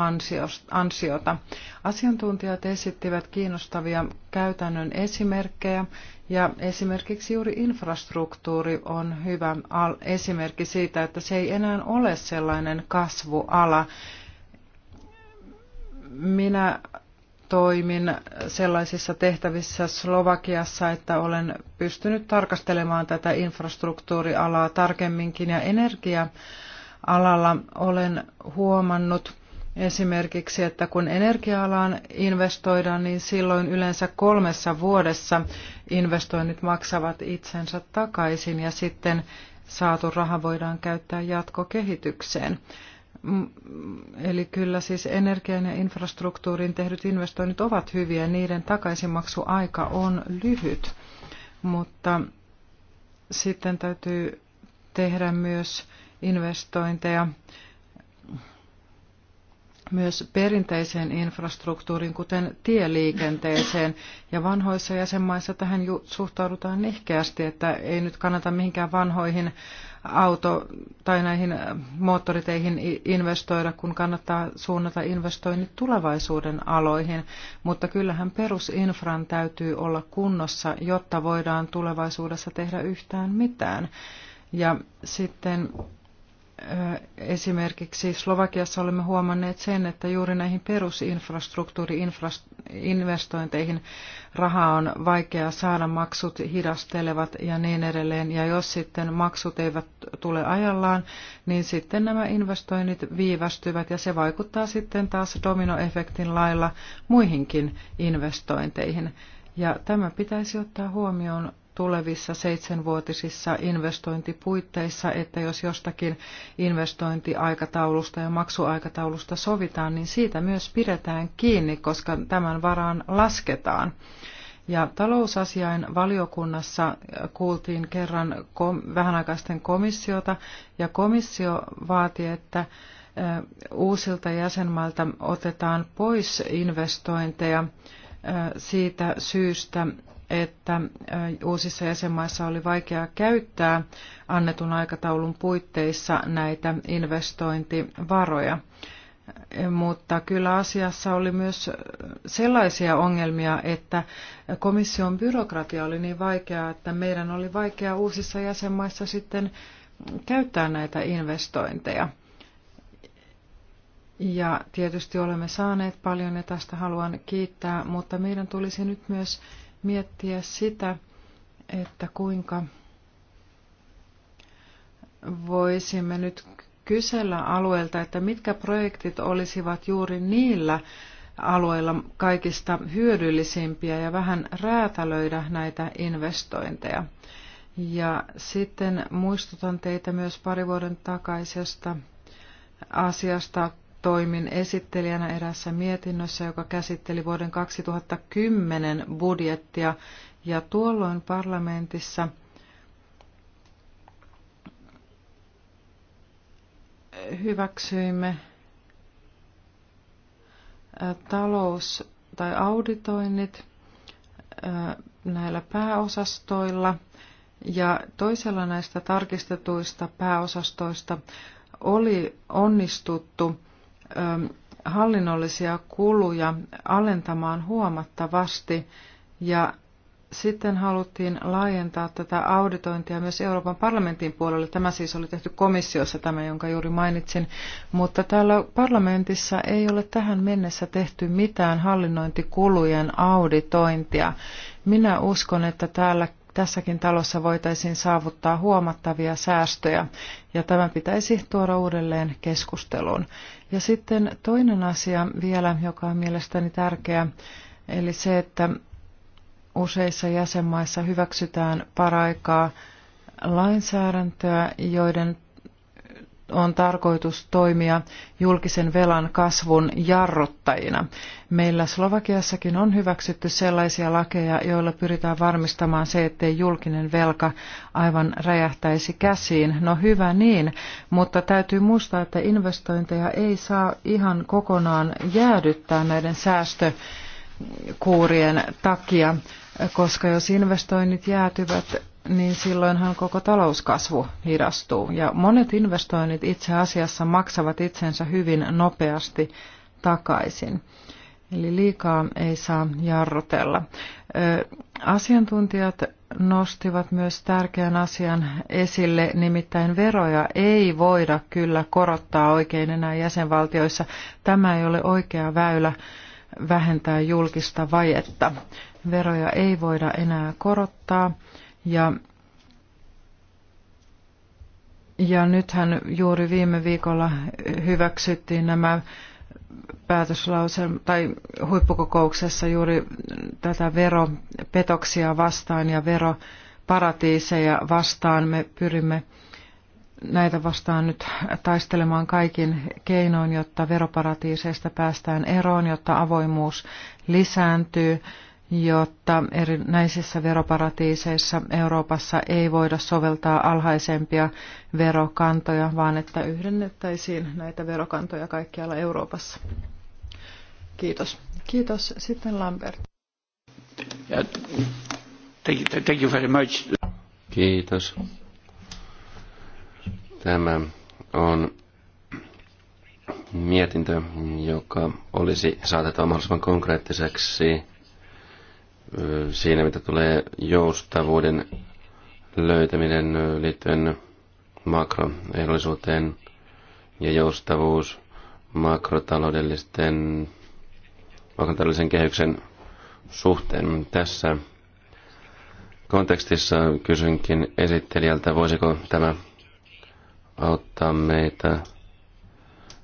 ansiota. Asiantuntijat esittivät kiinnostavia käytännön esimerkkejä ja esimerkiksi juuri infrastruktuuri on hyvä esimerkki siitä, että se ei enää ole sellainen kasvuala. Minä toimin sellaisissa tehtävissä Slovakiassa, että olen pystynyt tarkastelemaan tätä infrastruktuurialaa tarkemminkin ja energia-alalla olen huomannut, Esimerkiksi, että kun energia-alaan investoidaan, niin silloin yleensä kolmessa vuodessa investoinnit maksavat itsensä takaisin ja sitten saatu raha voidaan käyttää jatkokehitykseen. Mm, eli kyllä siis energian ja infrastruktuurin tehdyt investoinnit ovat hyviä, niiden takaisinmaksuaika on lyhyt, mutta sitten täytyy tehdä myös investointeja myös perinteiseen infrastruktuuriin, kuten tieliikenteeseen. Ja vanhoissa jäsenmaissa tähän suhtaudutaan nihkeästi, että ei nyt kannata mihinkään vanhoihin auto- tai näihin äh, moottoriteihin investoida, kun kannattaa suunnata investoinnit tulevaisuuden aloihin. Mutta kyllähän perusinfran täytyy olla kunnossa, jotta voidaan tulevaisuudessa tehdä yhtään mitään. Ja sitten Esimerkiksi Slovakiassa olemme huomanneet sen, että juuri näihin perusinfrastruktuuriinvestointeihin rahaa on vaikea saada, maksut hidastelevat ja niin edelleen. Ja jos sitten maksut eivät tule ajallaan, niin sitten nämä investoinnit viivästyvät ja se vaikuttaa sitten taas dominoefektin lailla muihinkin investointeihin. Ja tämä pitäisi ottaa huomioon tulevissa seitsemänvuotisissa investointipuitteissa, että jos jostakin investointiaikataulusta ja maksuaikataulusta sovitaan, niin siitä myös pidetään kiinni, koska tämän varaan lasketaan. Ja talousasiain valiokunnassa kuultiin kerran kom- vähän aikaisten komissiota, ja komissio vaati, että uusilta jäsenmailta otetaan pois investointeja siitä syystä, että uusissa jäsenmaissa oli vaikea käyttää annetun aikataulun puitteissa näitä investointivaroja. Mutta kyllä asiassa oli myös sellaisia ongelmia, että komission byrokratia oli niin vaikeaa, että meidän oli vaikea uusissa jäsenmaissa sitten käyttää näitä investointeja. Ja tietysti olemme saaneet paljon ja tästä haluan kiittää, mutta meidän tulisi nyt myös miettiä sitä, että kuinka voisimme nyt kysellä alueelta, että mitkä projektit olisivat juuri niillä alueilla kaikista hyödyllisimpiä ja vähän räätälöidä näitä investointeja. Ja sitten muistutan teitä myös pari vuoden takaisesta asiasta toimin esittelijänä erässä mietinnössä, joka käsitteli vuoden 2010 budjettia. Ja tuolloin parlamentissa eh, hyväksyimme eh, talous- tai auditoinnit eh, näillä pääosastoilla. Ja toisella näistä tarkistetuista pääosastoista oli onnistuttu Ähm, hallinnollisia kuluja alentamaan huomattavasti ja sitten haluttiin laajentaa tätä auditointia myös Euroopan parlamentin puolelle. Tämä siis oli tehty komissiossa, tämä jonka juuri mainitsin, mutta täällä parlamentissa ei ole tähän mennessä tehty mitään hallinnointikulujen auditointia. Minä uskon, että täällä tässäkin talossa voitaisiin saavuttaa huomattavia säästöjä, ja tämä pitäisi tuoda uudelleen keskusteluun. Ja sitten toinen asia vielä, joka on mielestäni tärkeä, eli se, että useissa jäsenmaissa hyväksytään paraikaa lainsäädäntöä, joiden on tarkoitus toimia julkisen velan kasvun jarruttajina. Meillä Slovakiassakin on hyväksytty sellaisia lakeja, joilla pyritään varmistamaan se, ettei julkinen velka aivan räjähtäisi käsiin. No hyvä niin, mutta täytyy muistaa, että investointeja ei saa ihan kokonaan jäädyttää näiden säästökuurien takia, koska jos investoinnit jäätyvät, niin silloinhan koko talouskasvu hidastuu. Ja monet investoinnit itse asiassa maksavat itsensä hyvin nopeasti takaisin. Eli liikaa ei saa jarrutella. Asiantuntijat nostivat myös tärkeän asian esille, nimittäin veroja ei voida kyllä korottaa oikein enää jäsenvaltioissa. Tämä ei ole oikea väylä vähentää julkista vajetta. Veroja ei voida enää korottaa ja, ja nythän juuri viime viikolla hyväksyttiin nämä päätöslauselmat tai huippukokouksessa juuri tätä veropetoksia vastaan ja veroparatiiseja vastaan. Me pyrimme näitä vastaan nyt taistelemaan kaikin keinoin, jotta veroparatiiseista päästään eroon, jotta avoimuus lisääntyy jotta erinäisissä veroparatiiseissa Euroopassa ei voida soveltaa alhaisempia verokantoja, vaan että yhdennettäisiin näitä verokantoja kaikkialla Euroopassa. Kiitos. Kiitos. Sitten Lambert. Thank you very much. Kiitos. Tämä on mietintö, joka olisi saatettava mahdollisimman konkreettiseksi siinä, mitä tulee joustavuuden löytäminen liittyen makroehdollisuuteen ja joustavuus makrotaloudellisten makrotaloudellisen kehyksen suhteen. Tässä kontekstissa kysynkin esittelijältä, voisiko tämä auttaa meitä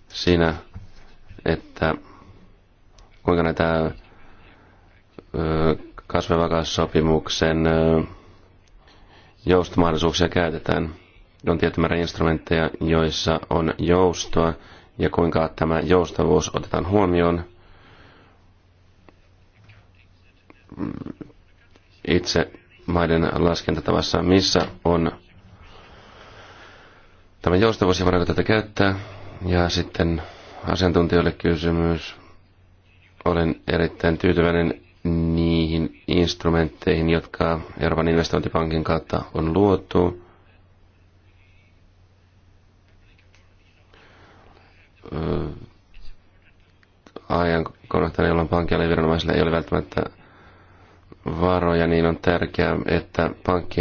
siinä, että kuinka näitä kasvevakaussopimuksen joustomahdollisuuksia käytetään. On tietty määrä instrumentteja, joissa on joustoa ja kuinka tämä joustavuus otetaan huomioon. Itse maiden laskentatavassa, missä on tämä joustavuus ja voidaanko tätä käyttää. Ja sitten asiantuntijoille kysymys. Olen erittäin tyytyväinen niihin instrumentteihin, jotka Euroopan investointipankin kautta on luotu. Ajankohtana, jolloin pankilla ja viranomaisilla ei ole välttämättä varoja, niin on tärkeää, että pankki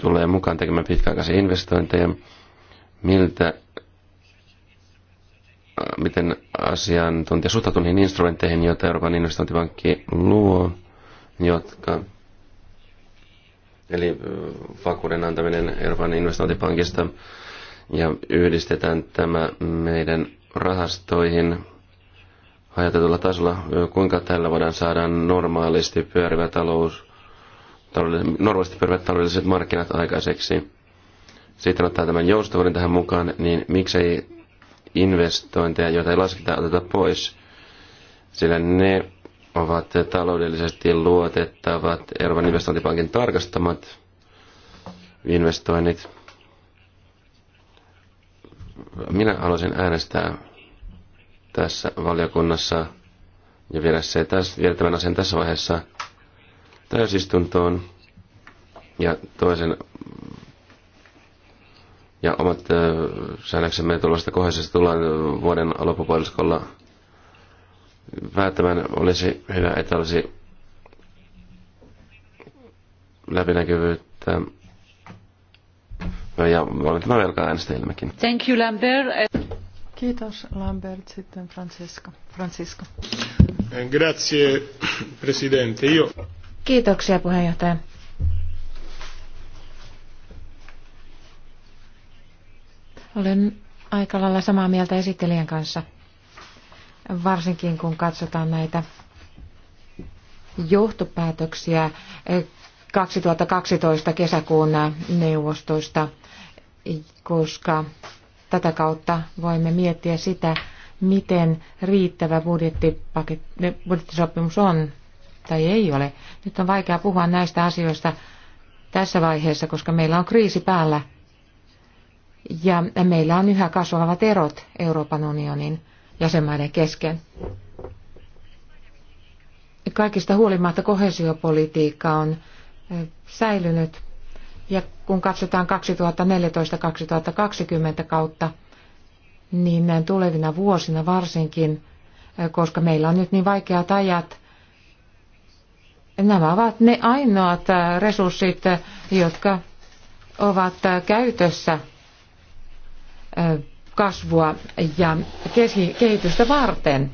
tulee mukaan tekemään pitkäaikaisia investointeja. Miltä Äh, miten asiantuntija suhtautuu niihin instrumentteihin, joita Euroopan investointipankki luo, jotka eli äh, vakuuden antaminen Euroopan investointipankista ja yhdistetään tämä meidän rahastoihin hajautetulla tasolla, äh, kuinka tällä voidaan saada normaalisti pyörivä talous, normaalisti pyörivät taloudelliset markkinat aikaiseksi. Sitten ottaa tämän joustavuuden tähän mukaan, niin miksei investointeja, joita ei lasketa oteta pois, sillä ne ovat taloudellisesti luotettavat Euroopan investointipankin tarkastamat investoinnit. Minä haluaisin äänestää tässä valiokunnassa ja viedä, se tässä, viedä tämän asian tässä vaiheessa täysistuntoon ja toisen ja omat säännöksemme tulosta kohdassa tullaan vuoden loppupuoliskolla päättämään. Olisi hyvä, että olisi läpinäkyvyyttä. Ja olen tämä velkaa äänestäjillemmekin. Thank you, Lambert. Kiitos, Lambert. Sitten Francesco. Francisco. Grazie, Presidente. Io... Kiitoksia, puheenjohtaja. Olen aika lailla samaa mieltä esittelijän kanssa, varsinkin kun katsotaan näitä johtopäätöksiä 2012 kesäkuun neuvostoista, koska tätä kautta voimme miettiä sitä, miten riittävä budjettisopimus on tai ei ole. Nyt on vaikea puhua näistä asioista tässä vaiheessa, koska meillä on kriisi päällä ja meillä on yhä kasvavat erot Euroopan unionin jäsenmaiden kesken. Kaikista huolimatta kohesiopolitiikka on säilynyt ja kun katsotaan 2014-2020 kautta, niin näin tulevina vuosina varsinkin, koska meillä on nyt niin vaikeat ajat, nämä ovat ne ainoat resurssit, jotka ovat käytössä kasvua ja kehitystä varten.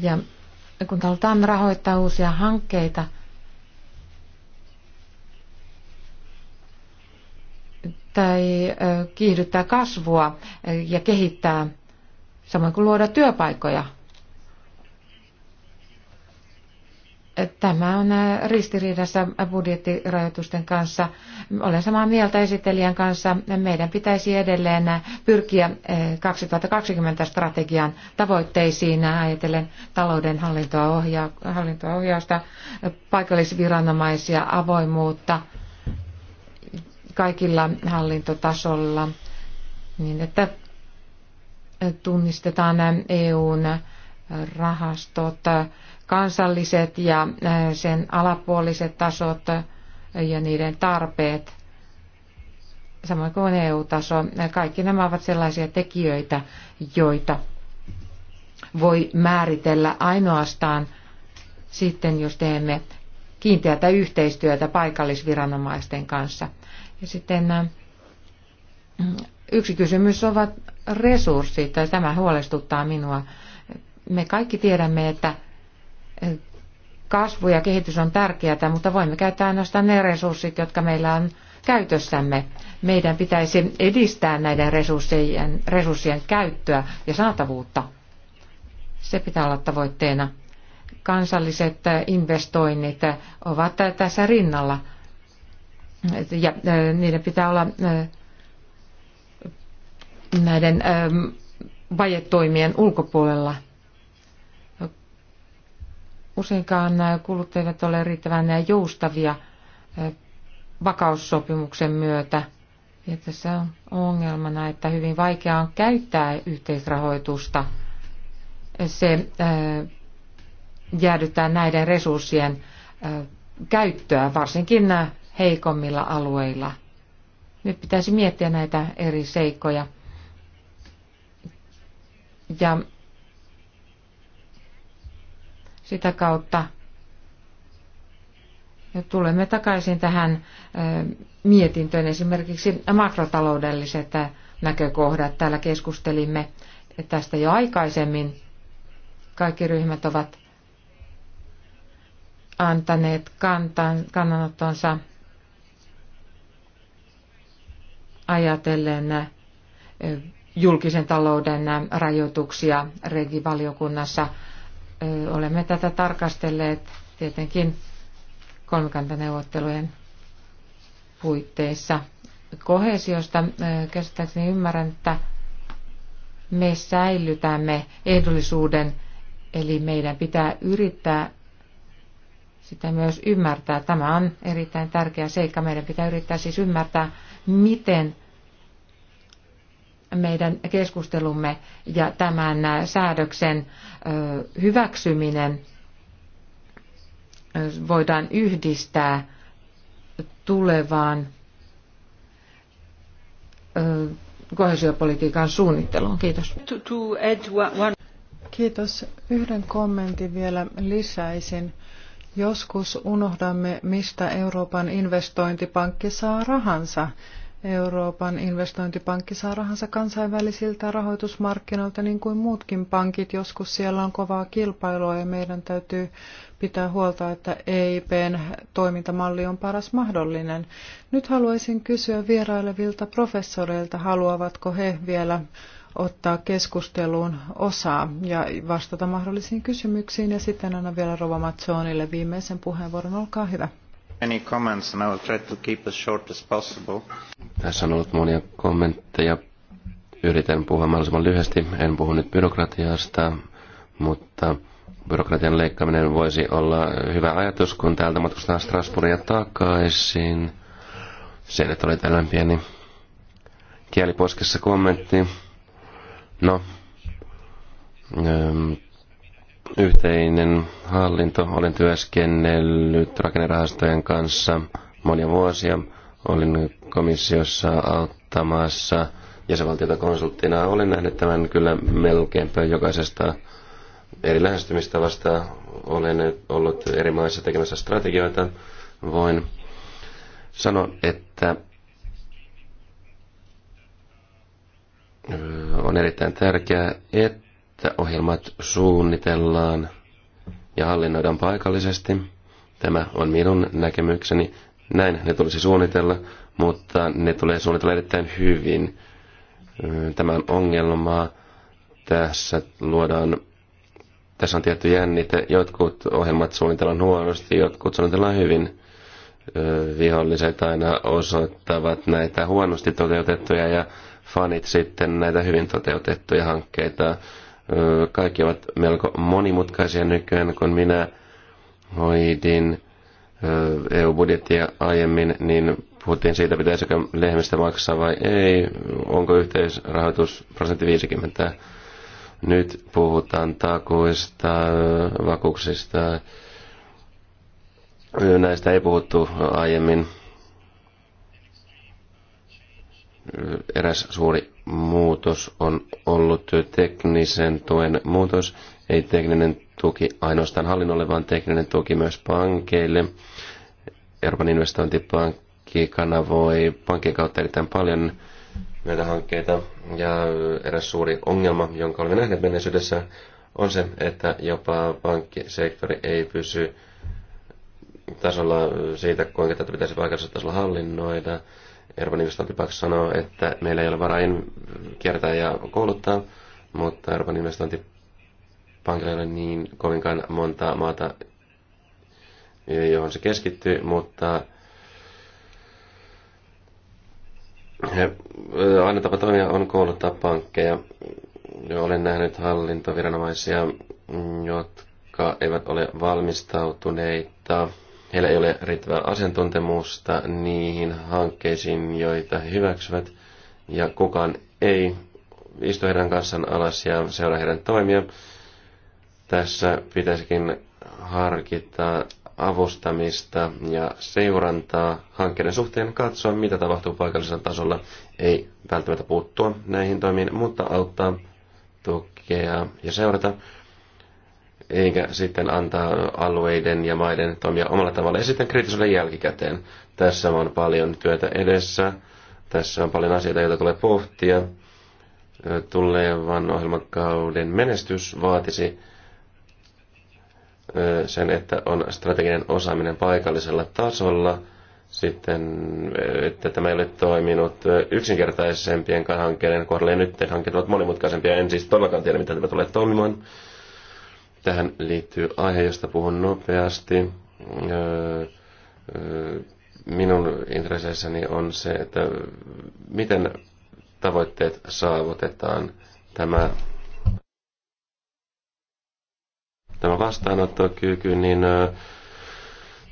Ja kun halutaan rahoittaa uusia hankkeita, tai kiihdyttää kasvua ja kehittää, samoin kuin luoda työpaikkoja Tämä on äh, ristiriidassa budjettirajoitusten kanssa. Olen samaa mieltä esittelijän kanssa. Meidän pitäisi edelleen äh, pyrkiä 2020 äh, strategian tavoitteisiin ajatellen talouden hallintoa, ohja- hallintoa ohjausta, paikallisviranomaisia, avoimuutta kaikilla hallintotasolla, niin että tunnistetaan EUn rahastot kansalliset ja äh, sen alapuoliset tasot äh, ja niiden tarpeet, samoin kuin EU-taso. Kaikki nämä ovat sellaisia tekijöitä, joita voi määritellä ainoastaan sitten, jos teemme kiinteätä yhteistyötä paikallisviranomaisten kanssa. Ja sitten äh, yksi kysymys ovat resurssit, ja tämä huolestuttaa minua. Me kaikki tiedämme, että Kasvu ja kehitys on tärkeää, mutta voimme käyttää ainoastaan ne resurssit, jotka meillä on käytössämme. Meidän pitäisi edistää näiden resurssien, resurssien käyttöä ja saatavuutta. Se pitää olla tavoitteena. Kansalliset investoinnit ovat tässä rinnalla ja niiden pitää olla näiden vajetoimien ulkopuolella. Useinkaan äh, kulut eivät ole riittävän äh, joustavia äh, vakaussopimuksen myötä. Ja tässä on ongelmana, että hyvin vaikea on käyttää yhteisrahoitusta. Se jäädyttää näiden resurssien käyttöä, varsinkin heikommilla alueilla. Nyt pitäisi miettiä näitä eri seikkoja. Ja sitä kautta ja tulemme takaisin tähän mietintöön. Esimerkiksi makrotaloudelliset näkökohdat. Täällä keskustelimme tästä jo aikaisemmin. Kaikki ryhmät ovat antaneet kantan, kannanottonsa ajatellen julkisen talouden rajoituksia regivaliokunnassa Olemme tätä tarkastelleet tietenkin kolmikantaneuvottelujen puitteissa. Kohesiosta käsittääkseni ymmärrän, että me säilytämme ehdollisuuden, eli meidän pitää yrittää sitä myös ymmärtää. Tämä on erittäin tärkeä seikka. Meidän pitää yrittää siis ymmärtää, miten meidän keskustelumme ja tämän äh, säädöksen äh, hyväksyminen äh, voidaan yhdistää tulevaan kohesiopolitiikan suunnitteluun. Kiitos. Kiitos. Yhden kommentin vielä lisäisin. Joskus unohdamme, mistä Euroopan investointipankki saa rahansa. Euroopan investointipankki saa rahansa kansainvälisiltä rahoitusmarkkinoilta niin kuin muutkin pankit. Joskus siellä on kovaa kilpailua ja meidän täytyy pitää huolta, että EIPn toimintamalli on paras mahdollinen. Nyt haluaisin kysyä vierailevilta professoreilta, haluavatko he vielä ottaa keskusteluun osaa ja vastata mahdollisiin kysymyksiin. Ja sitten annan vielä Rova Mazzonille viimeisen puheenvuoron. Olkaa hyvä. Tässä on ollut monia kommentteja. Yritän puhua mahdollisimman lyhyesti. En puhu nyt byrokratiasta, mutta byrokratian leikkaaminen voisi olla hyvä ajatus, kun täältä matkustaa Strasbourgia takaisin. Se nyt oli tällainen pieni kieliposkessa kommentti. No, yhteinen hallinto. Olen työskennellyt rakennerahastojen kanssa monia vuosia. Olin komissiossa auttamassa jäsenvaltiota konsulttina. Olen nähnyt tämän kyllä melkeinpä jokaisesta eri lähestymistavasta. Olen ollut eri maissa tekemässä strategioita. Voin sanoa, että on erittäin tärkeää, että että ohjelmat suunnitellaan ja hallinnoidaan paikallisesti. Tämä on minun näkemykseni. Näin ne tulisi suunnitella, mutta ne tulee suunnitella erittäin hyvin. Tämän ongelmaa tässä luodaan tässä on tietty jännite. Jotkut ohjelmat suunnitellaan huonosti, jotkut suunnitellaan hyvin. Viholliset aina osoittavat näitä huonosti toteutettuja ja fanit sitten näitä hyvin toteutettuja hankkeita. Kaikki ovat melko monimutkaisia nykyään, kun minä hoidin EU-budjettia aiemmin, niin puhuttiin siitä, pitäisikö lehmistä maksaa vai ei, onko yhteisrahoitus prosentti 50. Nyt puhutaan takuista, vakuuksista, näistä ei puhuttu aiemmin eräs suuri muutos on ollut teknisen tuen muutos. Ei tekninen tuki ainoastaan hallinnolle, vaan tekninen tuki myös pankeille. Euroopan investointipankki kanavoi pankkien kautta erittäin paljon näitä hankkeita. Ja eräs suuri ongelma, jonka olemme nähneet menneisyydessä, on se, että jopa pankkisektori ei pysy tasolla siitä, kuinka tätä pitäisi paikallisella tasolla hallinnoida. Euroopan investointipankki sanoo, että meillä ei ole varaa kiertää ja kouluttaa, mutta Euroopan investointipankilla ei ole niin kovinkaan montaa maata, johon se keskittyy, mutta he, aina tapa toimia on kouluttaa pankkeja. Olen nähnyt hallintoviranomaisia, jotka eivät ole valmistautuneita Heillä ei ole riittävää asiantuntemusta niihin hankkeisiin, joita he hyväksyvät, ja kukaan ei istu heidän kanssaan alas ja seuraa heidän toimia. Tässä pitäisikin harkita avustamista ja seurantaa hankkeiden suhteen, katsoa mitä tapahtuu paikallisella tasolla, ei välttämättä puuttua näihin toimiin, mutta auttaa, tukea ja seurata eikä sitten antaa alueiden ja maiden toimia omalla tavalla ja sitten kritisoida jälkikäteen. Tässä on paljon työtä edessä, tässä on paljon asioita, joita tulee pohtia. Tulevan ohjelmakauden menestys vaatisi sen, että on strateginen osaaminen paikallisella tasolla, sitten, että tämä ei ole toiminut yksinkertaisempien hankkeiden kohdalla, ja nyt hankkeet ovat monimutkaisempia, en siis todellakaan tiedä, mitä tämä tulee toimimaan Tähän liittyy aihe, josta puhun nopeasti. Öö, öö, minun intresseissäni on se, että miten tavoitteet saavutetaan. Tämä, tämä vastaanottokyky, niin öö,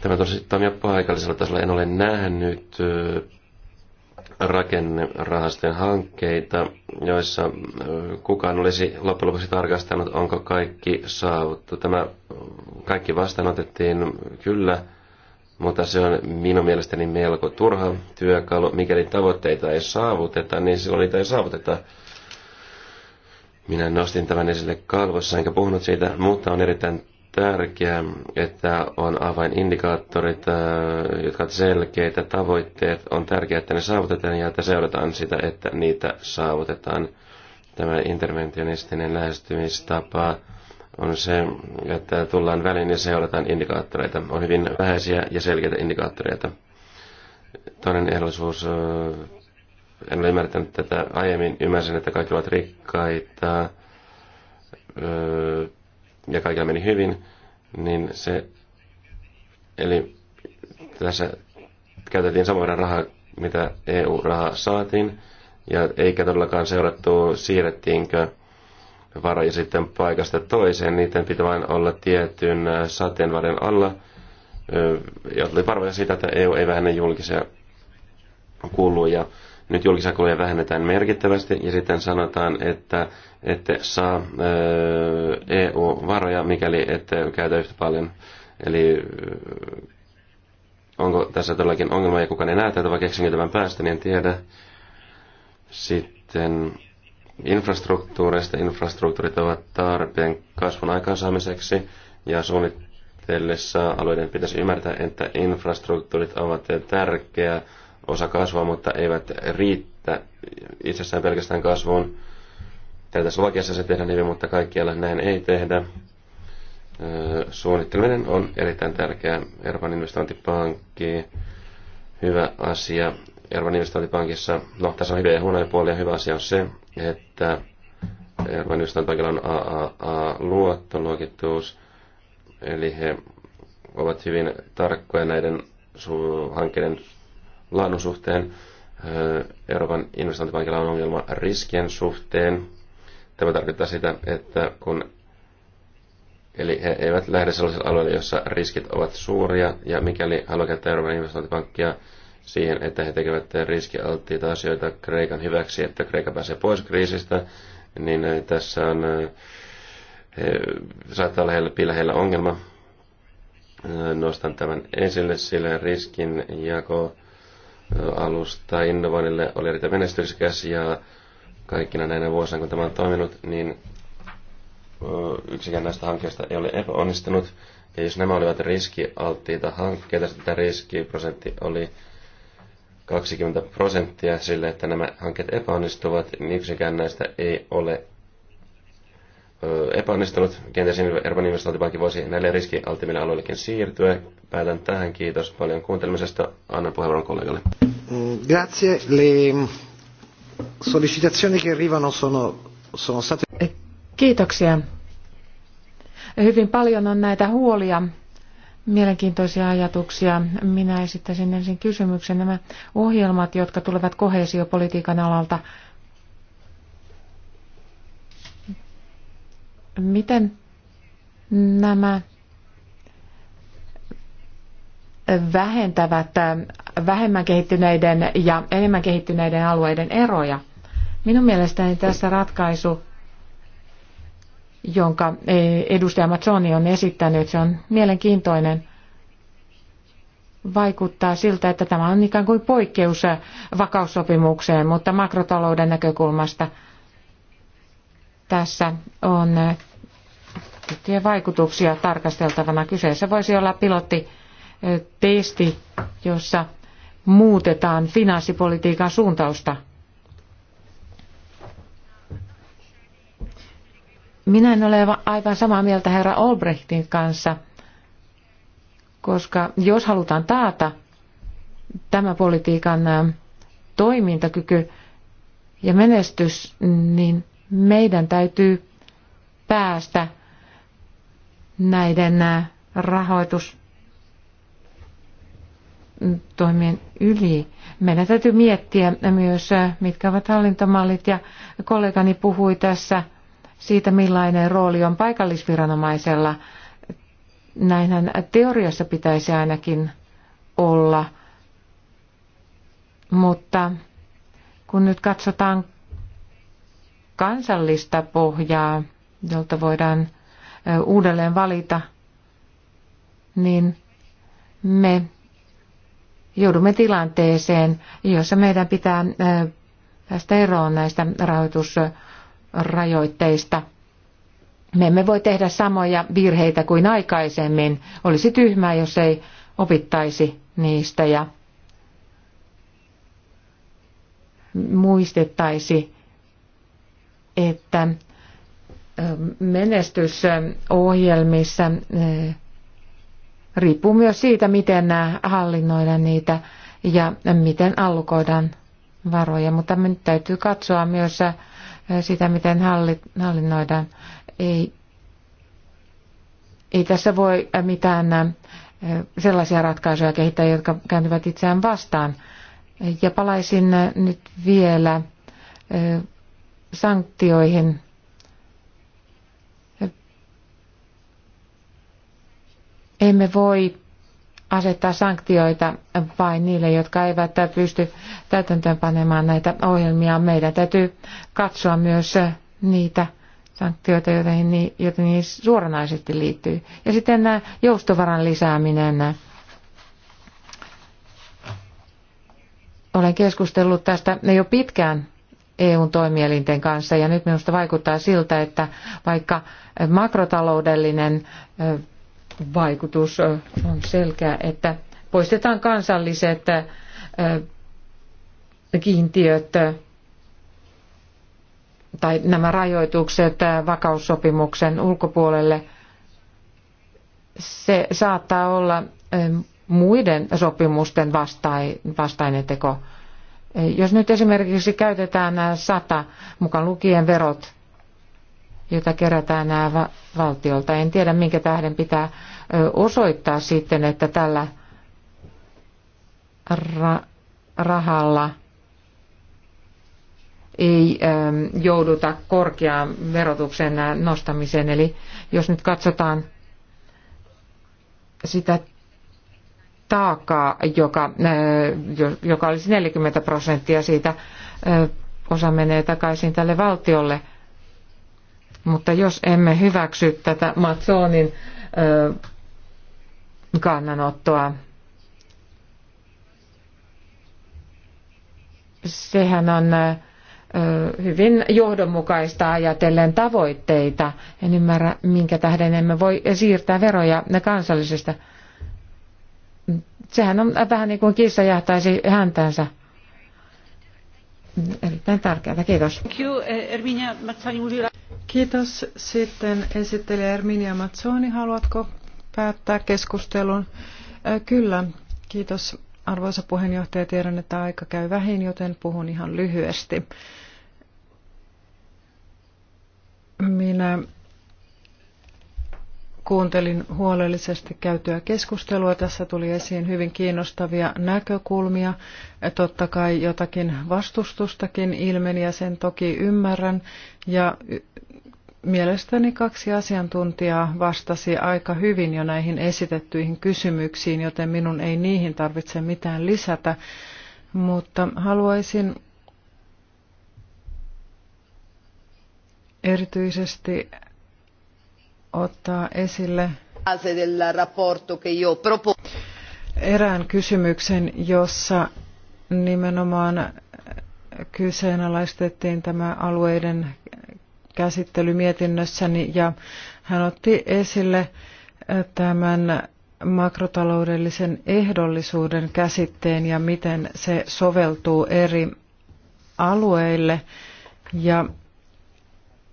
Tämä tosiaan paikallisella tasolla en ole nähnyt rakennerahastojen hankkeita, joissa kukaan olisi loppujen lopuksi tarkastanut, onko kaikki saavuttu. Tämä kaikki vastaanotettiin kyllä, mutta se on minun mielestäni melko turha työkalu. Mikäli tavoitteita ei saavuteta, niin silloin niitä ei saavuteta. Minä nostin tämän esille kalvossa, enkä puhunut siitä, mutta on erittäin tärkeää, että on avainindikaattorit, äh, jotka ovat selkeitä, tavoitteet. On tärkeää, että ne saavutetaan ja että seurataan sitä, että niitä saavutetaan. Tämä interventionistinen lähestymistapa on se, että tullaan väliin ja seurataan indikaattoreita. On hyvin vähäisiä ja selkeitä indikaattoreita. Toinen ehdollisuus, äh, en ole ymmärtänyt tätä aiemmin, ymmärsin, että kaikki ovat rikkaita, äh, ja kaikilla meni hyvin, niin se, eli tässä käytettiin saman verran rahaa, mitä EU-rahaa saatiin, ja eikä todellakaan seurattu, siirrettiinkö varoja sitten paikasta toiseen, niiden pitää vain olla tietyn sateenvarjon alla, ja oli varoja siitä, että EU ei vähennä julkisia kuluja. Nyt julkisia kuluja vähennetään merkittävästi, ja sitten sanotaan, että ette saa äh, EU-varoja, mikäli ette käytä yhtä paljon. Eli äh, onko tässä todellakin ongelma ja kukaan ei näe tätä, vaikka keksinkö tämän päästä, niin en tiedä. Sitten infrastruktuureista. Infrastruktuurit ovat tarpeen kasvun aikaansaamiseksi ja suunnitellessa alueiden pitäisi ymmärtää, että infrastruktuurit ovat tärkeä osa kasvua, mutta eivät riittä itsessään pelkästään kasvuun Täällä Slovakiassa se tehdään hyvin, mutta kaikkialla näin ei tehdä. Suunnitteleminen on erittäin tärkeää. Euroopan investointipankki, hyvä asia. Euroopan investointipankissa, no tässä on hyviä ja huonoja puolia. Hyvä asia on se, että Euroopan investointipankilla on AAA-luottoluokitus, eli he ovat hyvin tarkkoja näiden hankkeiden laadun suhteen. Euroopan investointipankilla on ongelma riskien suhteen. Tämä tarkoittaa sitä, että kun Eli he eivät lähde sellaisille alueille, jossa riskit ovat suuria, ja mikäli haluaa käyttää Euroopan investointipankkia siihen, että he tekevät riskialttiita asioita Kreikan hyväksi, että Kreikka pääsee pois kriisistä, niin eh, tässä on, eh, he, saattaa olla heillä heillä ongelma. Eh, nostan tämän esille, sillä riskin jako alusta innovoinnille oli erittäin menestyksekäs ja kaikkina näinä vuosina, kun tämä on toiminut, niin yksikään näistä hankkeista ei ole epäonnistunut. Ja jos nämä olivat riskialttiita hankkeita, sitten tämä riskiprosentti oli 20 prosenttia sille, että nämä hankkeet epäonnistuvat, niin yksikään näistä ei ole epäonnistunut. Kenties Euroopan investointipankki voisi näille riskialttimille alueillekin siirtyä. Päätän tähän. Kiitos paljon kuuntelemisesta. Annan puheenvuoron kollegalle. Mm, grazie. Le che arrivano sono, sono state... Eh, kiitoksia. Hyvin paljon on näitä huolia, mielenkiintoisia ajatuksia. Minä esittäisin ensin kysymyksen. Nämä ohjelmat, jotka tulevat kohesiopolitiikan alalta, miten nämä vähentävät vähemmän kehittyneiden ja enemmän kehittyneiden alueiden eroja. Minun mielestäni tässä ratkaisu, jonka e, edustaja Mazzoni on esittänyt, se on mielenkiintoinen. Vaikuttaa siltä, että tämä on ikään kuin poikkeus vakaussopimukseen, mutta makrotalouden näkökulmasta tässä on vaikutuksia tarkasteltavana. Kyseessä voisi olla pilotti testi, jossa muutetaan finanssipolitiikan suuntausta. Minä en ole aivan samaa mieltä herra Olbrechtin kanssa, koska jos halutaan taata tämä politiikan toimintakyky ja menestys, niin meidän täytyy päästä näiden rahoitus toimien yli. Meidän täytyy miettiä myös, mitkä ovat hallintomallit ja kollegani puhui tässä siitä, millainen rooli on paikallisviranomaisella. Näinhän teoriassa pitäisi ainakin olla, mutta kun nyt katsotaan kansallista pohjaa, jolta voidaan uudelleen valita, niin me joudumme tilanteeseen, jossa meidän pitää päästä eroon näistä rahoitusrajoitteista. Me emme voi tehdä samoja virheitä kuin aikaisemmin. Olisi tyhmää, jos ei opittaisi niistä ja muistettaisi, että menestysohjelmissa riippuu myös siitä, miten hallinnoidaan niitä ja miten allukoidaan varoja. Mutta nyt täytyy katsoa myös äh, sitä, miten hallinnoidaan. Ei, ei tässä voi mitään äh, sellaisia ratkaisuja kehittää, jotka kääntyvät itseään vastaan. Ja palaisin nyt vielä äh, sanktioihin Emme voi asettaa sanktioita vain niille, jotka eivät pysty täytäntöönpanemaan näitä ohjelmia. Meidän täytyy katsoa myös niitä sanktioita, joita niihin suoranaisesti liittyy. Ja sitten nämä joustovaran lisääminen. Olen keskustellut tästä jo pitkään EUn toimielinten kanssa ja nyt minusta vaikuttaa siltä, että vaikka makrotaloudellinen vaikutus on selkeä, että poistetaan kansalliset kiintiöt tai nämä rajoitukset vakaussopimuksen ulkopuolelle. Se saattaa olla muiden sopimusten vastainen teko. Jos nyt esimerkiksi käytetään nämä sata, mukaan lukien verot, jota kerätään nämä valtiolta, en tiedä minkä tähden pitää osoittaa sitten, että tällä rahalla ei jouduta korkean verotuksen nostamiseen. Eli jos nyt katsotaan sitä taakkaa, joka, joka olisi 40 prosenttia siitä, osa menee takaisin tälle valtiolle. Mutta jos emme hyväksy tätä Matsonin kannanottoa. Sehän on hyvin johdonmukaista ajatellen tavoitteita. En ymmärrä, minkä tähden emme voi siirtää veroja kansallisesta. Sehän on vähän niin kuin kissa jahtaisi häntänsä. Erittäin tärkeää. Kiitos. Eh, Kiitos. Sitten esittelijä Erminia Mazzoni. Haluatko päättää keskustelun. Kyllä, kiitos arvoisa puheenjohtaja. Tiedän, että aika käy vähin, joten puhun ihan lyhyesti. Minä kuuntelin huolellisesti käytyä keskustelua. Tässä tuli esiin hyvin kiinnostavia näkökulmia. Totta kai jotakin vastustustakin ilmeni ja sen toki ymmärrän. Ja Mielestäni kaksi asiantuntijaa vastasi aika hyvin jo näihin esitettyihin kysymyksiin, joten minun ei niihin tarvitse mitään lisätä, mutta haluaisin erityisesti ottaa esille erään kysymyksen, jossa nimenomaan kyseenalaistettiin tämä alueiden Käsitteli mietinnössäni ja hän otti esille äh, tämän makrotaloudellisen ehdollisuuden käsitteen ja miten se soveltuu eri alueille ja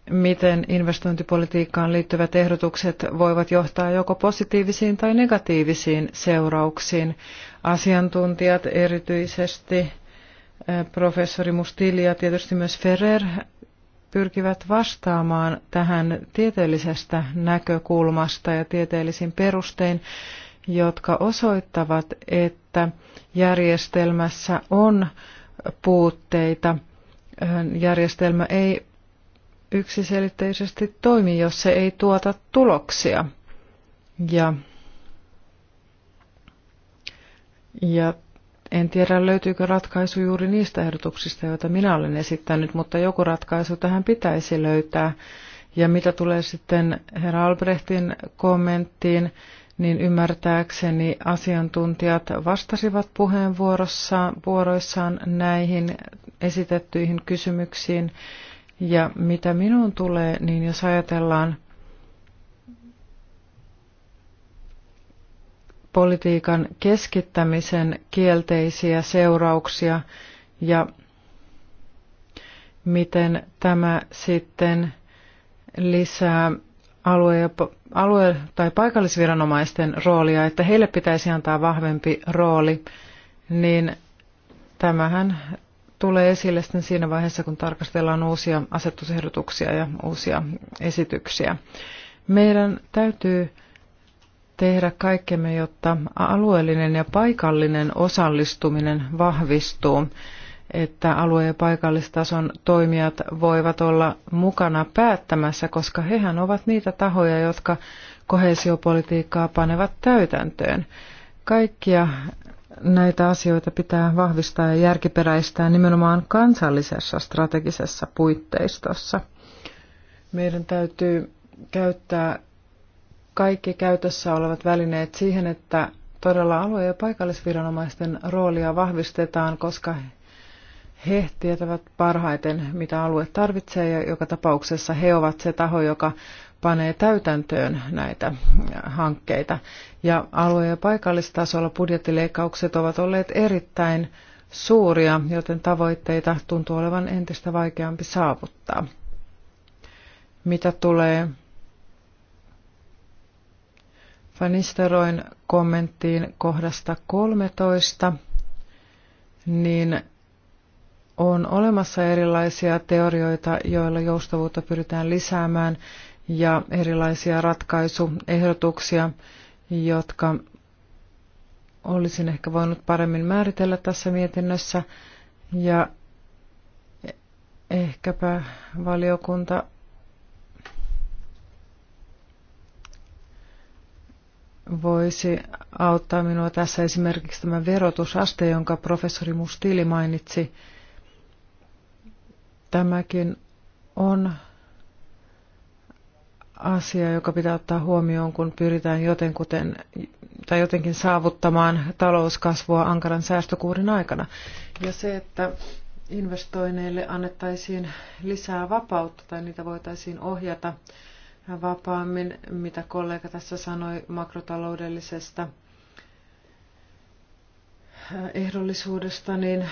miten investointipolitiikkaan liittyvät ehdotukset voivat johtaa joko positiivisiin tai negatiivisiin seurauksiin. Asiantuntijat erityisesti äh, professori Mustili ja tietysti myös Ferrer pyrkivät vastaamaan tähän tieteellisestä näkökulmasta ja tieteellisin perustein, jotka osoittavat, että järjestelmässä on puutteita. Järjestelmä ei yksiselitteisesti toimi, jos se ei tuota tuloksia. Ja, ja en tiedä, löytyykö ratkaisu juuri niistä ehdotuksista, joita minä olen esittänyt, mutta joku ratkaisu tähän pitäisi löytää. Ja mitä tulee sitten herra Albrechtin kommenttiin, niin ymmärtääkseni asiantuntijat vastasivat vuoroissaan näihin esitettyihin kysymyksiin. Ja mitä minun tulee, niin jos ajatellaan politiikan keskittämisen kielteisiä seurauksia ja miten tämä sitten lisää alue- ja alue- tai paikallisviranomaisten roolia, että heille pitäisi antaa vahvempi rooli, niin tämähän tulee esille sitten siinä vaiheessa, kun tarkastellaan uusia asetusehdotuksia ja uusia esityksiä. Meidän täytyy tehdä kaikkemme, jotta alueellinen ja paikallinen osallistuminen vahvistuu, että alue- ja paikallistason toimijat voivat olla mukana päättämässä, koska hehän ovat niitä tahoja, jotka kohesiopolitiikkaa panevat täytäntöön. Kaikkia näitä asioita pitää vahvistaa ja järkiperäistää nimenomaan kansallisessa strategisessa puitteistossa. Meidän täytyy käyttää kaikki käytössä olevat välineet siihen, että todella alue- ja paikallisviranomaisten roolia vahvistetaan, koska he tietävät parhaiten, mitä alue tarvitsee ja joka tapauksessa he ovat se taho, joka panee täytäntöön näitä hankkeita. Ja alue- ja paikallistasolla budjettileikkaukset ovat olleet erittäin suuria, joten tavoitteita tuntuu olevan entistä vaikeampi saavuttaa. Mitä tulee Fanisteroin kommenttiin kohdasta 13, niin on olemassa erilaisia teorioita, joilla joustavuutta pyritään lisäämään ja erilaisia ratkaisuehdotuksia, jotka olisin ehkä voinut paremmin määritellä tässä mietinnössä. Ja ehkäpä valiokunta voisi auttaa minua tässä esimerkiksi tämä verotusaste, jonka professori Mustili mainitsi. Tämäkin on asia, joka pitää ottaa huomioon, kun pyritään jotenkuten, tai jotenkin saavuttamaan talouskasvua ankaran säästökuurin aikana. Ja se, että investoineille annettaisiin lisää vapautta tai niitä voitaisiin ohjata vapaammin, mitä kollega tässä sanoi makrotaloudellisesta ehdollisuudesta, niin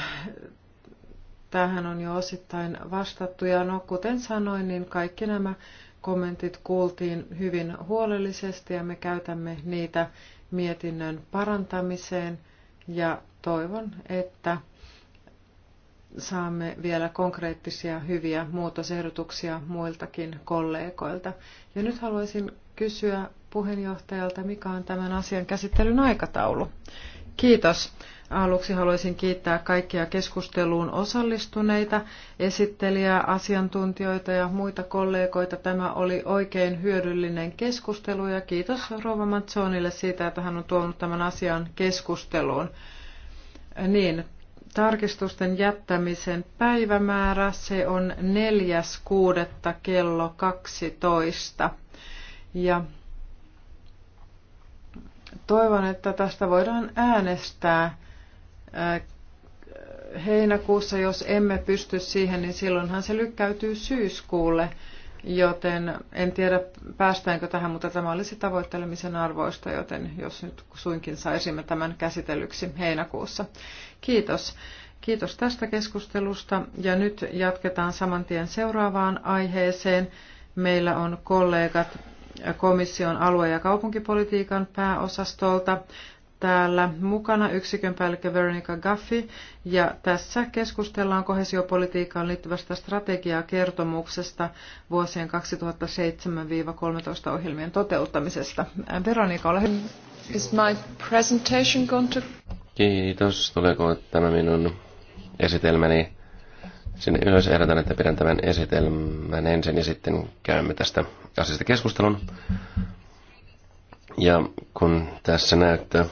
tähän on jo osittain vastattu. Ja no, kuten sanoin, niin kaikki nämä kommentit kuultiin hyvin huolellisesti ja me käytämme niitä mietinnön parantamiseen ja toivon, että saamme vielä konkreettisia hyviä muutosehdotuksia muiltakin kollegoilta. Ja nyt haluaisin kysyä puheenjohtajalta, mikä on tämän asian käsittelyn aikataulu. Kiitos. Aluksi haluaisin kiittää kaikkia keskusteluun osallistuneita, esittelijää, asiantuntijoita ja muita kollegoita. Tämä oli oikein hyödyllinen keskustelu ja kiitos Rova Mazzonille siitä, että hän on tuonut tämän asian keskusteluun. Niin, tarkistusten jättämisen päivämäärä. Se on 4.6. kello 12. Ja toivon, että tästä voidaan äänestää äh, heinäkuussa, jos emme pysty siihen, niin silloinhan se lykkäytyy syyskuulle joten en tiedä päästäänkö tähän, mutta tämä olisi tavoittelemisen arvoista, joten jos nyt suinkin saisimme tämän käsitellyksi heinäkuussa. Kiitos. Kiitos tästä keskustelusta ja nyt jatketaan saman tien seuraavaan aiheeseen. Meillä on kollegat komission alue- ja kaupunkipolitiikan pääosastolta täällä mukana yksikön päällikkö Veronica Gaffi ja tässä keskustellaan kohesiopolitiikkaan liittyvästä strategiakertomuksesta vuosien 2007-13 ohjelmien toteuttamisesta. Veronika, ole hyvä. Is my presentation to... Kiitos. Tuleeko tämä minun esitelmäni sinne ylös? Ehdotan, että pidän tämän esitelmän ensin ja sitten käymme tästä asiasta keskustelun. Ja kun tässä näyttää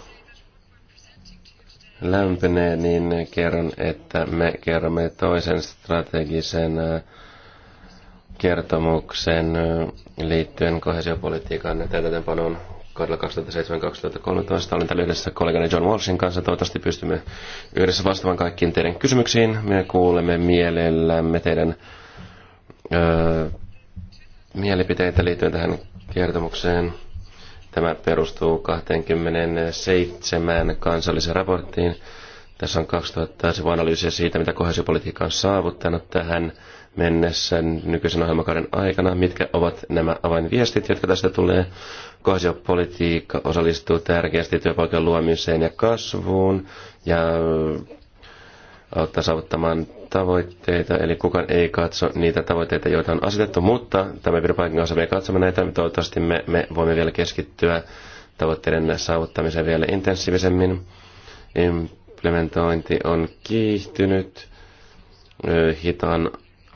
lämpenee, niin kerron, että me kerromme toisen strategisen kertomuksen liittyen kohesiopolitiikan täytäntöönpanoon kaudella 2007-2013. Olen täällä yhdessä kollegani John Walshin kanssa. Toivottavasti pystymme yhdessä vastaamaan kaikkiin teidän kysymyksiin. Me kuulemme mielellämme teidän öö, mielipiteitä liittyen tähän kertomukseen. Tämä perustuu 27 kansalliseen raporttiin. Tässä on 2000 sivua analyysiä siitä, mitä kohesiopolitiikka on saavuttanut tähän mennessä nykyisen ohjelmakauden aikana. Mitkä ovat nämä avainviestit, jotka tästä tulee? Kohesiopolitiikka osallistuu tärkeästi työpaikan luomiseen ja kasvuun ja auttaa saavuttamaan tavoitteita, eli kukaan ei katso niitä tavoitteita, joita on asetettu, mutta tämä Virpaikin kanssa me katsomme näitä. Toivottavasti me, me voimme vielä keskittyä tavoitteiden saavuttamiseen vielä intensiivisemmin. Implementointi on kiihtynyt hitaan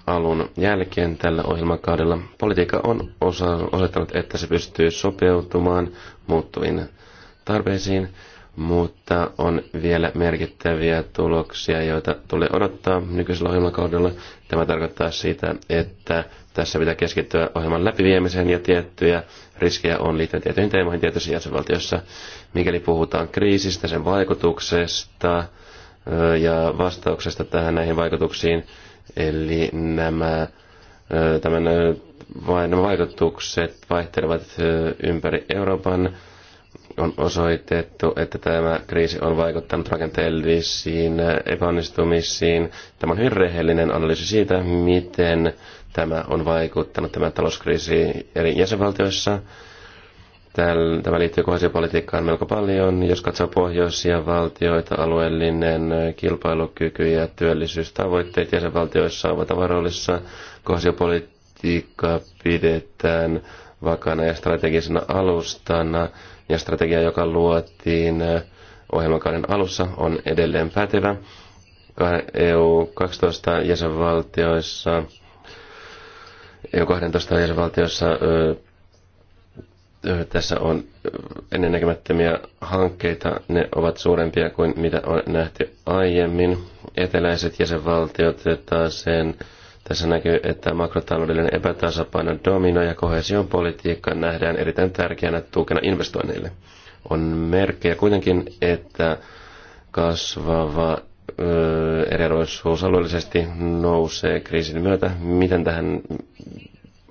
alun jälkeen tällä ohjelmakaudella. Politiikka on osa, osoittanut, että se pystyy sopeutumaan muuttuviin tarpeisiin mutta on vielä merkittäviä tuloksia, joita tulee odottaa nykyisellä ohjelmakaudella. Tämä tarkoittaa sitä, että tässä pitää keskittyä ohjelman läpiviemiseen ja tiettyjä riskejä on liittyen tiettyihin teemoihin tietyissä jäsenvaltiossa. Mikäli puhutaan kriisistä, sen vaikutuksesta ja vastauksesta tähän näihin vaikutuksiin, eli nämä, tämän, nämä vaikutukset vaihtelevat ympäri Euroopan on osoitettu, että tämä kriisi on vaikuttanut rakenteellisiin epäonnistumisiin. Tämä on hyvin rehellinen analyysi siitä, miten tämä on vaikuttanut, tämä talouskriisi eri jäsenvaltioissa. Tämä liittyy kohesiopolitiikkaan melko paljon. Jos katsoo pohjoisia valtioita, alueellinen kilpailukyky ja työllisyystavoitteet jäsenvaltioissa ovat avarollissa. Kohesiopolitiikkaa pidetään vakana ja strategisena alustana ja strategia, joka luotiin ohjelmakauden alussa, on edelleen pätevä. EU 12 jäsenvaltioissa, EU 12 jäsenvaltioissa tässä on ennennäkemättömiä hankkeita. Ne ovat suurempia kuin mitä on nähty aiemmin. Eteläiset jäsenvaltiot taas sen tässä näkyy, että makrotaloudellinen epätasapaino domino- ja kohesiopolitiikka nähdään erittäin tärkeänä tukena investoinneille. On merkkejä kuitenkin, että kasvava öö, eriarvoisuus alueellisesti nousee kriisin myötä. Miten tähän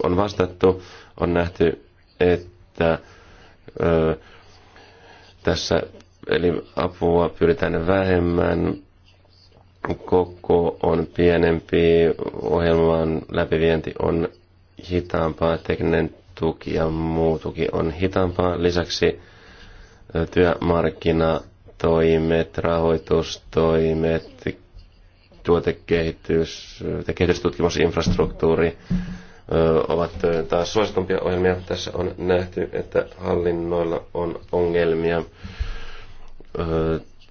on vastattu? On nähty, että ö, tässä eli apua pyritään vähemmän koko on pienempi, ohjelman läpivienti on hitaampaa, tekninen tuki ja muu tuki on hitaampaa. Lisäksi työmarkkinatoimet, rahoitustoimet, tuotekehitys, kehitystutkimus, infrastruktuuri ovat taas suositumpia ohjelmia. Tässä on nähty, että hallinnoilla on ongelmia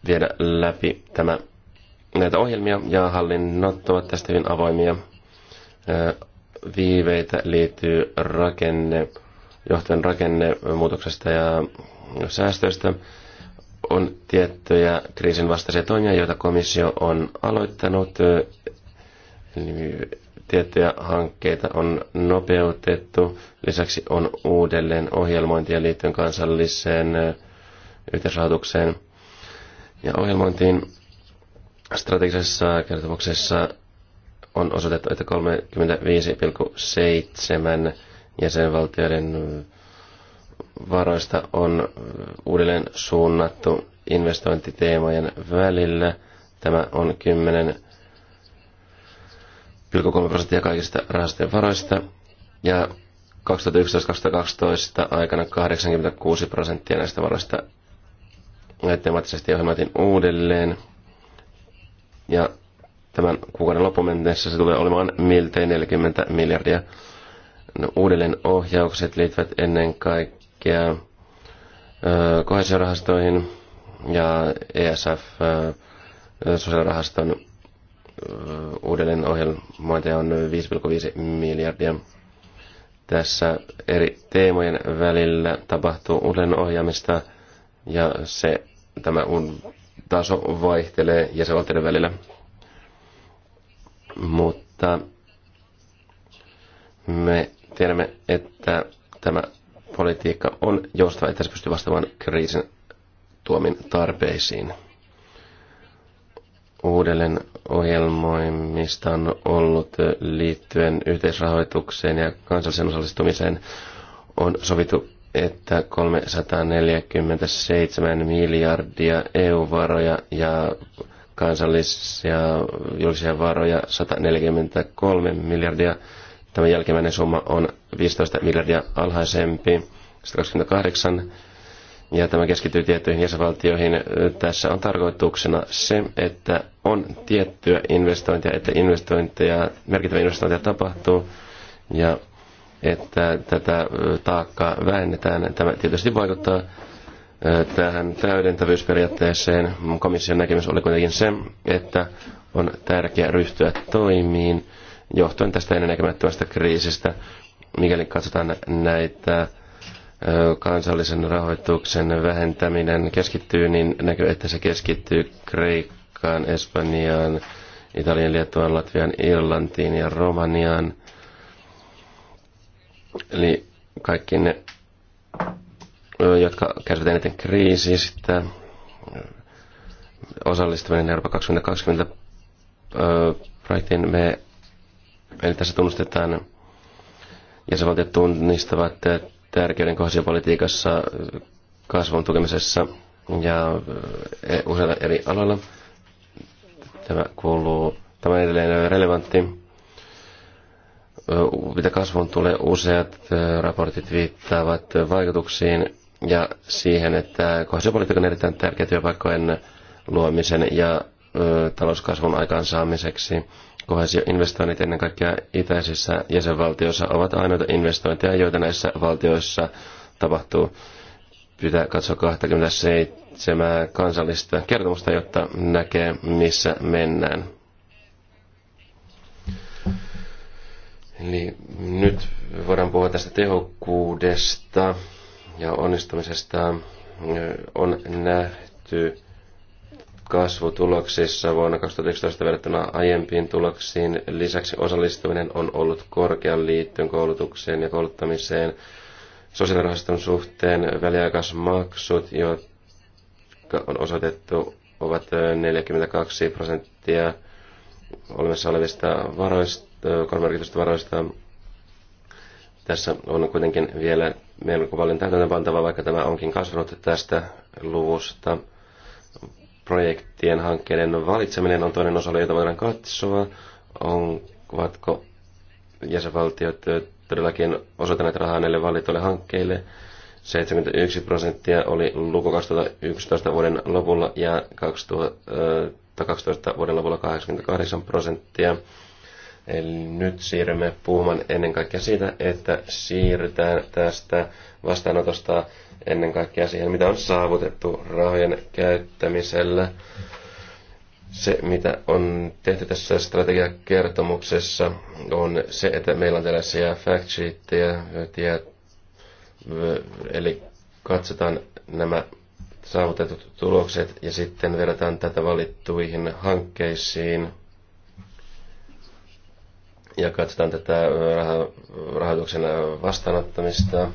viedä läpi tämä näitä ohjelmia ja hallinnot ovat tästä hyvin avoimia. Viiveitä liittyy rakenne, johtuen rakennemuutoksesta ja säästöistä. On tiettyjä kriisin vastaisia toimia, joita komissio on aloittanut. Tiettyjä hankkeita on nopeutettu. Lisäksi on uudelleen ohjelmointia liittyen kansalliseen yhteisrahoitukseen ja ohjelmointiin Strategisessa kertomuksessa on osoitettu, että 35,7 jäsenvaltioiden varoista on uudelleen suunnattu investointiteemojen välillä. Tämä on 10,3 prosenttia kaikista rahastojen varoista. Ja 2011-2012 aikana 86 prosenttia näistä varoista temaattisesti ohjelmoitiin uudelleen. Ja tämän kuukauden loppuun se tulee olemaan miltei 40 miljardia. No, uudelleen ohjaukset liittyvät ennen kaikkea kohesiorahastoihin ja ESF sosiaalirahaston uudelleen ohjelmointia on 5,5 miljardia. Tässä eri teemojen välillä tapahtuu uudelleen ohjaamista ja se, tämä taso vaihtelee jäsenvaltioiden välillä. Mutta me tiedämme, että tämä politiikka on joustava, että se pystyy vastaamaan kriisin tuomin tarpeisiin. Uudelleen ohjelmoimista on ollut liittyen yhteisrahoitukseen ja kansallisen osallistumiseen on sovittu että 347 miljardia EU-varoja ja kansallisia julkisia varoja 143 miljardia. Tämä jälkimmäinen summa on 15 miljardia alhaisempi, 128 ja tämä keskittyy tiettyihin jäsenvaltioihin. Tässä on tarkoituksena se, että on tiettyä investointia, että investointeja, merkittäviä investointeja tapahtuu, ja että tätä taakkaa vähennetään. Tämä tietysti vaikuttaa tähän täydentävyysperiaatteeseen. Komission näkemys oli kuitenkin se, että on tärkeää ryhtyä toimiin johtuen tästä ennennäkemättömästä kriisistä. Mikäli katsotaan näitä kansallisen rahoituksen vähentäminen keskittyy, niin näkyy, että se keskittyy Kreikkaan, Espanjaan, Italian, Liettuan, Latvian, Irlantiin ja Romaniaan – Eli kaikki ne, jotka kärsivät eniten sitten osallistuminen Euroopan 2020 projektiin, me, eli tässä tunnustetaan jäsenvaltiot tunnistavat tärkeyden politiikassa kasvun tukemisessa ja e, useilla eri aloilla. Tämä kuuluu, tämä on edelleen relevantti mitä kasvun tulee, useat raportit viittaavat vaikutuksiin ja siihen, että kohdallisuuspolitiikka on erittäin tärkeä työpaikkojen luomisen ja talouskasvun aikaansaamiseksi. Kohesioinvestoinnit ennen kaikkea itäisissä jäsenvaltioissa ovat ainoita investointeja, joita näissä valtioissa tapahtuu. Pitää katsoa 27 kansallista kertomusta, jotta näkee, missä mennään. Eli nyt voidaan puhua tästä tehokkuudesta ja onnistumisesta. On nähty kasvutuloksissa vuonna 2011 verrattuna aiempiin tuloksiin. Lisäksi osallistuminen on ollut korkean liittyen koulutukseen ja kouluttamiseen. Sosiaalirahaston suhteen väliaikaismaksut, jotka on osoitettu, ovat 42 prosenttia olemassa olevista varoista korvamerkitystä varoista. Tässä on kuitenkin vielä melko paljon täytäntöpantavaa, vaikka tämä onkin kasvanut tästä luvusta. Projektien hankkeiden valitseminen on toinen osa, jota voidaan katsoa. On, ovatko jäsenvaltiot todellakin osoittaneet rahaa näille valituille hankkeille. 71 prosenttia oli luku 2011 vuoden lopulla ja 2012 vuoden lopulla 88 prosenttia Eli nyt siirrymme puhumaan ennen kaikkea siitä, että siirrytään tästä vastaanotosta ennen kaikkea siihen, mitä on saavutettu rahojen käyttämisellä. Se, mitä on tehty tässä strategiakertomuksessa, on se, että meillä on tällaisia fact sheettejä, eli katsotaan nämä saavutetut tulokset ja sitten verrataan tätä valittuihin hankkeisiin, ja katsotaan tätä äh, rahoituksen vastaanottamista.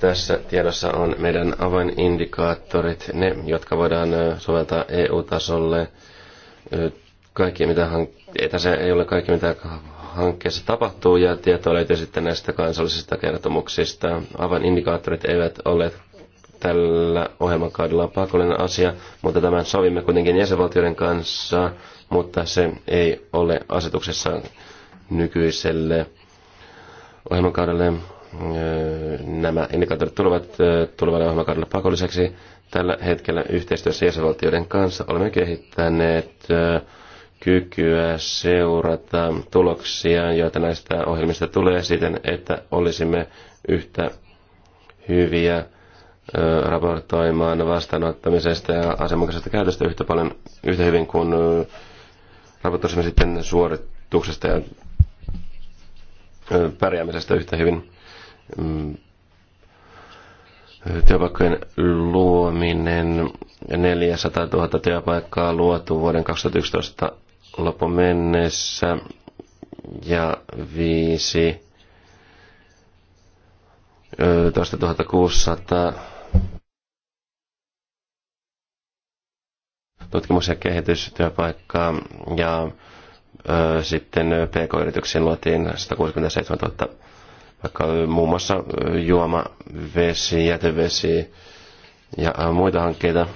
Tässä tiedossa on meidän avainindikaattorit, ne, jotka voidaan äh, soveltaa EU-tasolle. Äh, kaikki, mitä hank- tässä ei ole kaikki, mitä hankkeessa tapahtuu, ja tietoa löytyy sitten näistä kansallisista kertomuksista. Avainindikaattorit eivät ole tällä ohjelmakaudella pakollinen asia, mutta tämän sovimme kuitenkin jäsenvaltioiden kanssa – mutta se ei ole asetuksessa nykyiselle ohjelmakaudelle. Öö, nämä indikaattorit tulevat öö, tulevalle ohjelmakaudelle pakolliseksi. Tällä hetkellä yhteistyössä jäsenvaltioiden kanssa olemme kehittäneet öö, kykyä seurata tuloksia, joita näistä ohjelmista tulee siten, että olisimme yhtä hyviä raportoimaan vastaanottamisesta ja asianmukaisesta käytöstä yhtä paljon yhtä hyvin kuin raportoisimme sitten suorituksesta ja pärjäämisestä yhtä hyvin. Mm. Työpaikkojen luominen, 400 000 työpaikkaa luotu vuoden 2011 lopun mennessä ja 5 16 600 tutkimus- ja kehitystyöpaikkaa ja ö, sitten PK-yrityksiin luotiin 167 000 vaikka muun muassa juomavesi, jätevesi ja muita hankkeita.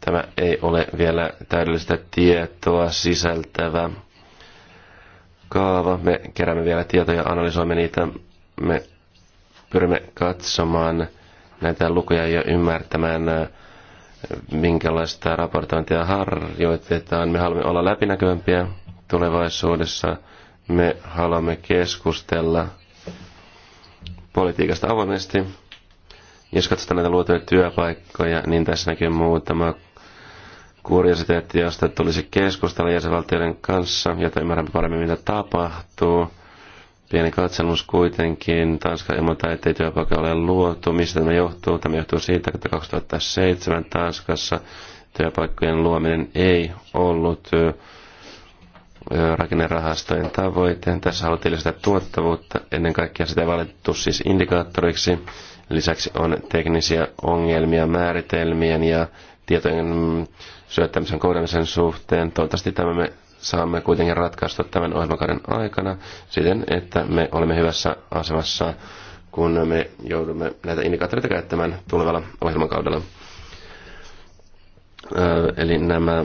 Tämä ei ole vielä täydellistä tietoa sisältävä kaava. Me keräämme vielä tietoja, analysoimme niitä. Me pyrimme katsomaan näitä lukuja ja ymmärtämään, äh, minkälaista raportointia harjoitetaan. Me haluamme olla läpinäkyvämpiä tulevaisuudessa. Me haluamme keskustella politiikasta avoimesti. Jos katsotaan näitä luotuja työpaikkoja, niin tässä näkyy muutama kuriositeetti, josta tulisi keskustella jäsenvaltioiden kanssa, jotta ymmärrämme paremmin, mitä tapahtuu. Pieni katselmus kuitenkin. Tanska ilmoittaa, ei työpaikka ole luotu. Mistä tämä johtuu? Tämä johtuu siitä, että 2007 Tanskassa työpaikkojen luominen ei ollut rakennerahastojen tavoite. Tässä haluttiin lisätä tuottavuutta. Ennen kaikkea sitä valittu siis indikaattoriksi. Lisäksi on teknisiä ongelmia määritelmien ja tietojen mm, syöttämisen koodamisen suhteen. Toivottavasti tämä me saamme kuitenkin ratkaista tämän ohjelmakauden aikana siten, että me olemme hyvässä asemassa, kun me joudumme näitä indikaattoreita käyttämään tulevalla ohjelmakaudella. Eli nämä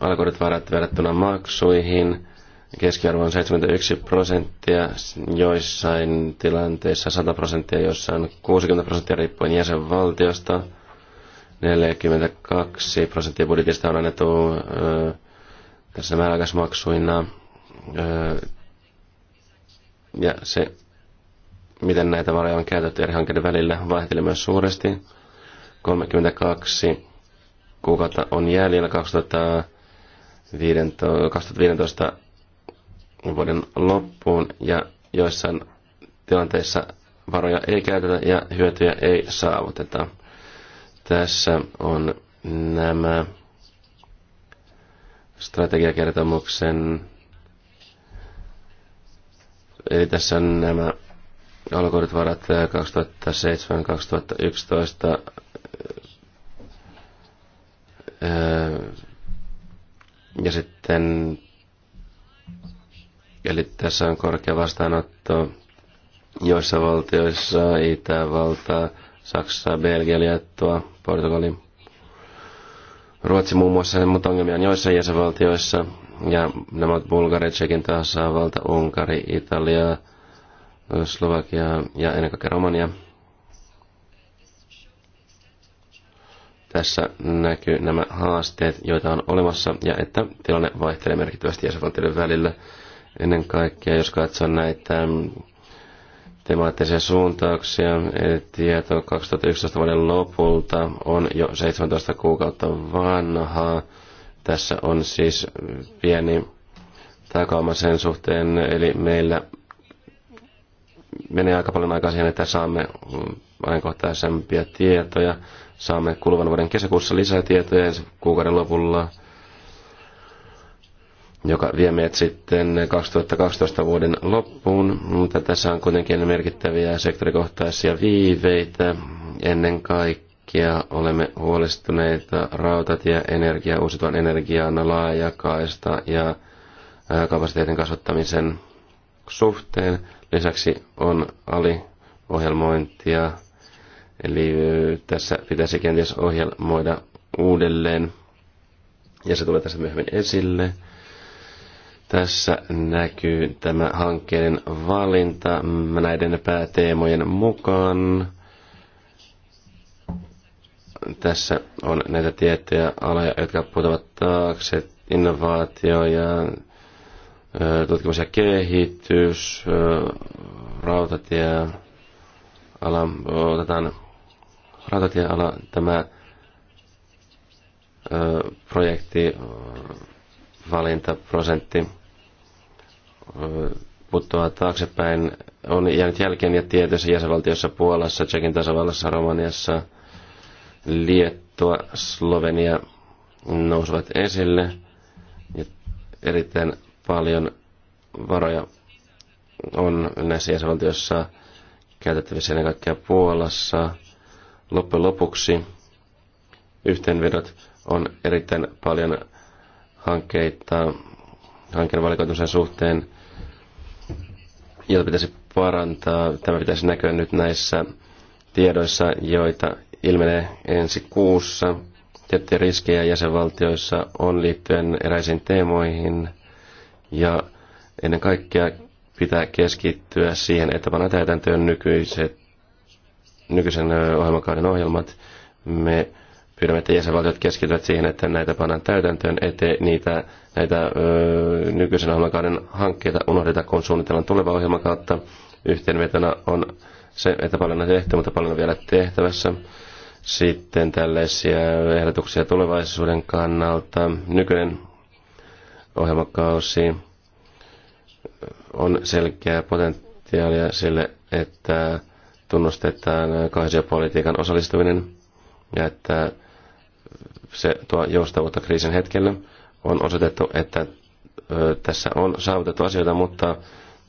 alkuudet varat verrattuna maksuihin, keskiarvo on 71 prosenttia, joissain tilanteissa 100 prosenttia, joissain 60 prosenttia riippuen jäsenvaltiosta. 42 prosenttia budjetista on annettu tässä määräaikaismaksuina ja se, miten näitä varoja on käytetty eri hankkeiden välillä, vaihteli myös suuresti. 32 kuukautta on jäljellä 2015, 2015 vuoden loppuun ja joissain tilanteissa varoja ei käytetä ja hyötyjä ei saavuteta. Tässä on nämä strategiakertomuksen. Eli tässä on nämä alkuudet varat 2007-2011. Äh, äh, ja sitten, eli tässä on korkea vastaanotto joissa valtioissa, Itävalta, Saksa, Belgia, Liettua, Portugali, Ruotsi muun muassa, mutta ongelmia on joissain jäsenvaltioissa, ja nämä ovat Bulgari, Tsekin tasavalta, Unkari, Italia, Slovakia ja ennen kaikkea Romania. Tässä näkyy nämä haasteet, joita on olemassa, ja että tilanne vaihtelee merkittävästi jäsenvaltioiden välillä. Ennen kaikkea, jos katsoo näitä temaattisia suuntauksia. Tieto 2011 vuoden lopulta on jo 17 kuukautta vanhaa. Tässä on siis pieni takauma sen suhteen, eli meillä menee aika paljon aikaa siihen, että saamme ajankohtaisempia tietoja. Saamme kuluvan vuoden kesäkuussa lisää tietoja ensi kuukauden lopulla joka vie meidät sitten 2012 vuoden loppuun, mutta tässä on kuitenkin merkittäviä sektorikohtaisia viiveitä. Ennen kaikkea olemme huolestuneita rautatie, energia, uusiutuvan energian laajakaista ja kapasiteetin kasvattamisen suhteen. Lisäksi on aliohjelmointia, eli tässä pitäisi kenties ohjelmoida uudelleen, ja se tulee tässä myöhemmin esille – tässä näkyy tämä hankkeen valinta näiden pääteemojen mukaan. Tässä on näitä tiettyjä aloja, jotka putoavat taakse, innovaatio ja tutkimus ja kehitys, rautatieala, otetaan rautatieala, tämä projekti valintaprosentti puttoa taaksepäin, on jäänyt jälkeen ja tietyissä jäsenvaltioissa Puolassa, Tsekin tasavallassa, Romaniassa, Liettua, Slovenia nousevat esille ja erittäin paljon varoja on näissä jäsenvaltioissa käytettävissä ennen kaikkea Puolassa. Loppujen lopuksi yhteenvedot on erittäin paljon hankkeita hankkeen valikoitumisen suhteen jota pitäisi parantaa. Tämä pitäisi näkyä nyt näissä tiedoissa, joita ilmenee ensi kuussa. Tiettyjä riskejä jäsenvaltioissa on liittyen eräisiin teemoihin ja ennen kaikkea pitää keskittyä siihen, että vanha täytäntöön nykyiset, nykyisen ohjelmakauden ohjelmat. Me Pyydämme, että jäsenvaltiot keskityvät siihen, että näitä pannaan täytäntöön, ettei niitä, näitä ö, nykyisen ohjelmakauden hankkeita unohdeta, kun suunnitellaan tuleva ohjelmakautta. Yhteenvetona on se, että paljon on tehty, mutta paljon on vielä tehtävässä. Sitten tällaisia ehdotuksia tulevaisuuden kannalta. Nykyinen ohjelmakausi on selkeää potentiaalia sille, että tunnustetaan kohesiopolitiikan osallistuminen ja että se tuo joustavuutta kriisin hetkellä. On osoitettu, että tässä on saavutettu asioita, mutta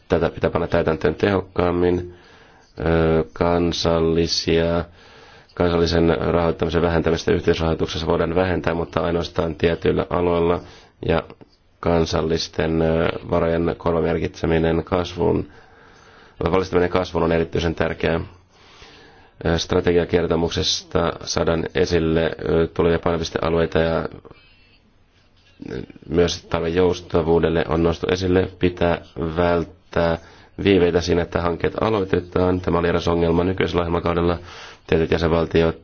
tätä pitää panna täytäntöön tehokkaammin. Kansallisia, kansallisen rahoittamisen vähentämistä yhteisrahoituksessa voidaan vähentää, mutta ainoastaan tietyillä aloilla ja kansallisten varojen korvamerkitseminen kasvun, valistaminen kasvun on erityisen tärkeää strategiakertomuksesta saadaan esille tulevia painopistealueita ja myös tarve joustavuudelle on nostu esille. Pitää välttää viiveitä siinä, että hankkeet aloitetaan. Tämä oli eräs ongelma nykyisellä ohjelmakaudella. Tietyt jäsenvaltiot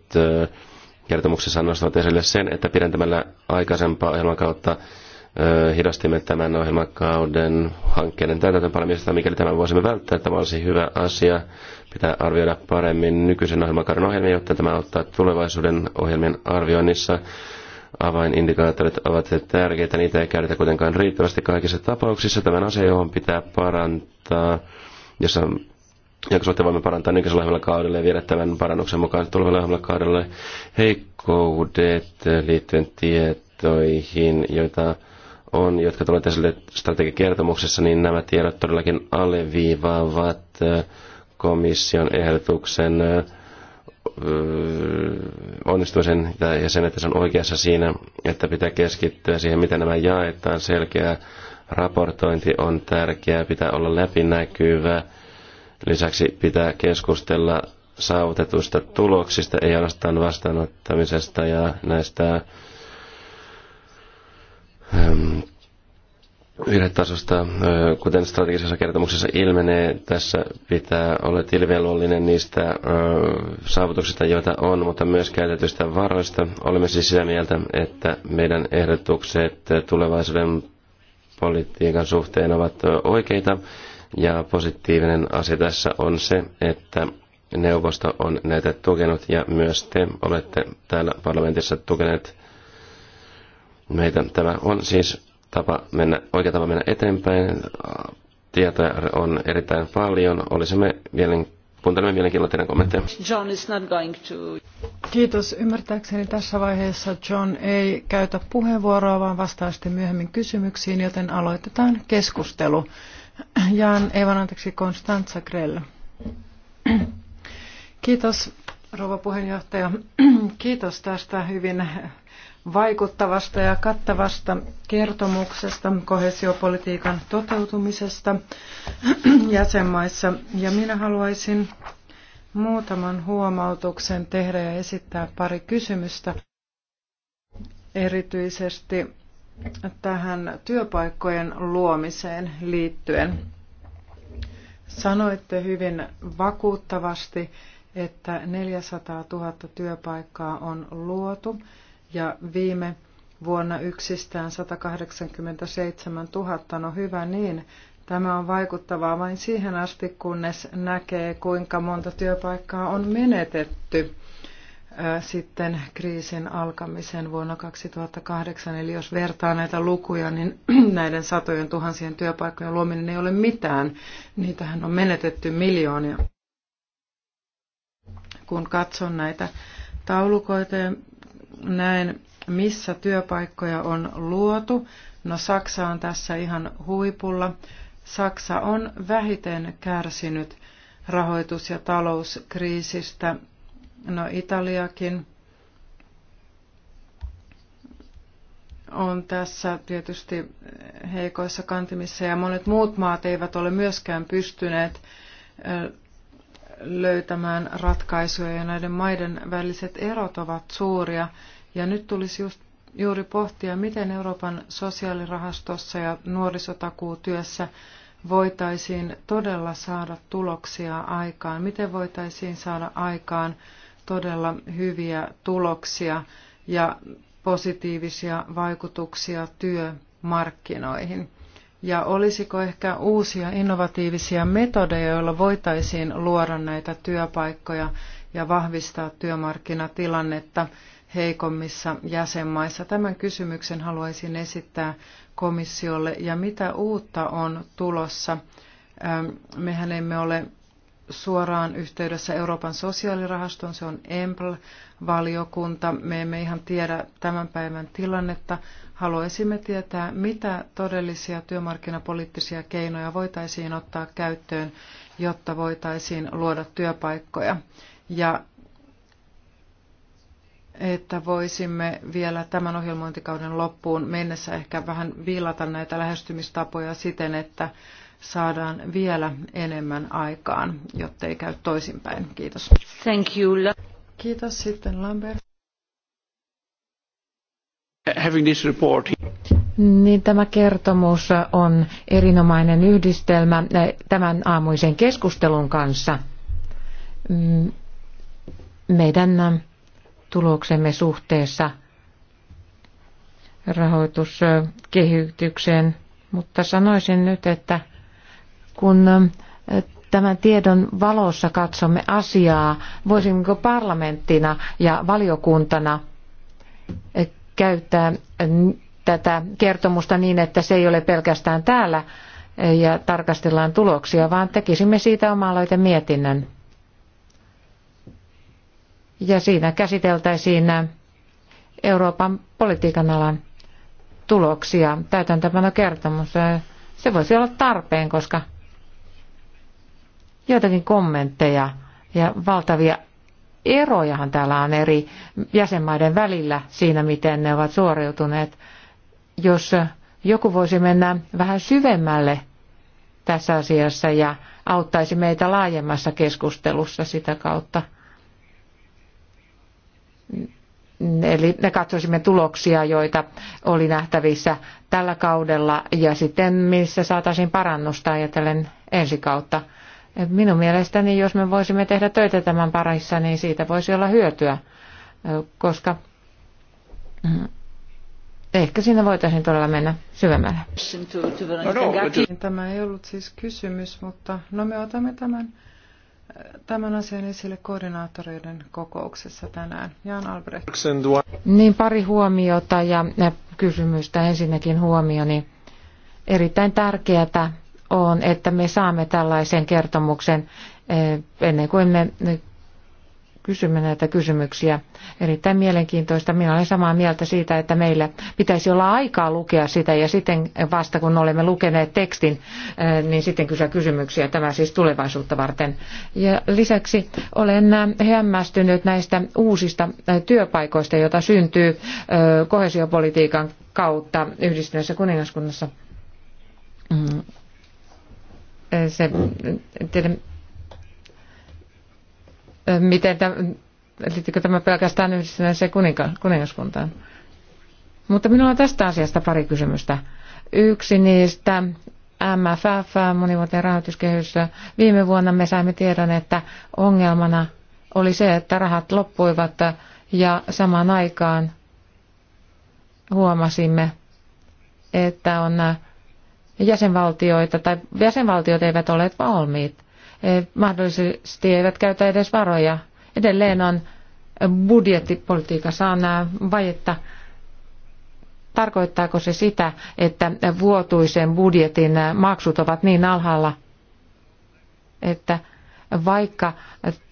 kertomuksessa nostavat esille sen, että pidentämällä aikaisempaa ohjelmakautta hidastimme tämän ohjelmakauden hankkeiden täytäntöönpanemista, mikäli tämän voisimme välttää. Tämä olisi hyvä asia. Pitää arvioida paremmin nykyisen ohjelmakauden ohjelmia, jotta tämä auttaa tulevaisuuden ohjelmien arvioinnissa. Avainindikaattorit ovat tärkeitä, niitä ei käytetä kuitenkaan riittävästi kaikissa tapauksissa. Tämän asia, johon pitää parantaa, jossa jos voimme parantaa nykyisellä ohjelmalla kaudella ja viedä tämän parannuksen mukaan tulevalla ohjelmalla kaudelle heikkoudet liittyen tietoihin, joita on, jotka tulevat esille strategiakertomuksessa, niin nämä tiedot todellakin alleviivaavat komission ehdotuksen onnistumisen ja sen, että se on oikeassa siinä, että pitää keskittyä siihen, miten nämä jaetaan. Selkeä raportointi on tärkeää, pitää olla läpinäkyvä. Lisäksi pitää keskustella saavutetuista tuloksista, ei ainoastaan vastaanottamisesta ja näistä virhetasosta, kuten strategisessa kertomuksessa ilmenee, tässä pitää olla tilveluollinen niistä saavutuksista, joita on, mutta myös käytetyistä varoista. Olemme siis sitä mieltä, että meidän ehdotukset tulevaisuuden politiikan suhteen ovat oikeita. Ja positiivinen asia tässä on se, että neuvosto on näitä tukenut ja myös te olette täällä parlamentissa tukeneet meitä. Tämä on siis tapa mennä, oikea tapa mennä eteenpäin. Tietoja on erittäin paljon. Olisimme mielen, kuuntelemme mielenkiinnolla teidän kommentteja. John is not going to... Kiitos. Ymmärtääkseni tässä vaiheessa John ei käytä puheenvuoroa, vaan vastaa sitten myöhemmin kysymyksiin, joten aloitetaan keskustelu. Jaan, Evan, anteeksi, Konstantsa Grell. Kiitos rouva puheenjohtaja. Kiitos tästä hyvin vaikuttavasta ja kattavasta kertomuksesta kohesiopolitiikan toteutumisesta jäsenmaissa. Ja minä haluaisin muutaman huomautuksen tehdä ja esittää pari kysymystä erityisesti tähän työpaikkojen luomiseen liittyen. Sanoitte hyvin vakuuttavasti, että 400 000 työpaikkaa on luotu ja viime vuonna yksistään 187 000. No hyvä niin, tämä on vaikuttavaa vain siihen asti, kunnes näkee, kuinka monta työpaikkaa on menetetty sitten kriisin alkamisen vuonna 2008. Eli jos vertaa näitä lukuja, niin näiden satojen tuhansien työpaikkojen luominen ei ole mitään. Niitähän on menetetty miljoonia. Kun katson näitä taulukoita näen, missä työpaikkoja on luotu. No Saksa on tässä ihan huipulla. Saksa on vähiten kärsinyt rahoitus- ja talouskriisistä. No Italiakin on tässä tietysti heikoissa kantimissa ja monet muut maat eivät ole myöskään pystyneet löytämään ratkaisuja ja näiden maiden väliset erot ovat suuria. Ja nyt tulisi just juuri pohtia, miten Euroopan sosiaalirahastossa ja nuorisotakuutyössä voitaisiin todella saada tuloksia aikaan, miten voitaisiin saada aikaan todella hyviä tuloksia ja positiivisia vaikutuksia työmarkkinoihin. Ja olisiko ehkä uusia innovatiivisia metodeja, joilla voitaisiin luoda näitä työpaikkoja ja vahvistaa työmarkkinatilannetta heikommissa jäsenmaissa? Tämän kysymyksen haluaisin esittää komissiolle. Ja mitä uutta on tulossa? Mehän emme ole suoraan yhteydessä Euroopan sosiaalirahaston, se on EMPL-valiokunta. Me emme ihan tiedä tämän päivän tilannetta, Haluaisimme tietää, mitä todellisia työmarkkinapoliittisia keinoja voitaisiin ottaa käyttöön, jotta voitaisiin luoda työpaikkoja. Ja että voisimme vielä tämän ohjelmointikauden loppuun mennessä ehkä vähän viilata näitä lähestymistapoja siten, että saadaan vielä enemmän aikaan, jottei käy toisinpäin. Kiitos. Thank you. Kiitos sitten Lambert having this report. Niin tämä kertomus on erinomainen yhdistelmä eh, tämän aamuisen keskustelun kanssa. Mm, meidän eh, tuloksemme suhteessa rahoituskehitykseen, mutta sanoisin nyt, että kun eh, tämän tiedon valossa katsomme asiaa, voisimmeko parlamenttina ja valiokuntana käyttää tätä kertomusta niin, että se ei ole pelkästään täällä eh, ja tarkastellaan tuloksia, vaan tekisimme siitä oma mietinnön. Ja siinä käsiteltäisiin Euroopan politiikan alan tuloksia. Täytäntöpano kertomus. Eh, se voisi olla tarpeen, koska joitakin kommentteja ja valtavia erojahan täällä on eri jäsenmaiden välillä siinä, miten ne ovat suoriutuneet. Jos joku voisi mennä vähän syvemmälle tässä asiassa ja auttaisi meitä laajemmassa keskustelussa sitä kautta. Eli me katsoisimme tuloksia, joita oli nähtävissä tällä kaudella ja sitten missä saataisiin parannusta ajatellen ensi kautta. Minun mielestäni, jos me voisimme tehdä töitä tämän parissa, niin siitä voisi olla hyötyä, koska mm, ehkä siinä voitaisiin todella mennä syvemmälle. No, no, Tämä ei ollut siis kysymys, mutta no me otamme tämän, tämän asian esille koordinaattoreiden kokouksessa tänään. Jan Albrecht. Niin pari huomiota ja kysymystä. Ensinnäkin huomioni. Erittäin tärkeää on, että me saamme tällaisen kertomuksen eh, ennen kuin me kysymme näitä kysymyksiä. Erittäin mielenkiintoista. Minä olen samaa mieltä siitä, että meillä pitäisi olla aikaa lukea sitä ja sitten vasta kun olemme lukeneet tekstin, eh, niin sitten kysyä kysymyksiä. Tämä siis tulevaisuutta varten. Ja lisäksi olen eh, hämmästynyt näistä uusista työpaikoista, joita syntyy kohesiopolitiikan kautta yhdistyneessä kuningaskunnassa mm se, tiedä, miten tämä, liittyykö tämä pelkästään yhdistyneeseen kuninka, kuningaskuntaan. Mutta minulla on tästä asiasta pari kysymystä. Yksi niistä MFF, monivuotinen rahoituskehys. Viime vuonna me saimme tiedon, että ongelmana oli se, että rahat loppuivat ja samaan aikaan huomasimme, että on jäsenvaltioita tai jäsenvaltiot eivät ole valmiit. E, mahdollisesti eivät käytä edes varoja. Edelleen on budjettipolitiikassa nämä vajetta. Tarkoittaako se sitä, että vuotuisen budjetin maksut ovat niin alhaalla, että vaikka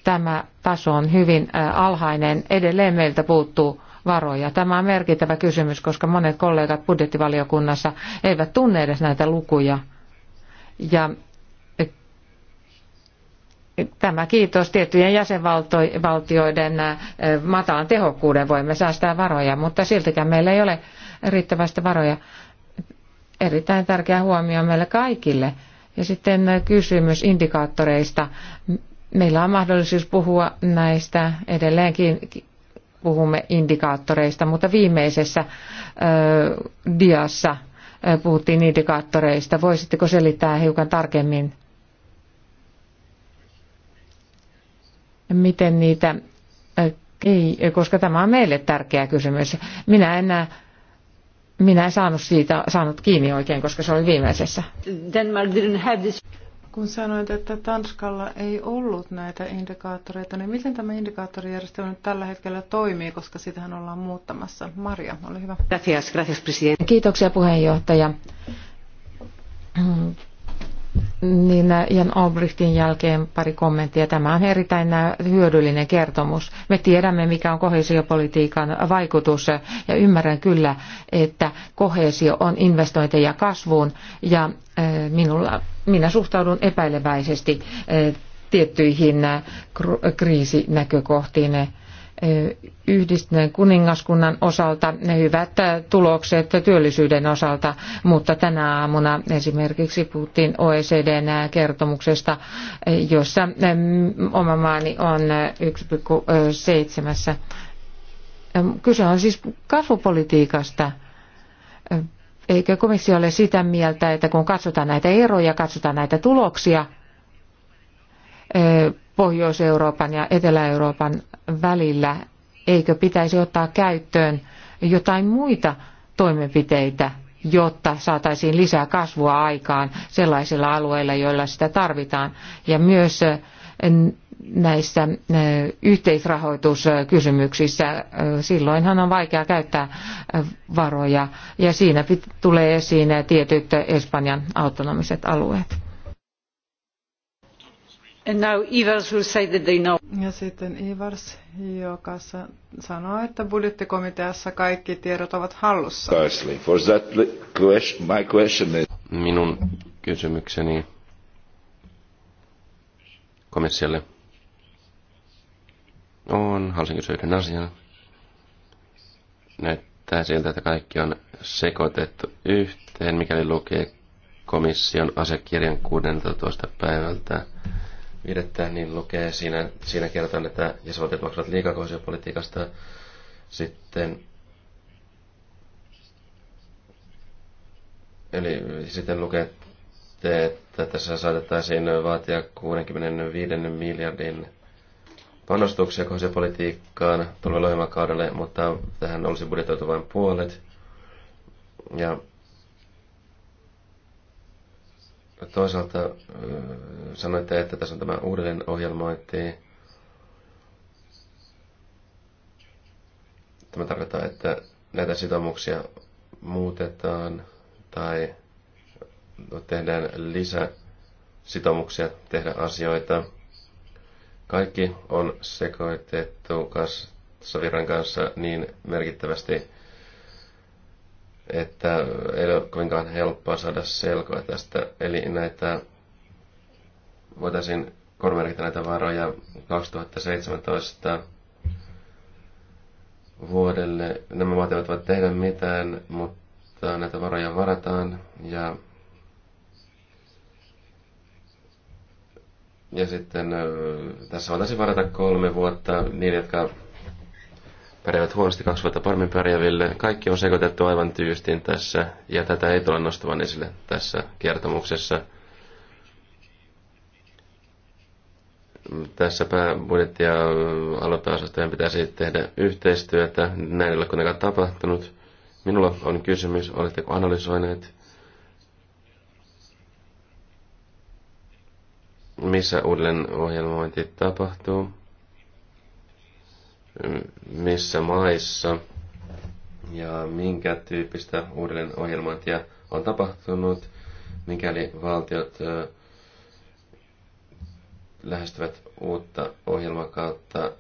tämä taso on hyvin alhainen, edelleen meiltä puuttuu varoja. Tämä on merkittävä kysymys, koska monet kollegat budjettivaliokunnassa eivät tunne edes näitä lukuja. Ja eh, Tämä kiitos tiettyjen jäsenvaltioiden eh, matalan tehokkuuden voimme säästää varoja, mutta siltikään meillä ei ole riittävästi varoja. Erittäin tärkeä huomio meille kaikille. Ja sitten eh, kysymys indikaattoreista. Meillä on mahdollisuus puhua näistä edelleenkin puhumme indikaattoreista, mutta viimeisessä diassa puhuttiin indikaattoreista. Voisitteko selittää hiukan tarkemmin, miten niitä ei, koska tämä on meille tärkeä kysymys. Minä en, minä en saanut siitä saanut kiinni oikein, koska se oli viimeisessä. Denmark didn't have this. Kun sanoit, että Tanskalla ei ollut näitä indikaattoreita, niin miten tämä indikaattorijärjestelmä nyt tällä hetkellä toimii, koska sitähän ollaan muuttamassa? Maria, ole hyvä. Gracias, gracias, presidente. Kiitoksia puheenjohtaja. Niin äh, Jan Obrichtin jälkeen pari kommenttia. Tämä on erittäin äh, hyödyllinen kertomus. Me tiedämme, mikä on kohesiopolitiikan vaikutus äh, ja ymmärrän kyllä, että kohesio on investointeja kasvuun ja minulla minä suhtaudun epäileväisesti eh, tiettyihin eh, eh, kriisinäkökohtiin. Yhdistyneen kuningaskunnan osalta ne hyvät tulokset työllisyyden osalta, mutta tänä aamuna esimerkiksi puhuttiin OECDn kertomuksesta, jossa oma maani on 1,7. Kyse on siis kasvupolitiikasta Eikö komissio ole sitä mieltä, että kun katsotaan näitä eroja, katsotaan näitä tuloksia Pohjois-Euroopan ja Etelä-Euroopan välillä, eikö pitäisi ottaa käyttöön jotain muita toimenpiteitä, jotta saataisiin lisää kasvua aikaan sellaisilla alueilla, joilla sitä tarvitaan. Ja myös näissä yhteisrahoituskysymyksissä. Silloinhan on vaikea käyttää varoja ja siinä tulee esiin tietyt Espanjan autonomiset alueet. And now will say that they know. Ja sitten Ivars, joka sanoo, että budjettikomiteassa kaikki tiedot ovat hallussa. For that question, my question is... Minun kysymykseni komissiolle on, halusin kysyä yhden Näyttää siltä, että kaikki on sekoitettu yhteen, mikäli lukee komission asekirjan 16. päivältä viidettä, niin lukee siinä, siinä kerrotaan, että jäsenvaltiot maksavat liikakohdisia politiikasta. Sitten Eli sitten lukee, että tässä saatettaisiin vaatia 65 miljardin panostuksia politiikkaan tulevalle ohjelmakaudelle, mutta tähän olisi budjetoitu vain puolet. Ja toisaalta sanoitte, että tässä on tämä uudelleen ohjelmointi. Tämä tarkoittaa, että näitä sitoumuksia muutetaan tai tehdään lisä sitoumuksia tehdä asioita. Kaikki on sekoitettu kassavirran kanssa niin merkittävästi, että ei ole kovinkaan helppoa saada selkoa tästä. Eli näitä voitaisiin korvamerkitä näitä varoja 2017 vuodelle. Nämä maat eivät voi tehdä mitään, mutta näitä varoja varataan ja Ja sitten tässä voitaisiin varata kolme vuotta niille, jotka pärjäävät huonosti, kaksi vuotta paremmin pärjäville. Kaikki on sekoitettu aivan tyystin tässä, ja tätä ei tule nostavan esille tässä kertomuksessa. Tässä pääbudjetti- ja aloittaosastojen pitäisi tehdä yhteistyötä. Näin ei ole kuitenkaan tapahtunut. Minulla on kysymys, oletteko analysoineet missä uudelleen ohjelmointi tapahtuu, missä maissa ja minkä tyyppistä uudelleen ohjelmointia on tapahtunut, mikäli valtiot lähestyvät uutta ohjelmakautta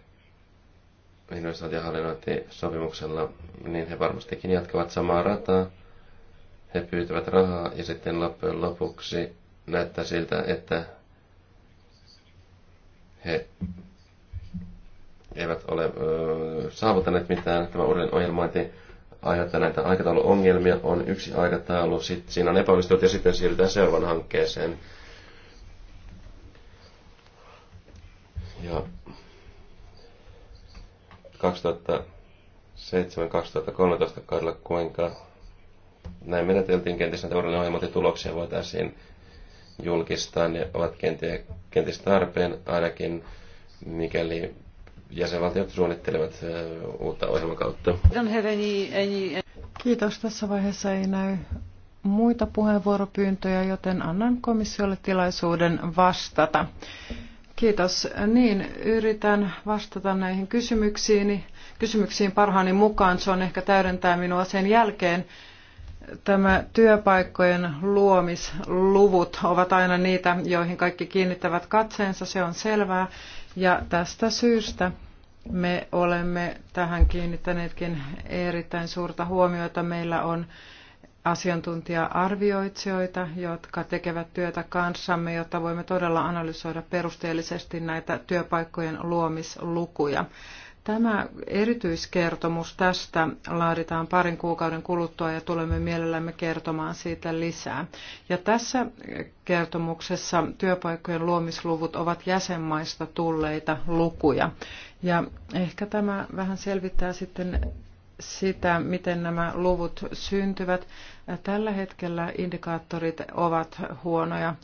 investointihallinnointisopimuksella, niin he varmastikin jatkavat samaa rataa. He pyytävät rahaa ja sitten loppujen lopuksi näyttää siltä, että he eivät ole ö, saavuttaneet mitään. Tämä uuden ohjelmointi aiheuttaa näitä aikatauluongelmia. On yksi aikataulu, sitten siinä on epäonnistunut ja sitten siirrytään seuraavaan hankkeeseen. Ja 2007-2013 kaudella kuinka näin meneteltiin kenties näitä uuden ohjelmointituloksia voitaisiin julkistaa, ne niin ovat kenties, kenties tarpeen ainakin, mikäli jäsenvaltiot suunnittelevat uutta ohjelmakautta. Kiitos. Tässä vaiheessa ei näy muita puheenvuoropyyntöjä, joten annan komissiolle tilaisuuden vastata. Kiitos. Niin, yritän vastata näihin kysymyksiin, kysymyksiin parhaani mukaan. Se on ehkä täydentää minua sen jälkeen, Tämä työpaikkojen luomisluvut ovat aina niitä, joihin kaikki kiinnittävät katseensa, se on selvää. Ja tästä syystä me olemme tähän kiinnittäneetkin erittäin suurta huomiota. Meillä on asiantuntija-arvioitsijoita, jotka tekevät työtä kanssamme, jotta voimme todella analysoida perusteellisesti näitä työpaikkojen luomislukuja. Tämä erityiskertomus tästä laaditaan parin kuukauden kuluttua ja tulemme mielellämme kertomaan siitä lisää. Ja tässä kertomuksessa työpaikkojen luomisluvut ovat jäsenmaista tulleita lukuja. Ja ehkä tämä vähän selvittää sitten sitä, miten nämä luvut syntyvät. Tällä hetkellä indikaattorit ovat huonoja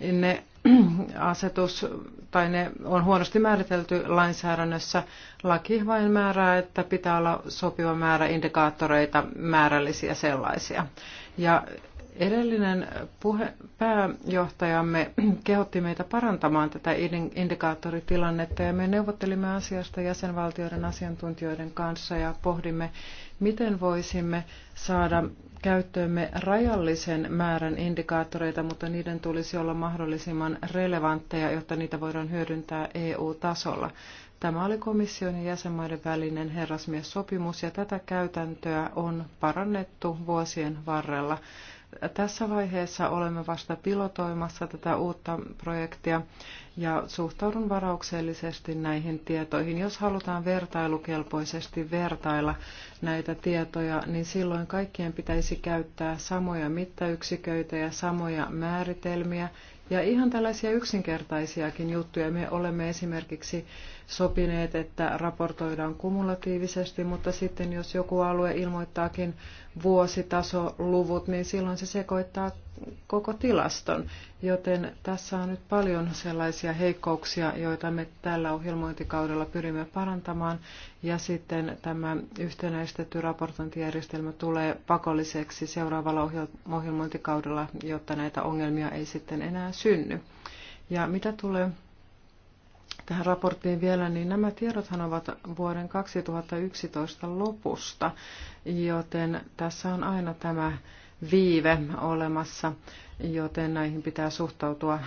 ne asetus tai ne on huonosti määritelty lainsäädännössä. Laki vain määrää, että pitää olla sopiva määrä indikaattoreita, määrällisiä sellaisia. Ja edellinen puhe, pääjohtajamme kehotti meitä parantamaan tätä indikaattoritilannetta ja me neuvottelimme asiasta jäsenvaltioiden asiantuntijoiden kanssa ja pohdimme, miten voisimme saada käyttöömme rajallisen määrän indikaattoreita, mutta niiden tulisi olla mahdollisimman relevantteja, jotta niitä voidaan hyödyntää EU-tasolla. Tämä oli komission ja jäsenmaiden välinen herrasmies-sopimus ja tätä käytäntöä on parannettu vuosien varrella. Tässä vaiheessa olemme vasta pilotoimassa tätä uutta projektia ja suhtaudun varauksellisesti näihin tietoihin. Jos halutaan vertailukelpoisesti vertailla näitä tietoja, niin silloin kaikkien pitäisi käyttää samoja mittayksiköitä ja samoja määritelmiä ja ihan tällaisia yksinkertaisiakin juttuja. Me olemme esimerkiksi sopineet, että raportoidaan kumulatiivisesti, mutta sitten jos joku alue ilmoittaakin vuositasoluvut, niin silloin se sekoittaa koko tilaston. Joten tässä on nyt paljon sellaisia heikkouksia, joita me tällä ohjelmointikaudella pyrimme parantamaan. Ja sitten tämä yhtenäistetty raportointijärjestelmä tulee pakolliseksi seuraavalla ohjelmointikaudella, jotta näitä ongelmia ei sitten enää synny. Ja mitä tulee tähän raporttiin vielä, niin nämä tiedothan ovat vuoden 2011 lopusta, joten tässä on aina tämä viive olemassa, joten näihin pitää suhtautua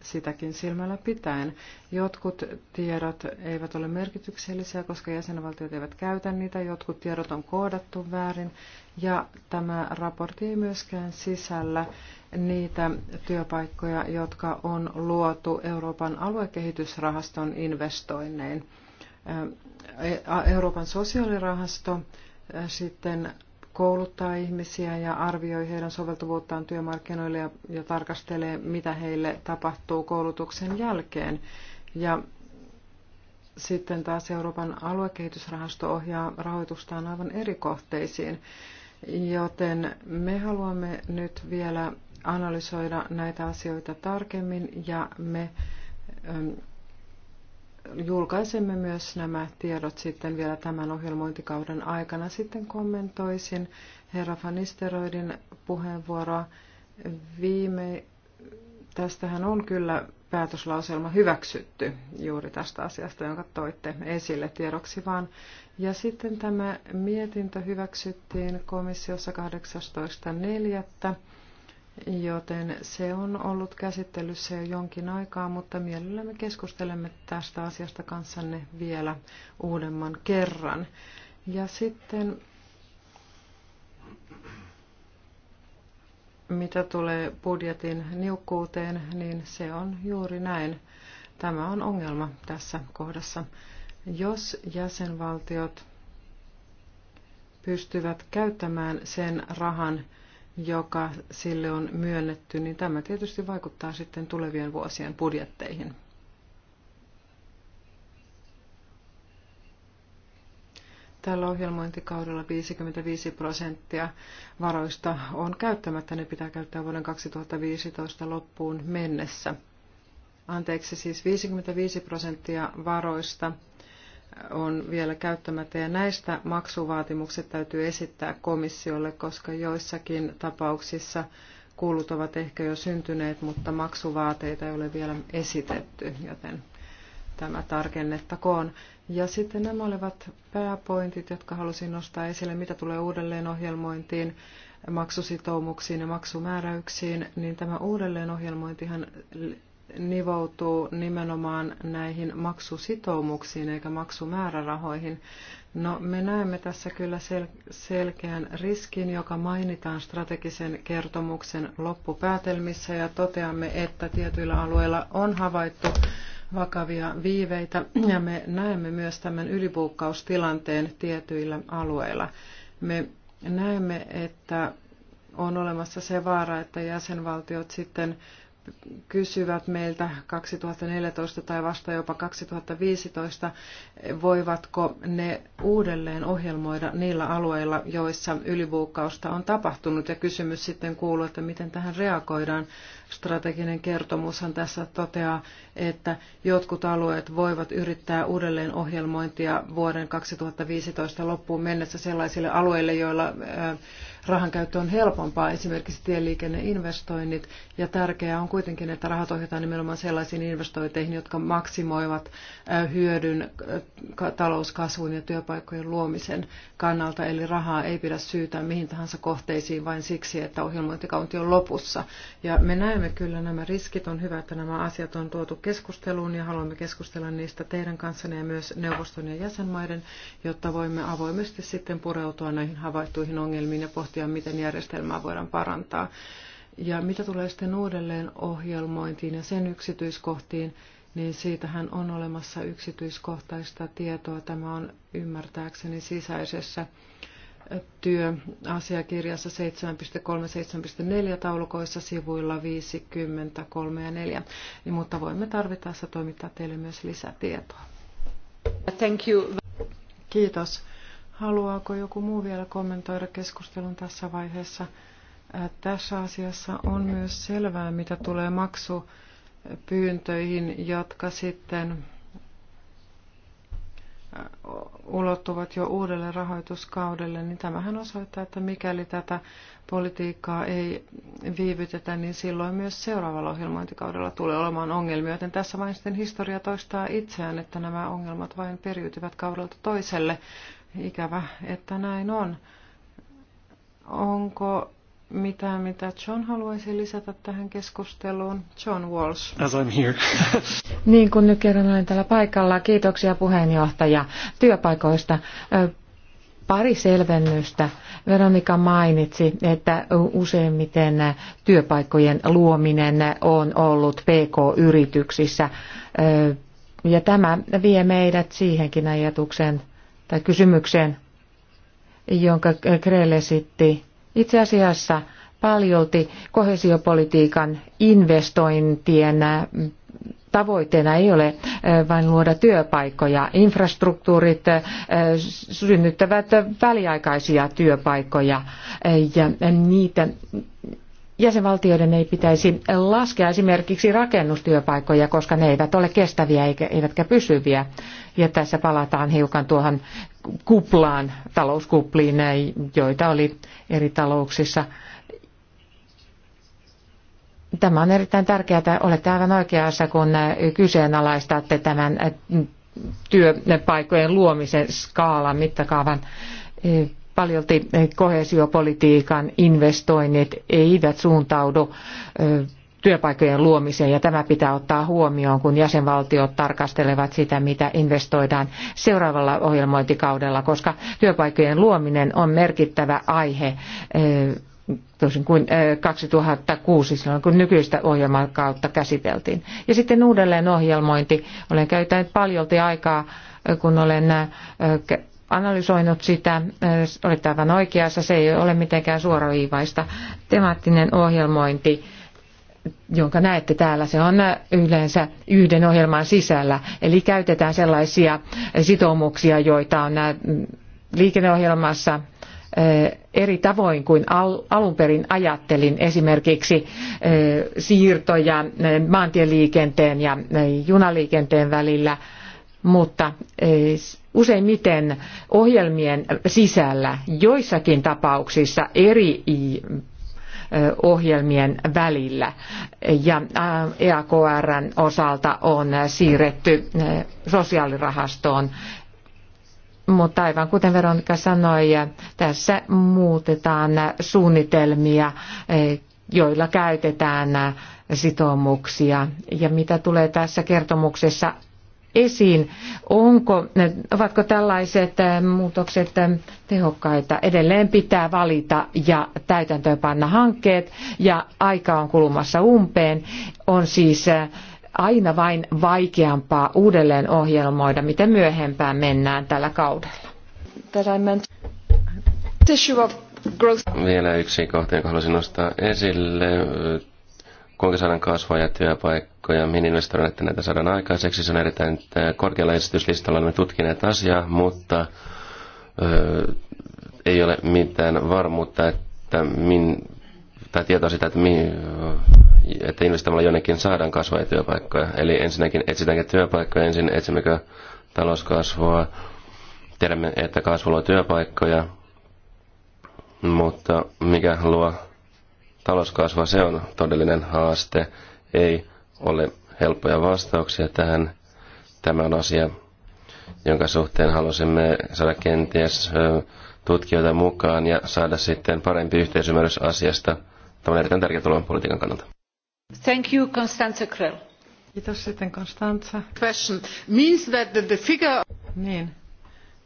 sitäkin silmällä pitäen. Jotkut tiedot eivät ole merkityksellisiä, koska jäsenvaltiot eivät käytä niitä, jotkut tiedot on koodattu väärin, ja tämä raportti ei myöskään sisällä niitä työpaikkoja, jotka on luotu Euroopan aluekehitysrahaston investoinnein. E, Euroopan sosiaalirahasto sitten kouluttaa ihmisiä ja arvioi heidän soveltuvuuttaan työmarkkinoille ja, ja tarkastelee, mitä heille tapahtuu koulutuksen jälkeen. Ja sitten taas Euroopan aluekehitysrahasto ohjaa rahoitustaan aivan eri kohteisiin. Joten me haluamme nyt vielä analysoida näitä asioita tarkemmin ja me ähm, julkaisemme myös nämä tiedot sitten vielä tämän ohjelmointikauden aikana. Sitten kommentoisin herra Fanisteroidin puheenvuoroa. Viime, tästähän on kyllä päätöslauselma hyväksytty juuri tästä asiasta, jonka toitte esille tiedoksi vaan. Ja sitten tämä mietintö hyväksyttiin komissiossa 18.4 joten se on ollut käsittelyssä jo jonkin aikaa, mutta mielellämme keskustelemme tästä asiasta kanssanne vielä uudemman kerran. Ja sitten mitä tulee budjetin niukkuuteen, niin se on juuri näin. Tämä on ongelma tässä kohdassa. Jos jäsenvaltiot pystyvät käyttämään sen rahan, joka sille on myönnetty, niin tämä tietysti vaikuttaa sitten tulevien vuosien budjetteihin. Tällä ohjelmointikaudella 55 prosenttia varoista on käyttämättä. Ne pitää käyttää vuoden 2015 loppuun mennessä. Anteeksi, siis 55 prosenttia varoista – on vielä käyttämättä ja näistä maksuvaatimukset täytyy esittää komissiolle, koska joissakin tapauksissa kulut ovat ehkä jo syntyneet, mutta maksuvaateita ei ole vielä esitetty, joten tämä tarkennettakoon. Ja sitten nämä olivat pääpointit, jotka halusin nostaa esille, mitä tulee uudelleenohjelmointiin, maksusitoumuksiin ja maksumääräyksiin, niin tämä uudelleenohjelmointihan nivoutuu nimenomaan näihin maksusitoumuksiin eikä maksumäärärahoihin. No, me näemme tässä kyllä sel- selkeän riskin, joka mainitaan strategisen kertomuksen loppupäätelmissä ja toteamme, että tietyillä alueilla on havaittu vakavia viiveitä ja me näemme myös tämän ylipuukkaustilanteen tietyillä alueilla. Me näemme, että on olemassa se vaara, että jäsenvaltiot sitten kysyvät meiltä 2014 tai vasta jopa 2015, voivatko ne uudelleen ohjelmoida niillä alueilla, joissa ylibuukkausta on tapahtunut. Ja kysymys sitten kuuluu, että miten tähän reagoidaan. Strateginen kertomushan tässä toteaa, että jotkut alueet voivat yrittää uudelleen ohjelmointia vuoden 2015 loppuun mennessä sellaisille alueille, joilla rahankäyttö on helpompaa, esimerkiksi tieliikenneinvestoinnit, ja tärkeää on kuitenkin, että rahat ohjataan nimenomaan sellaisiin investointeihin, jotka maksimoivat hyödyn talouskasvun ja työpaikkojen luomisen kannalta, eli rahaa ei pidä syytää mihin tahansa kohteisiin vain siksi, että ohjelmointikauti on lopussa. Ja me näemme kyllä nämä riskit, on hyvä, että nämä asiat on tuotu keskusteluun, ja haluamme keskustella niistä teidän kanssanne ja myös neuvoston ja jäsenmaiden, jotta voimme avoimesti sitten pureutua näihin havaittuihin ongelmiin ja pohtia, pohtia, miten järjestelmää voidaan parantaa. Ja mitä tulee sitten uudelleen ohjelmointiin ja sen yksityiskohtiin, niin siitähän on olemassa yksityiskohtaista tietoa. Tämä on ymmärtääkseni sisäisessä työasiakirjassa 7.3.7.4 taulukoissa sivuilla 53 ja 4, niin, mutta voimme tarvittaessa toimittaa teille myös lisätietoa. Thank you. Kiitos. Haluaako joku muu vielä kommentoida keskustelun tässä vaiheessa? Tässä asiassa on myös selvää, mitä tulee maksupyyntöihin, jotka sitten ulottuvat jo uudelle rahoituskaudelle, niin tämähän osoittaa, että mikäli tätä politiikkaa ei viivytetä, niin silloin myös seuraavalla ohjelmointikaudella tulee olemaan ongelmia. Joten tässä vain sitten historia toistaa itseään, että nämä ongelmat vain periytyvät kaudelta toiselle. Ikävä, että näin on. Onko mitään, mitä John haluaisi lisätä tähän keskusteluun? John Walsh. As I'm here. niin kuin nyt kerran olen täällä paikalla. Kiitoksia puheenjohtaja työpaikoista. Pari selvennystä. Veronika mainitsi, että useimmiten työpaikkojen luominen on ollut PK-yrityksissä. Ja tämä vie meidät siihenkin ajatukseen, tai kysymykseen, jonka Krell esitti. Itse asiassa paljolti kohesiopolitiikan investointien tavoitteena ei ole vain luoda työpaikkoja. Infrastruktuurit synnyttävät väliaikaisia työpaikkoja ja niitä jäsenvaltioiden ei pitäisi laskea esimerkiksi rakennustyöpaikkoja, koska ne eivät ole kestäviä eivätkä pysyviä. Ja tässä palataan hiukan tuohon kuplaan, talouskupliin, joita oli eri talouksissa. Tämä on erittäin tärkeää, että olette aivan oikeassa, kun kyseenalaistatte tämän työpaikkojen luomisen skaalan mittakaavan Paljolti eh, koheesiopolitiikan investoinnit eivät suuntaudu eh, työpaikkojen luomiseen ja tämä pitää ottaa huomioon, kun jäsenvaltiot tarkastelevat sitä, mitä investoidaan seuraavalla ohjelmointikaudella, koska työpaikkojen luominen on merkittävä aihe eh, tosin kuin 2006 silloin, kun nykyistä ohjelman kautta käsiteltiin. Ja sitten uudelleen ohjelmointi. Olen käyttänyt paljolti aikaa, kun olen analysoinut sitä, olet aivan oikeassa, se ei ole mitenkään suoraviivaista. Temaattinen ohjelmointi, jonka näette täällä, se on yleensä yhden ohjelman sisällä. Eli käytetään sellaisia sitoumuksia, joita on liikenneohjelmassa eri tavoin kuin alun perin ajattelin, esimerkiksi siirtoja maantieliikenteen ja junaliikenteen välillä, mutta useimmiten ohjelmien sisällä joissakin tapauksissa eri ohjelmien välillä. Ja EAKRn osalta on siirretty sosiaalirahastoon. Mutta aivan kuten Veronika sanoi, tässä muutetaan suunnitelmia, joilla käytetään sitoumuksia. Ja mitä tulee tässä kertomuksessa esiin, onko, ovatko tällaiset eh, muutokset eh, tehokkaita. Edelleen pitää valita ja täytäntöönpanna hankkeet ja aika on kulumassa umpeen. On siis eh, aina vain vaikeampaa uudelleen ohjelmoida, miten myöhempään mennään tällä kaudella. Vielä yksi kohta, jonka haluaisin nostaa esille kuinka saadaan kasvua ja työpaikkoja, mihin investoidaan, että näitä saadaan aikaiseksi. Se on erittäin korkealla esityslistalla, olemme tutkineet asiaa, mutta ö, ei ole mitään varmuutta, että min, tai tietoa sitä, että, mi, että investoimalla jonnekin saadaan kasvua ja työpaikkoja. Eli ensinnäkin etsitäänkö työpaikkoja, ensin etsimmekö talouskasvua, tiedämme, että kasvu luo työpaikkoja, mutta mikä luo talouskasva, se on todellinen haaste. Ei ole helppoja vastauksia tähän. Tämä on asia, jonka suhteen halusimme saada kenties tutkijoita mukaan ja saada sitten parempi yhteisymmärrys asiasta. Tämä on erittäin tärkeä tulon politiikan kannalta. Thank you, Constanza Krell. Kiitos sitten Constanza. Question means that the figure... Niin.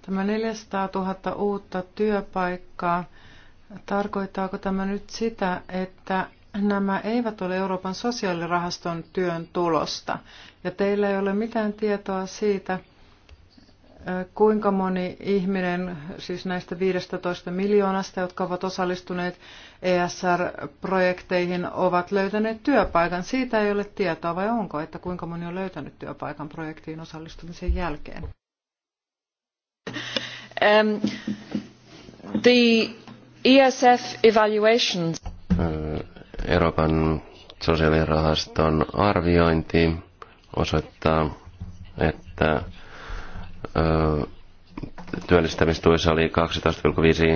Tämä 400 000 uutta työpaikkaa Tarkoittaako tämä nyt sitä, että nämä eivät ole Euroopan sosiaalirahaston työn tulosta? Ja teillä ei ole mitään tietoa siitä, kuinka moni ihminen, siis näistä 15 miljoonasta, jotka ovat osallistuneet ESR-projekteihin, ovat löytäneet työpaikan. Siitä ei ole tietoa, vai onko, että kuinka moni on löytänyt työpaikan projektiin osallistumisen jälkeen? Um, the ESF evaluations. Euroopan sosiaalirahaston arviointi osoittaa, että työllistämistuissa oli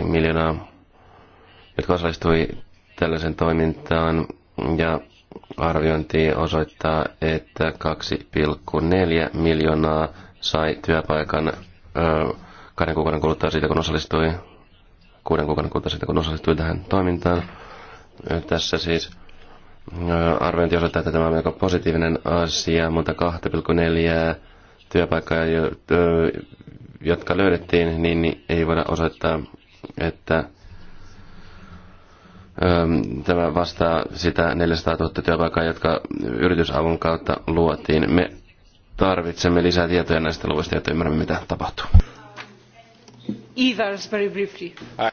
12,5 miljoonaa, jotka osallistui tällaisen toimintaan. Ja arviointi osoittaa, että 2,4 miljoonaa sai työpaikan kahden kuukauden kuluttua siitä, kun osallistui kuuden kuukauden kulta kun osallistui tähän toimintaan. Tässä siis arviointi osoittaa, että tämä on melko positiivinen asia, mutta 2,4 työpaikkaa, jotka löydettiin, niin ei voida osoittaa, että tämä vastaa sitä 400 000 työpaikkaa, jotka yritysavun kautta luotiin. Me tarvitsemme lisää tietoja näistä luvuista, jotta ymmärrämme, mitä tapahtuu. Ivars, very briefly.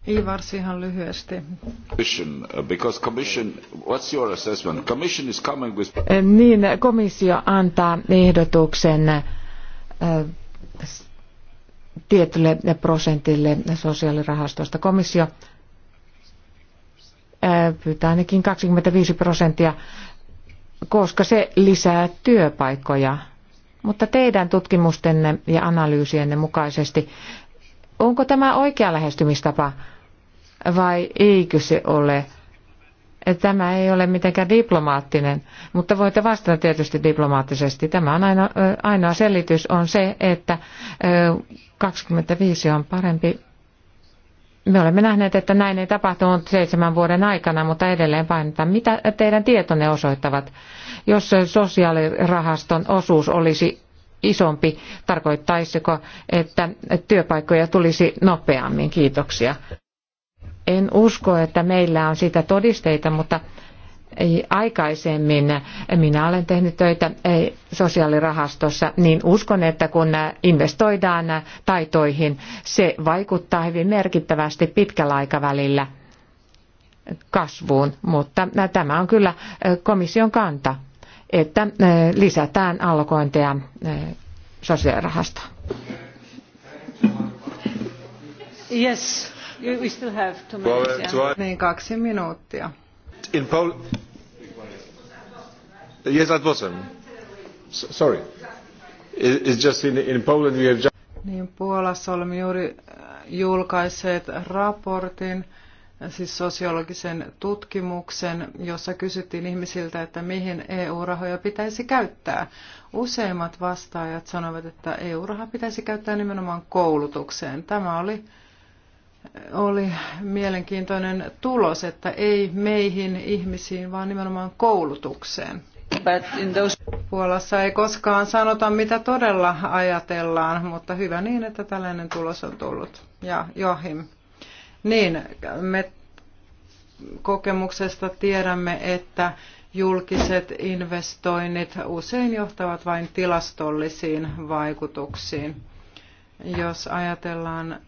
Ivars ihan lyhyesti. Uh, because commission, what's your assessment? Commission is coming with... Eh, niin, komissio antaa ehdotuksen eh, tietylle prosentille sosiaalirahastosta. Komissio eh, pyytää ainakin 25 prosenttia, koska se lisää työpaikkoja. Mutta teidän tutkimustenne ja analyysienne mukaisesti Onko tämä oikea lähestymistapa vai eikö se ole? Tämä ei ole mitenkään diplomaattinen, mutta voitte vastata tietysti diplomaattisesti. Tämä on aina, ainoa selitys on se, että 25 on parempi. Me olemme nähneet, että näin ei tapahtunut seitsemän vuoden aikana, mutta edelleen painetaan. Mitä teidän tietonne osoittavat, jos sosiaalirahaston osuus olisi isompi, tarkoittaisiko, että työpaikkoja tulisi nopeammin? Kiitoksia. En usko, että meillä on siitä todisteita, mutta aikaisemmin minä olen tehnyt töitä sosiaalirahastossa, niin uskon, että kun investoidaan taitoihin, se vaikuttaa hyvin merkittävästi pitkällä aikavälillä kasvuun, mutta tämä on kyllä komission kanta että eh, lisätään allokointeja eh, sosiaalirahasta. Yes, we still have two minutes. Yeah. Niin kaksi minuuttia. In Pol yes, at bottom. sorry. It's just in, in Poland we have just... Niin Puolassa olemme juuri eh, julkaisseet raportin siis sosiologisen tutkimuksen, jossa kysyttiin ihmisiltä, että mihin EU-rahoja pitäisi käyttää. Useimmat vastaajat sanoivat, että EU-raha pitäisi käyttää nimenomaan koulutukseen. Tämä oli, oli mielenkiintoinen tulos, että ei meihin ihmisiin, vaan nimenomaan koulutukseen. Those... Puolassa ei koskaan sanota, mitä todella ajatellaan, mutta hyvä niin, että tällainen tulos on tullut. Ja Johim. Niin, me kokemuksesta tiedämme, että julkiset investoinnit usein johtavat vain tilastollisiin vaikutuksiin. Jos ajatellaan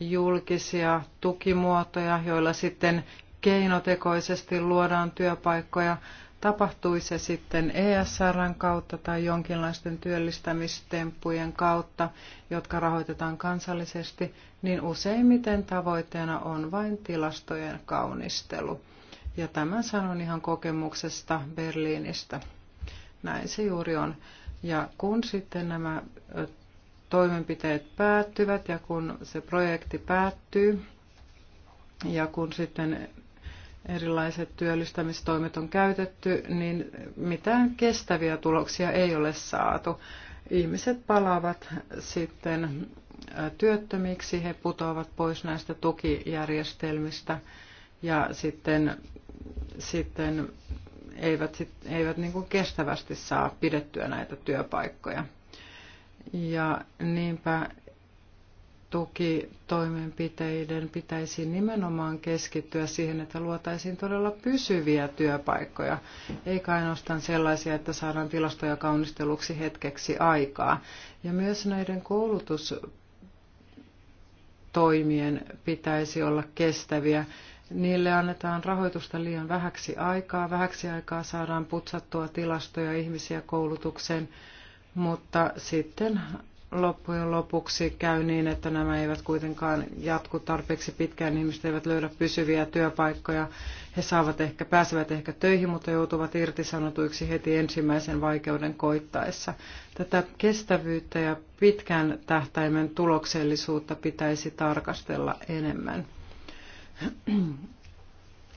julkisia tukimuotoja, joilla sitten keinotekoisesti luodaan työpaikkoja, Tapahtui se sitten ESRn kautta tai jonkinlaisten työllistämistemppujen kautta, jotka rahoitetaan kansallisesti, niin useimmiten tavoitteena on vain tilastojen kaunistelu. Ja tämän sanon ihan kokemuksesta Berliinistä. Näin se juuri on. Ja kun sitten nämä toimenpiteet päättyvät ja kun se projekti päättyy ja kun sitten erilaiset työllistämistoimet on käytetty, niin mitään kestäviä tuloksia ei ole saatu. Ihmiset palaavat sitten työttömiksi, he putoavat pois näistä tukijärjestelmistä ja sitten, sitten eivät, eivät niin kuin kestävästi saa pidettyä näitä työpaikkoja. Ja niinpä tukitoimenpiteiden pitäisi nimenomaan keskittyä siihen, että luotaisiin todella pysyviä työpaikkoja, eikä ainoastaan sellaisia, että saadaan tilastoja kaunisteluksi hetkeksi aikaa. Ja myös näiden koulutustoimien pitäisi olla kestäviä. Niille annetaan rahoitusta liian vähäksi aikaa. Vähäksi aikaa saadaan putsattua tilastoja ihmisiä koulutukseen, mutta sitten loppujen lopuksi käy niin, että nämä eivät kuitenkaan jatku tarpeeksi pitkään, niin ihmiset eivät löydä pysyviä työpaikkoja. He saavat ehkä, pääsevät ehkä töihin, mutta joutuvat irtisanotuiksi heti ensimmäisen vaikeuden koittaessa. Tätä kestävyyttä ja pitkän tähtäimen tuloksellisuutta pitäisi tarkastella enemmän.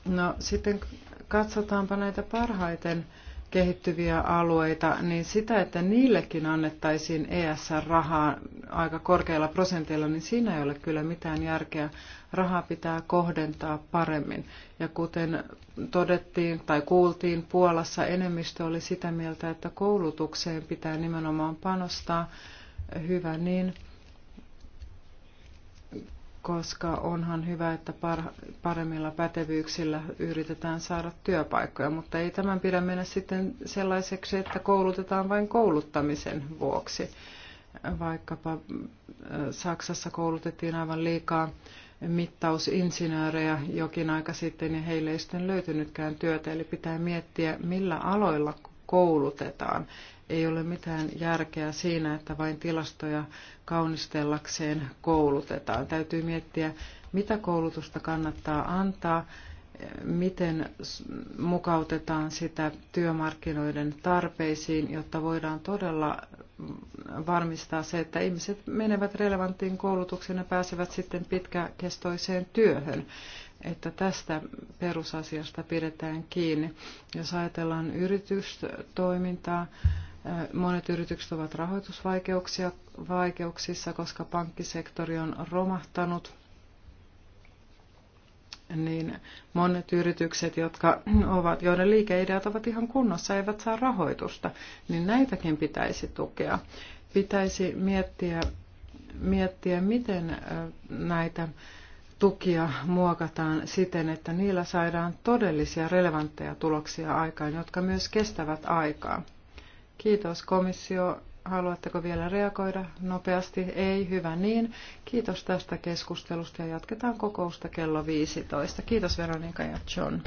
No sitten katsotaanpa näitä parhaiten kehittyviä alueita, niin sitä, että niillekin annettaisiin ESR-rahaa aika korkeilla prosenteilla, niin siinä ei ole kyllä mitään järkeä. Rahaa pitää kohdentaa paremmin. Ja kuten todettiin tai kuultiin, Puolassa enemmistö oli sitä mieltä, että koulutukseen pitää nimenomaan panostaa. Hyvä niin koska onhan hyvä, että paremmilla pätevyyksillä yritetään saada työpaikkoja, mutta ei tämän pidä mennä sitten sellaiseksi, että koulutetaan vain kouluttamisen vuoksi. Vaikkapa Saksassa koulutettiin aivan liikaa mittausinsinöörejä jokin aika sitten ja heille ei sitten löytynytkään työtä, eli pitää miettiä, millä aloilla koulutetaan. Ei ole mitään järkeä siinä, että vain tilastoja kaunistellakseen koulutetaan. Täytyy miettiä, mitä koulutusta kannattaa antaa, miten mukautetaan sitä työmarkkinoiden tarpeisiin, jotta voidaan todella varmistaa se, että ihmiset menevät relevanttiin koulutukseen ja pääsevät sitten pitkäkestoiseen työhön. Että tästä perusasiasta pidetään kiinni. Jos ajatellaan yritystoimintaa, Monet yritykset ovat rahoitusvaikeuksissa, koska pankkisektori on romahtanut. Niin monet yritykset, jotka ovat, joiden liikeideat ovat ihan kunnossa, eivät saa rahoitusta, niin näitäkin pitäisi tukea. Pitäisi miettiä, miettiä miten näitä tukia muokataan siten, että niillä saadaan todellisia relevantteja tuloksia aikaan, jotka myös kestävät aikaa. Kiitos komissio. Haluatteko vielä reagoida? Nopeasti ei, hyvä niin. Kiitos tästä keskustelusta ja jatketaan kokousta kello 15. Kiitos Veronika ja John.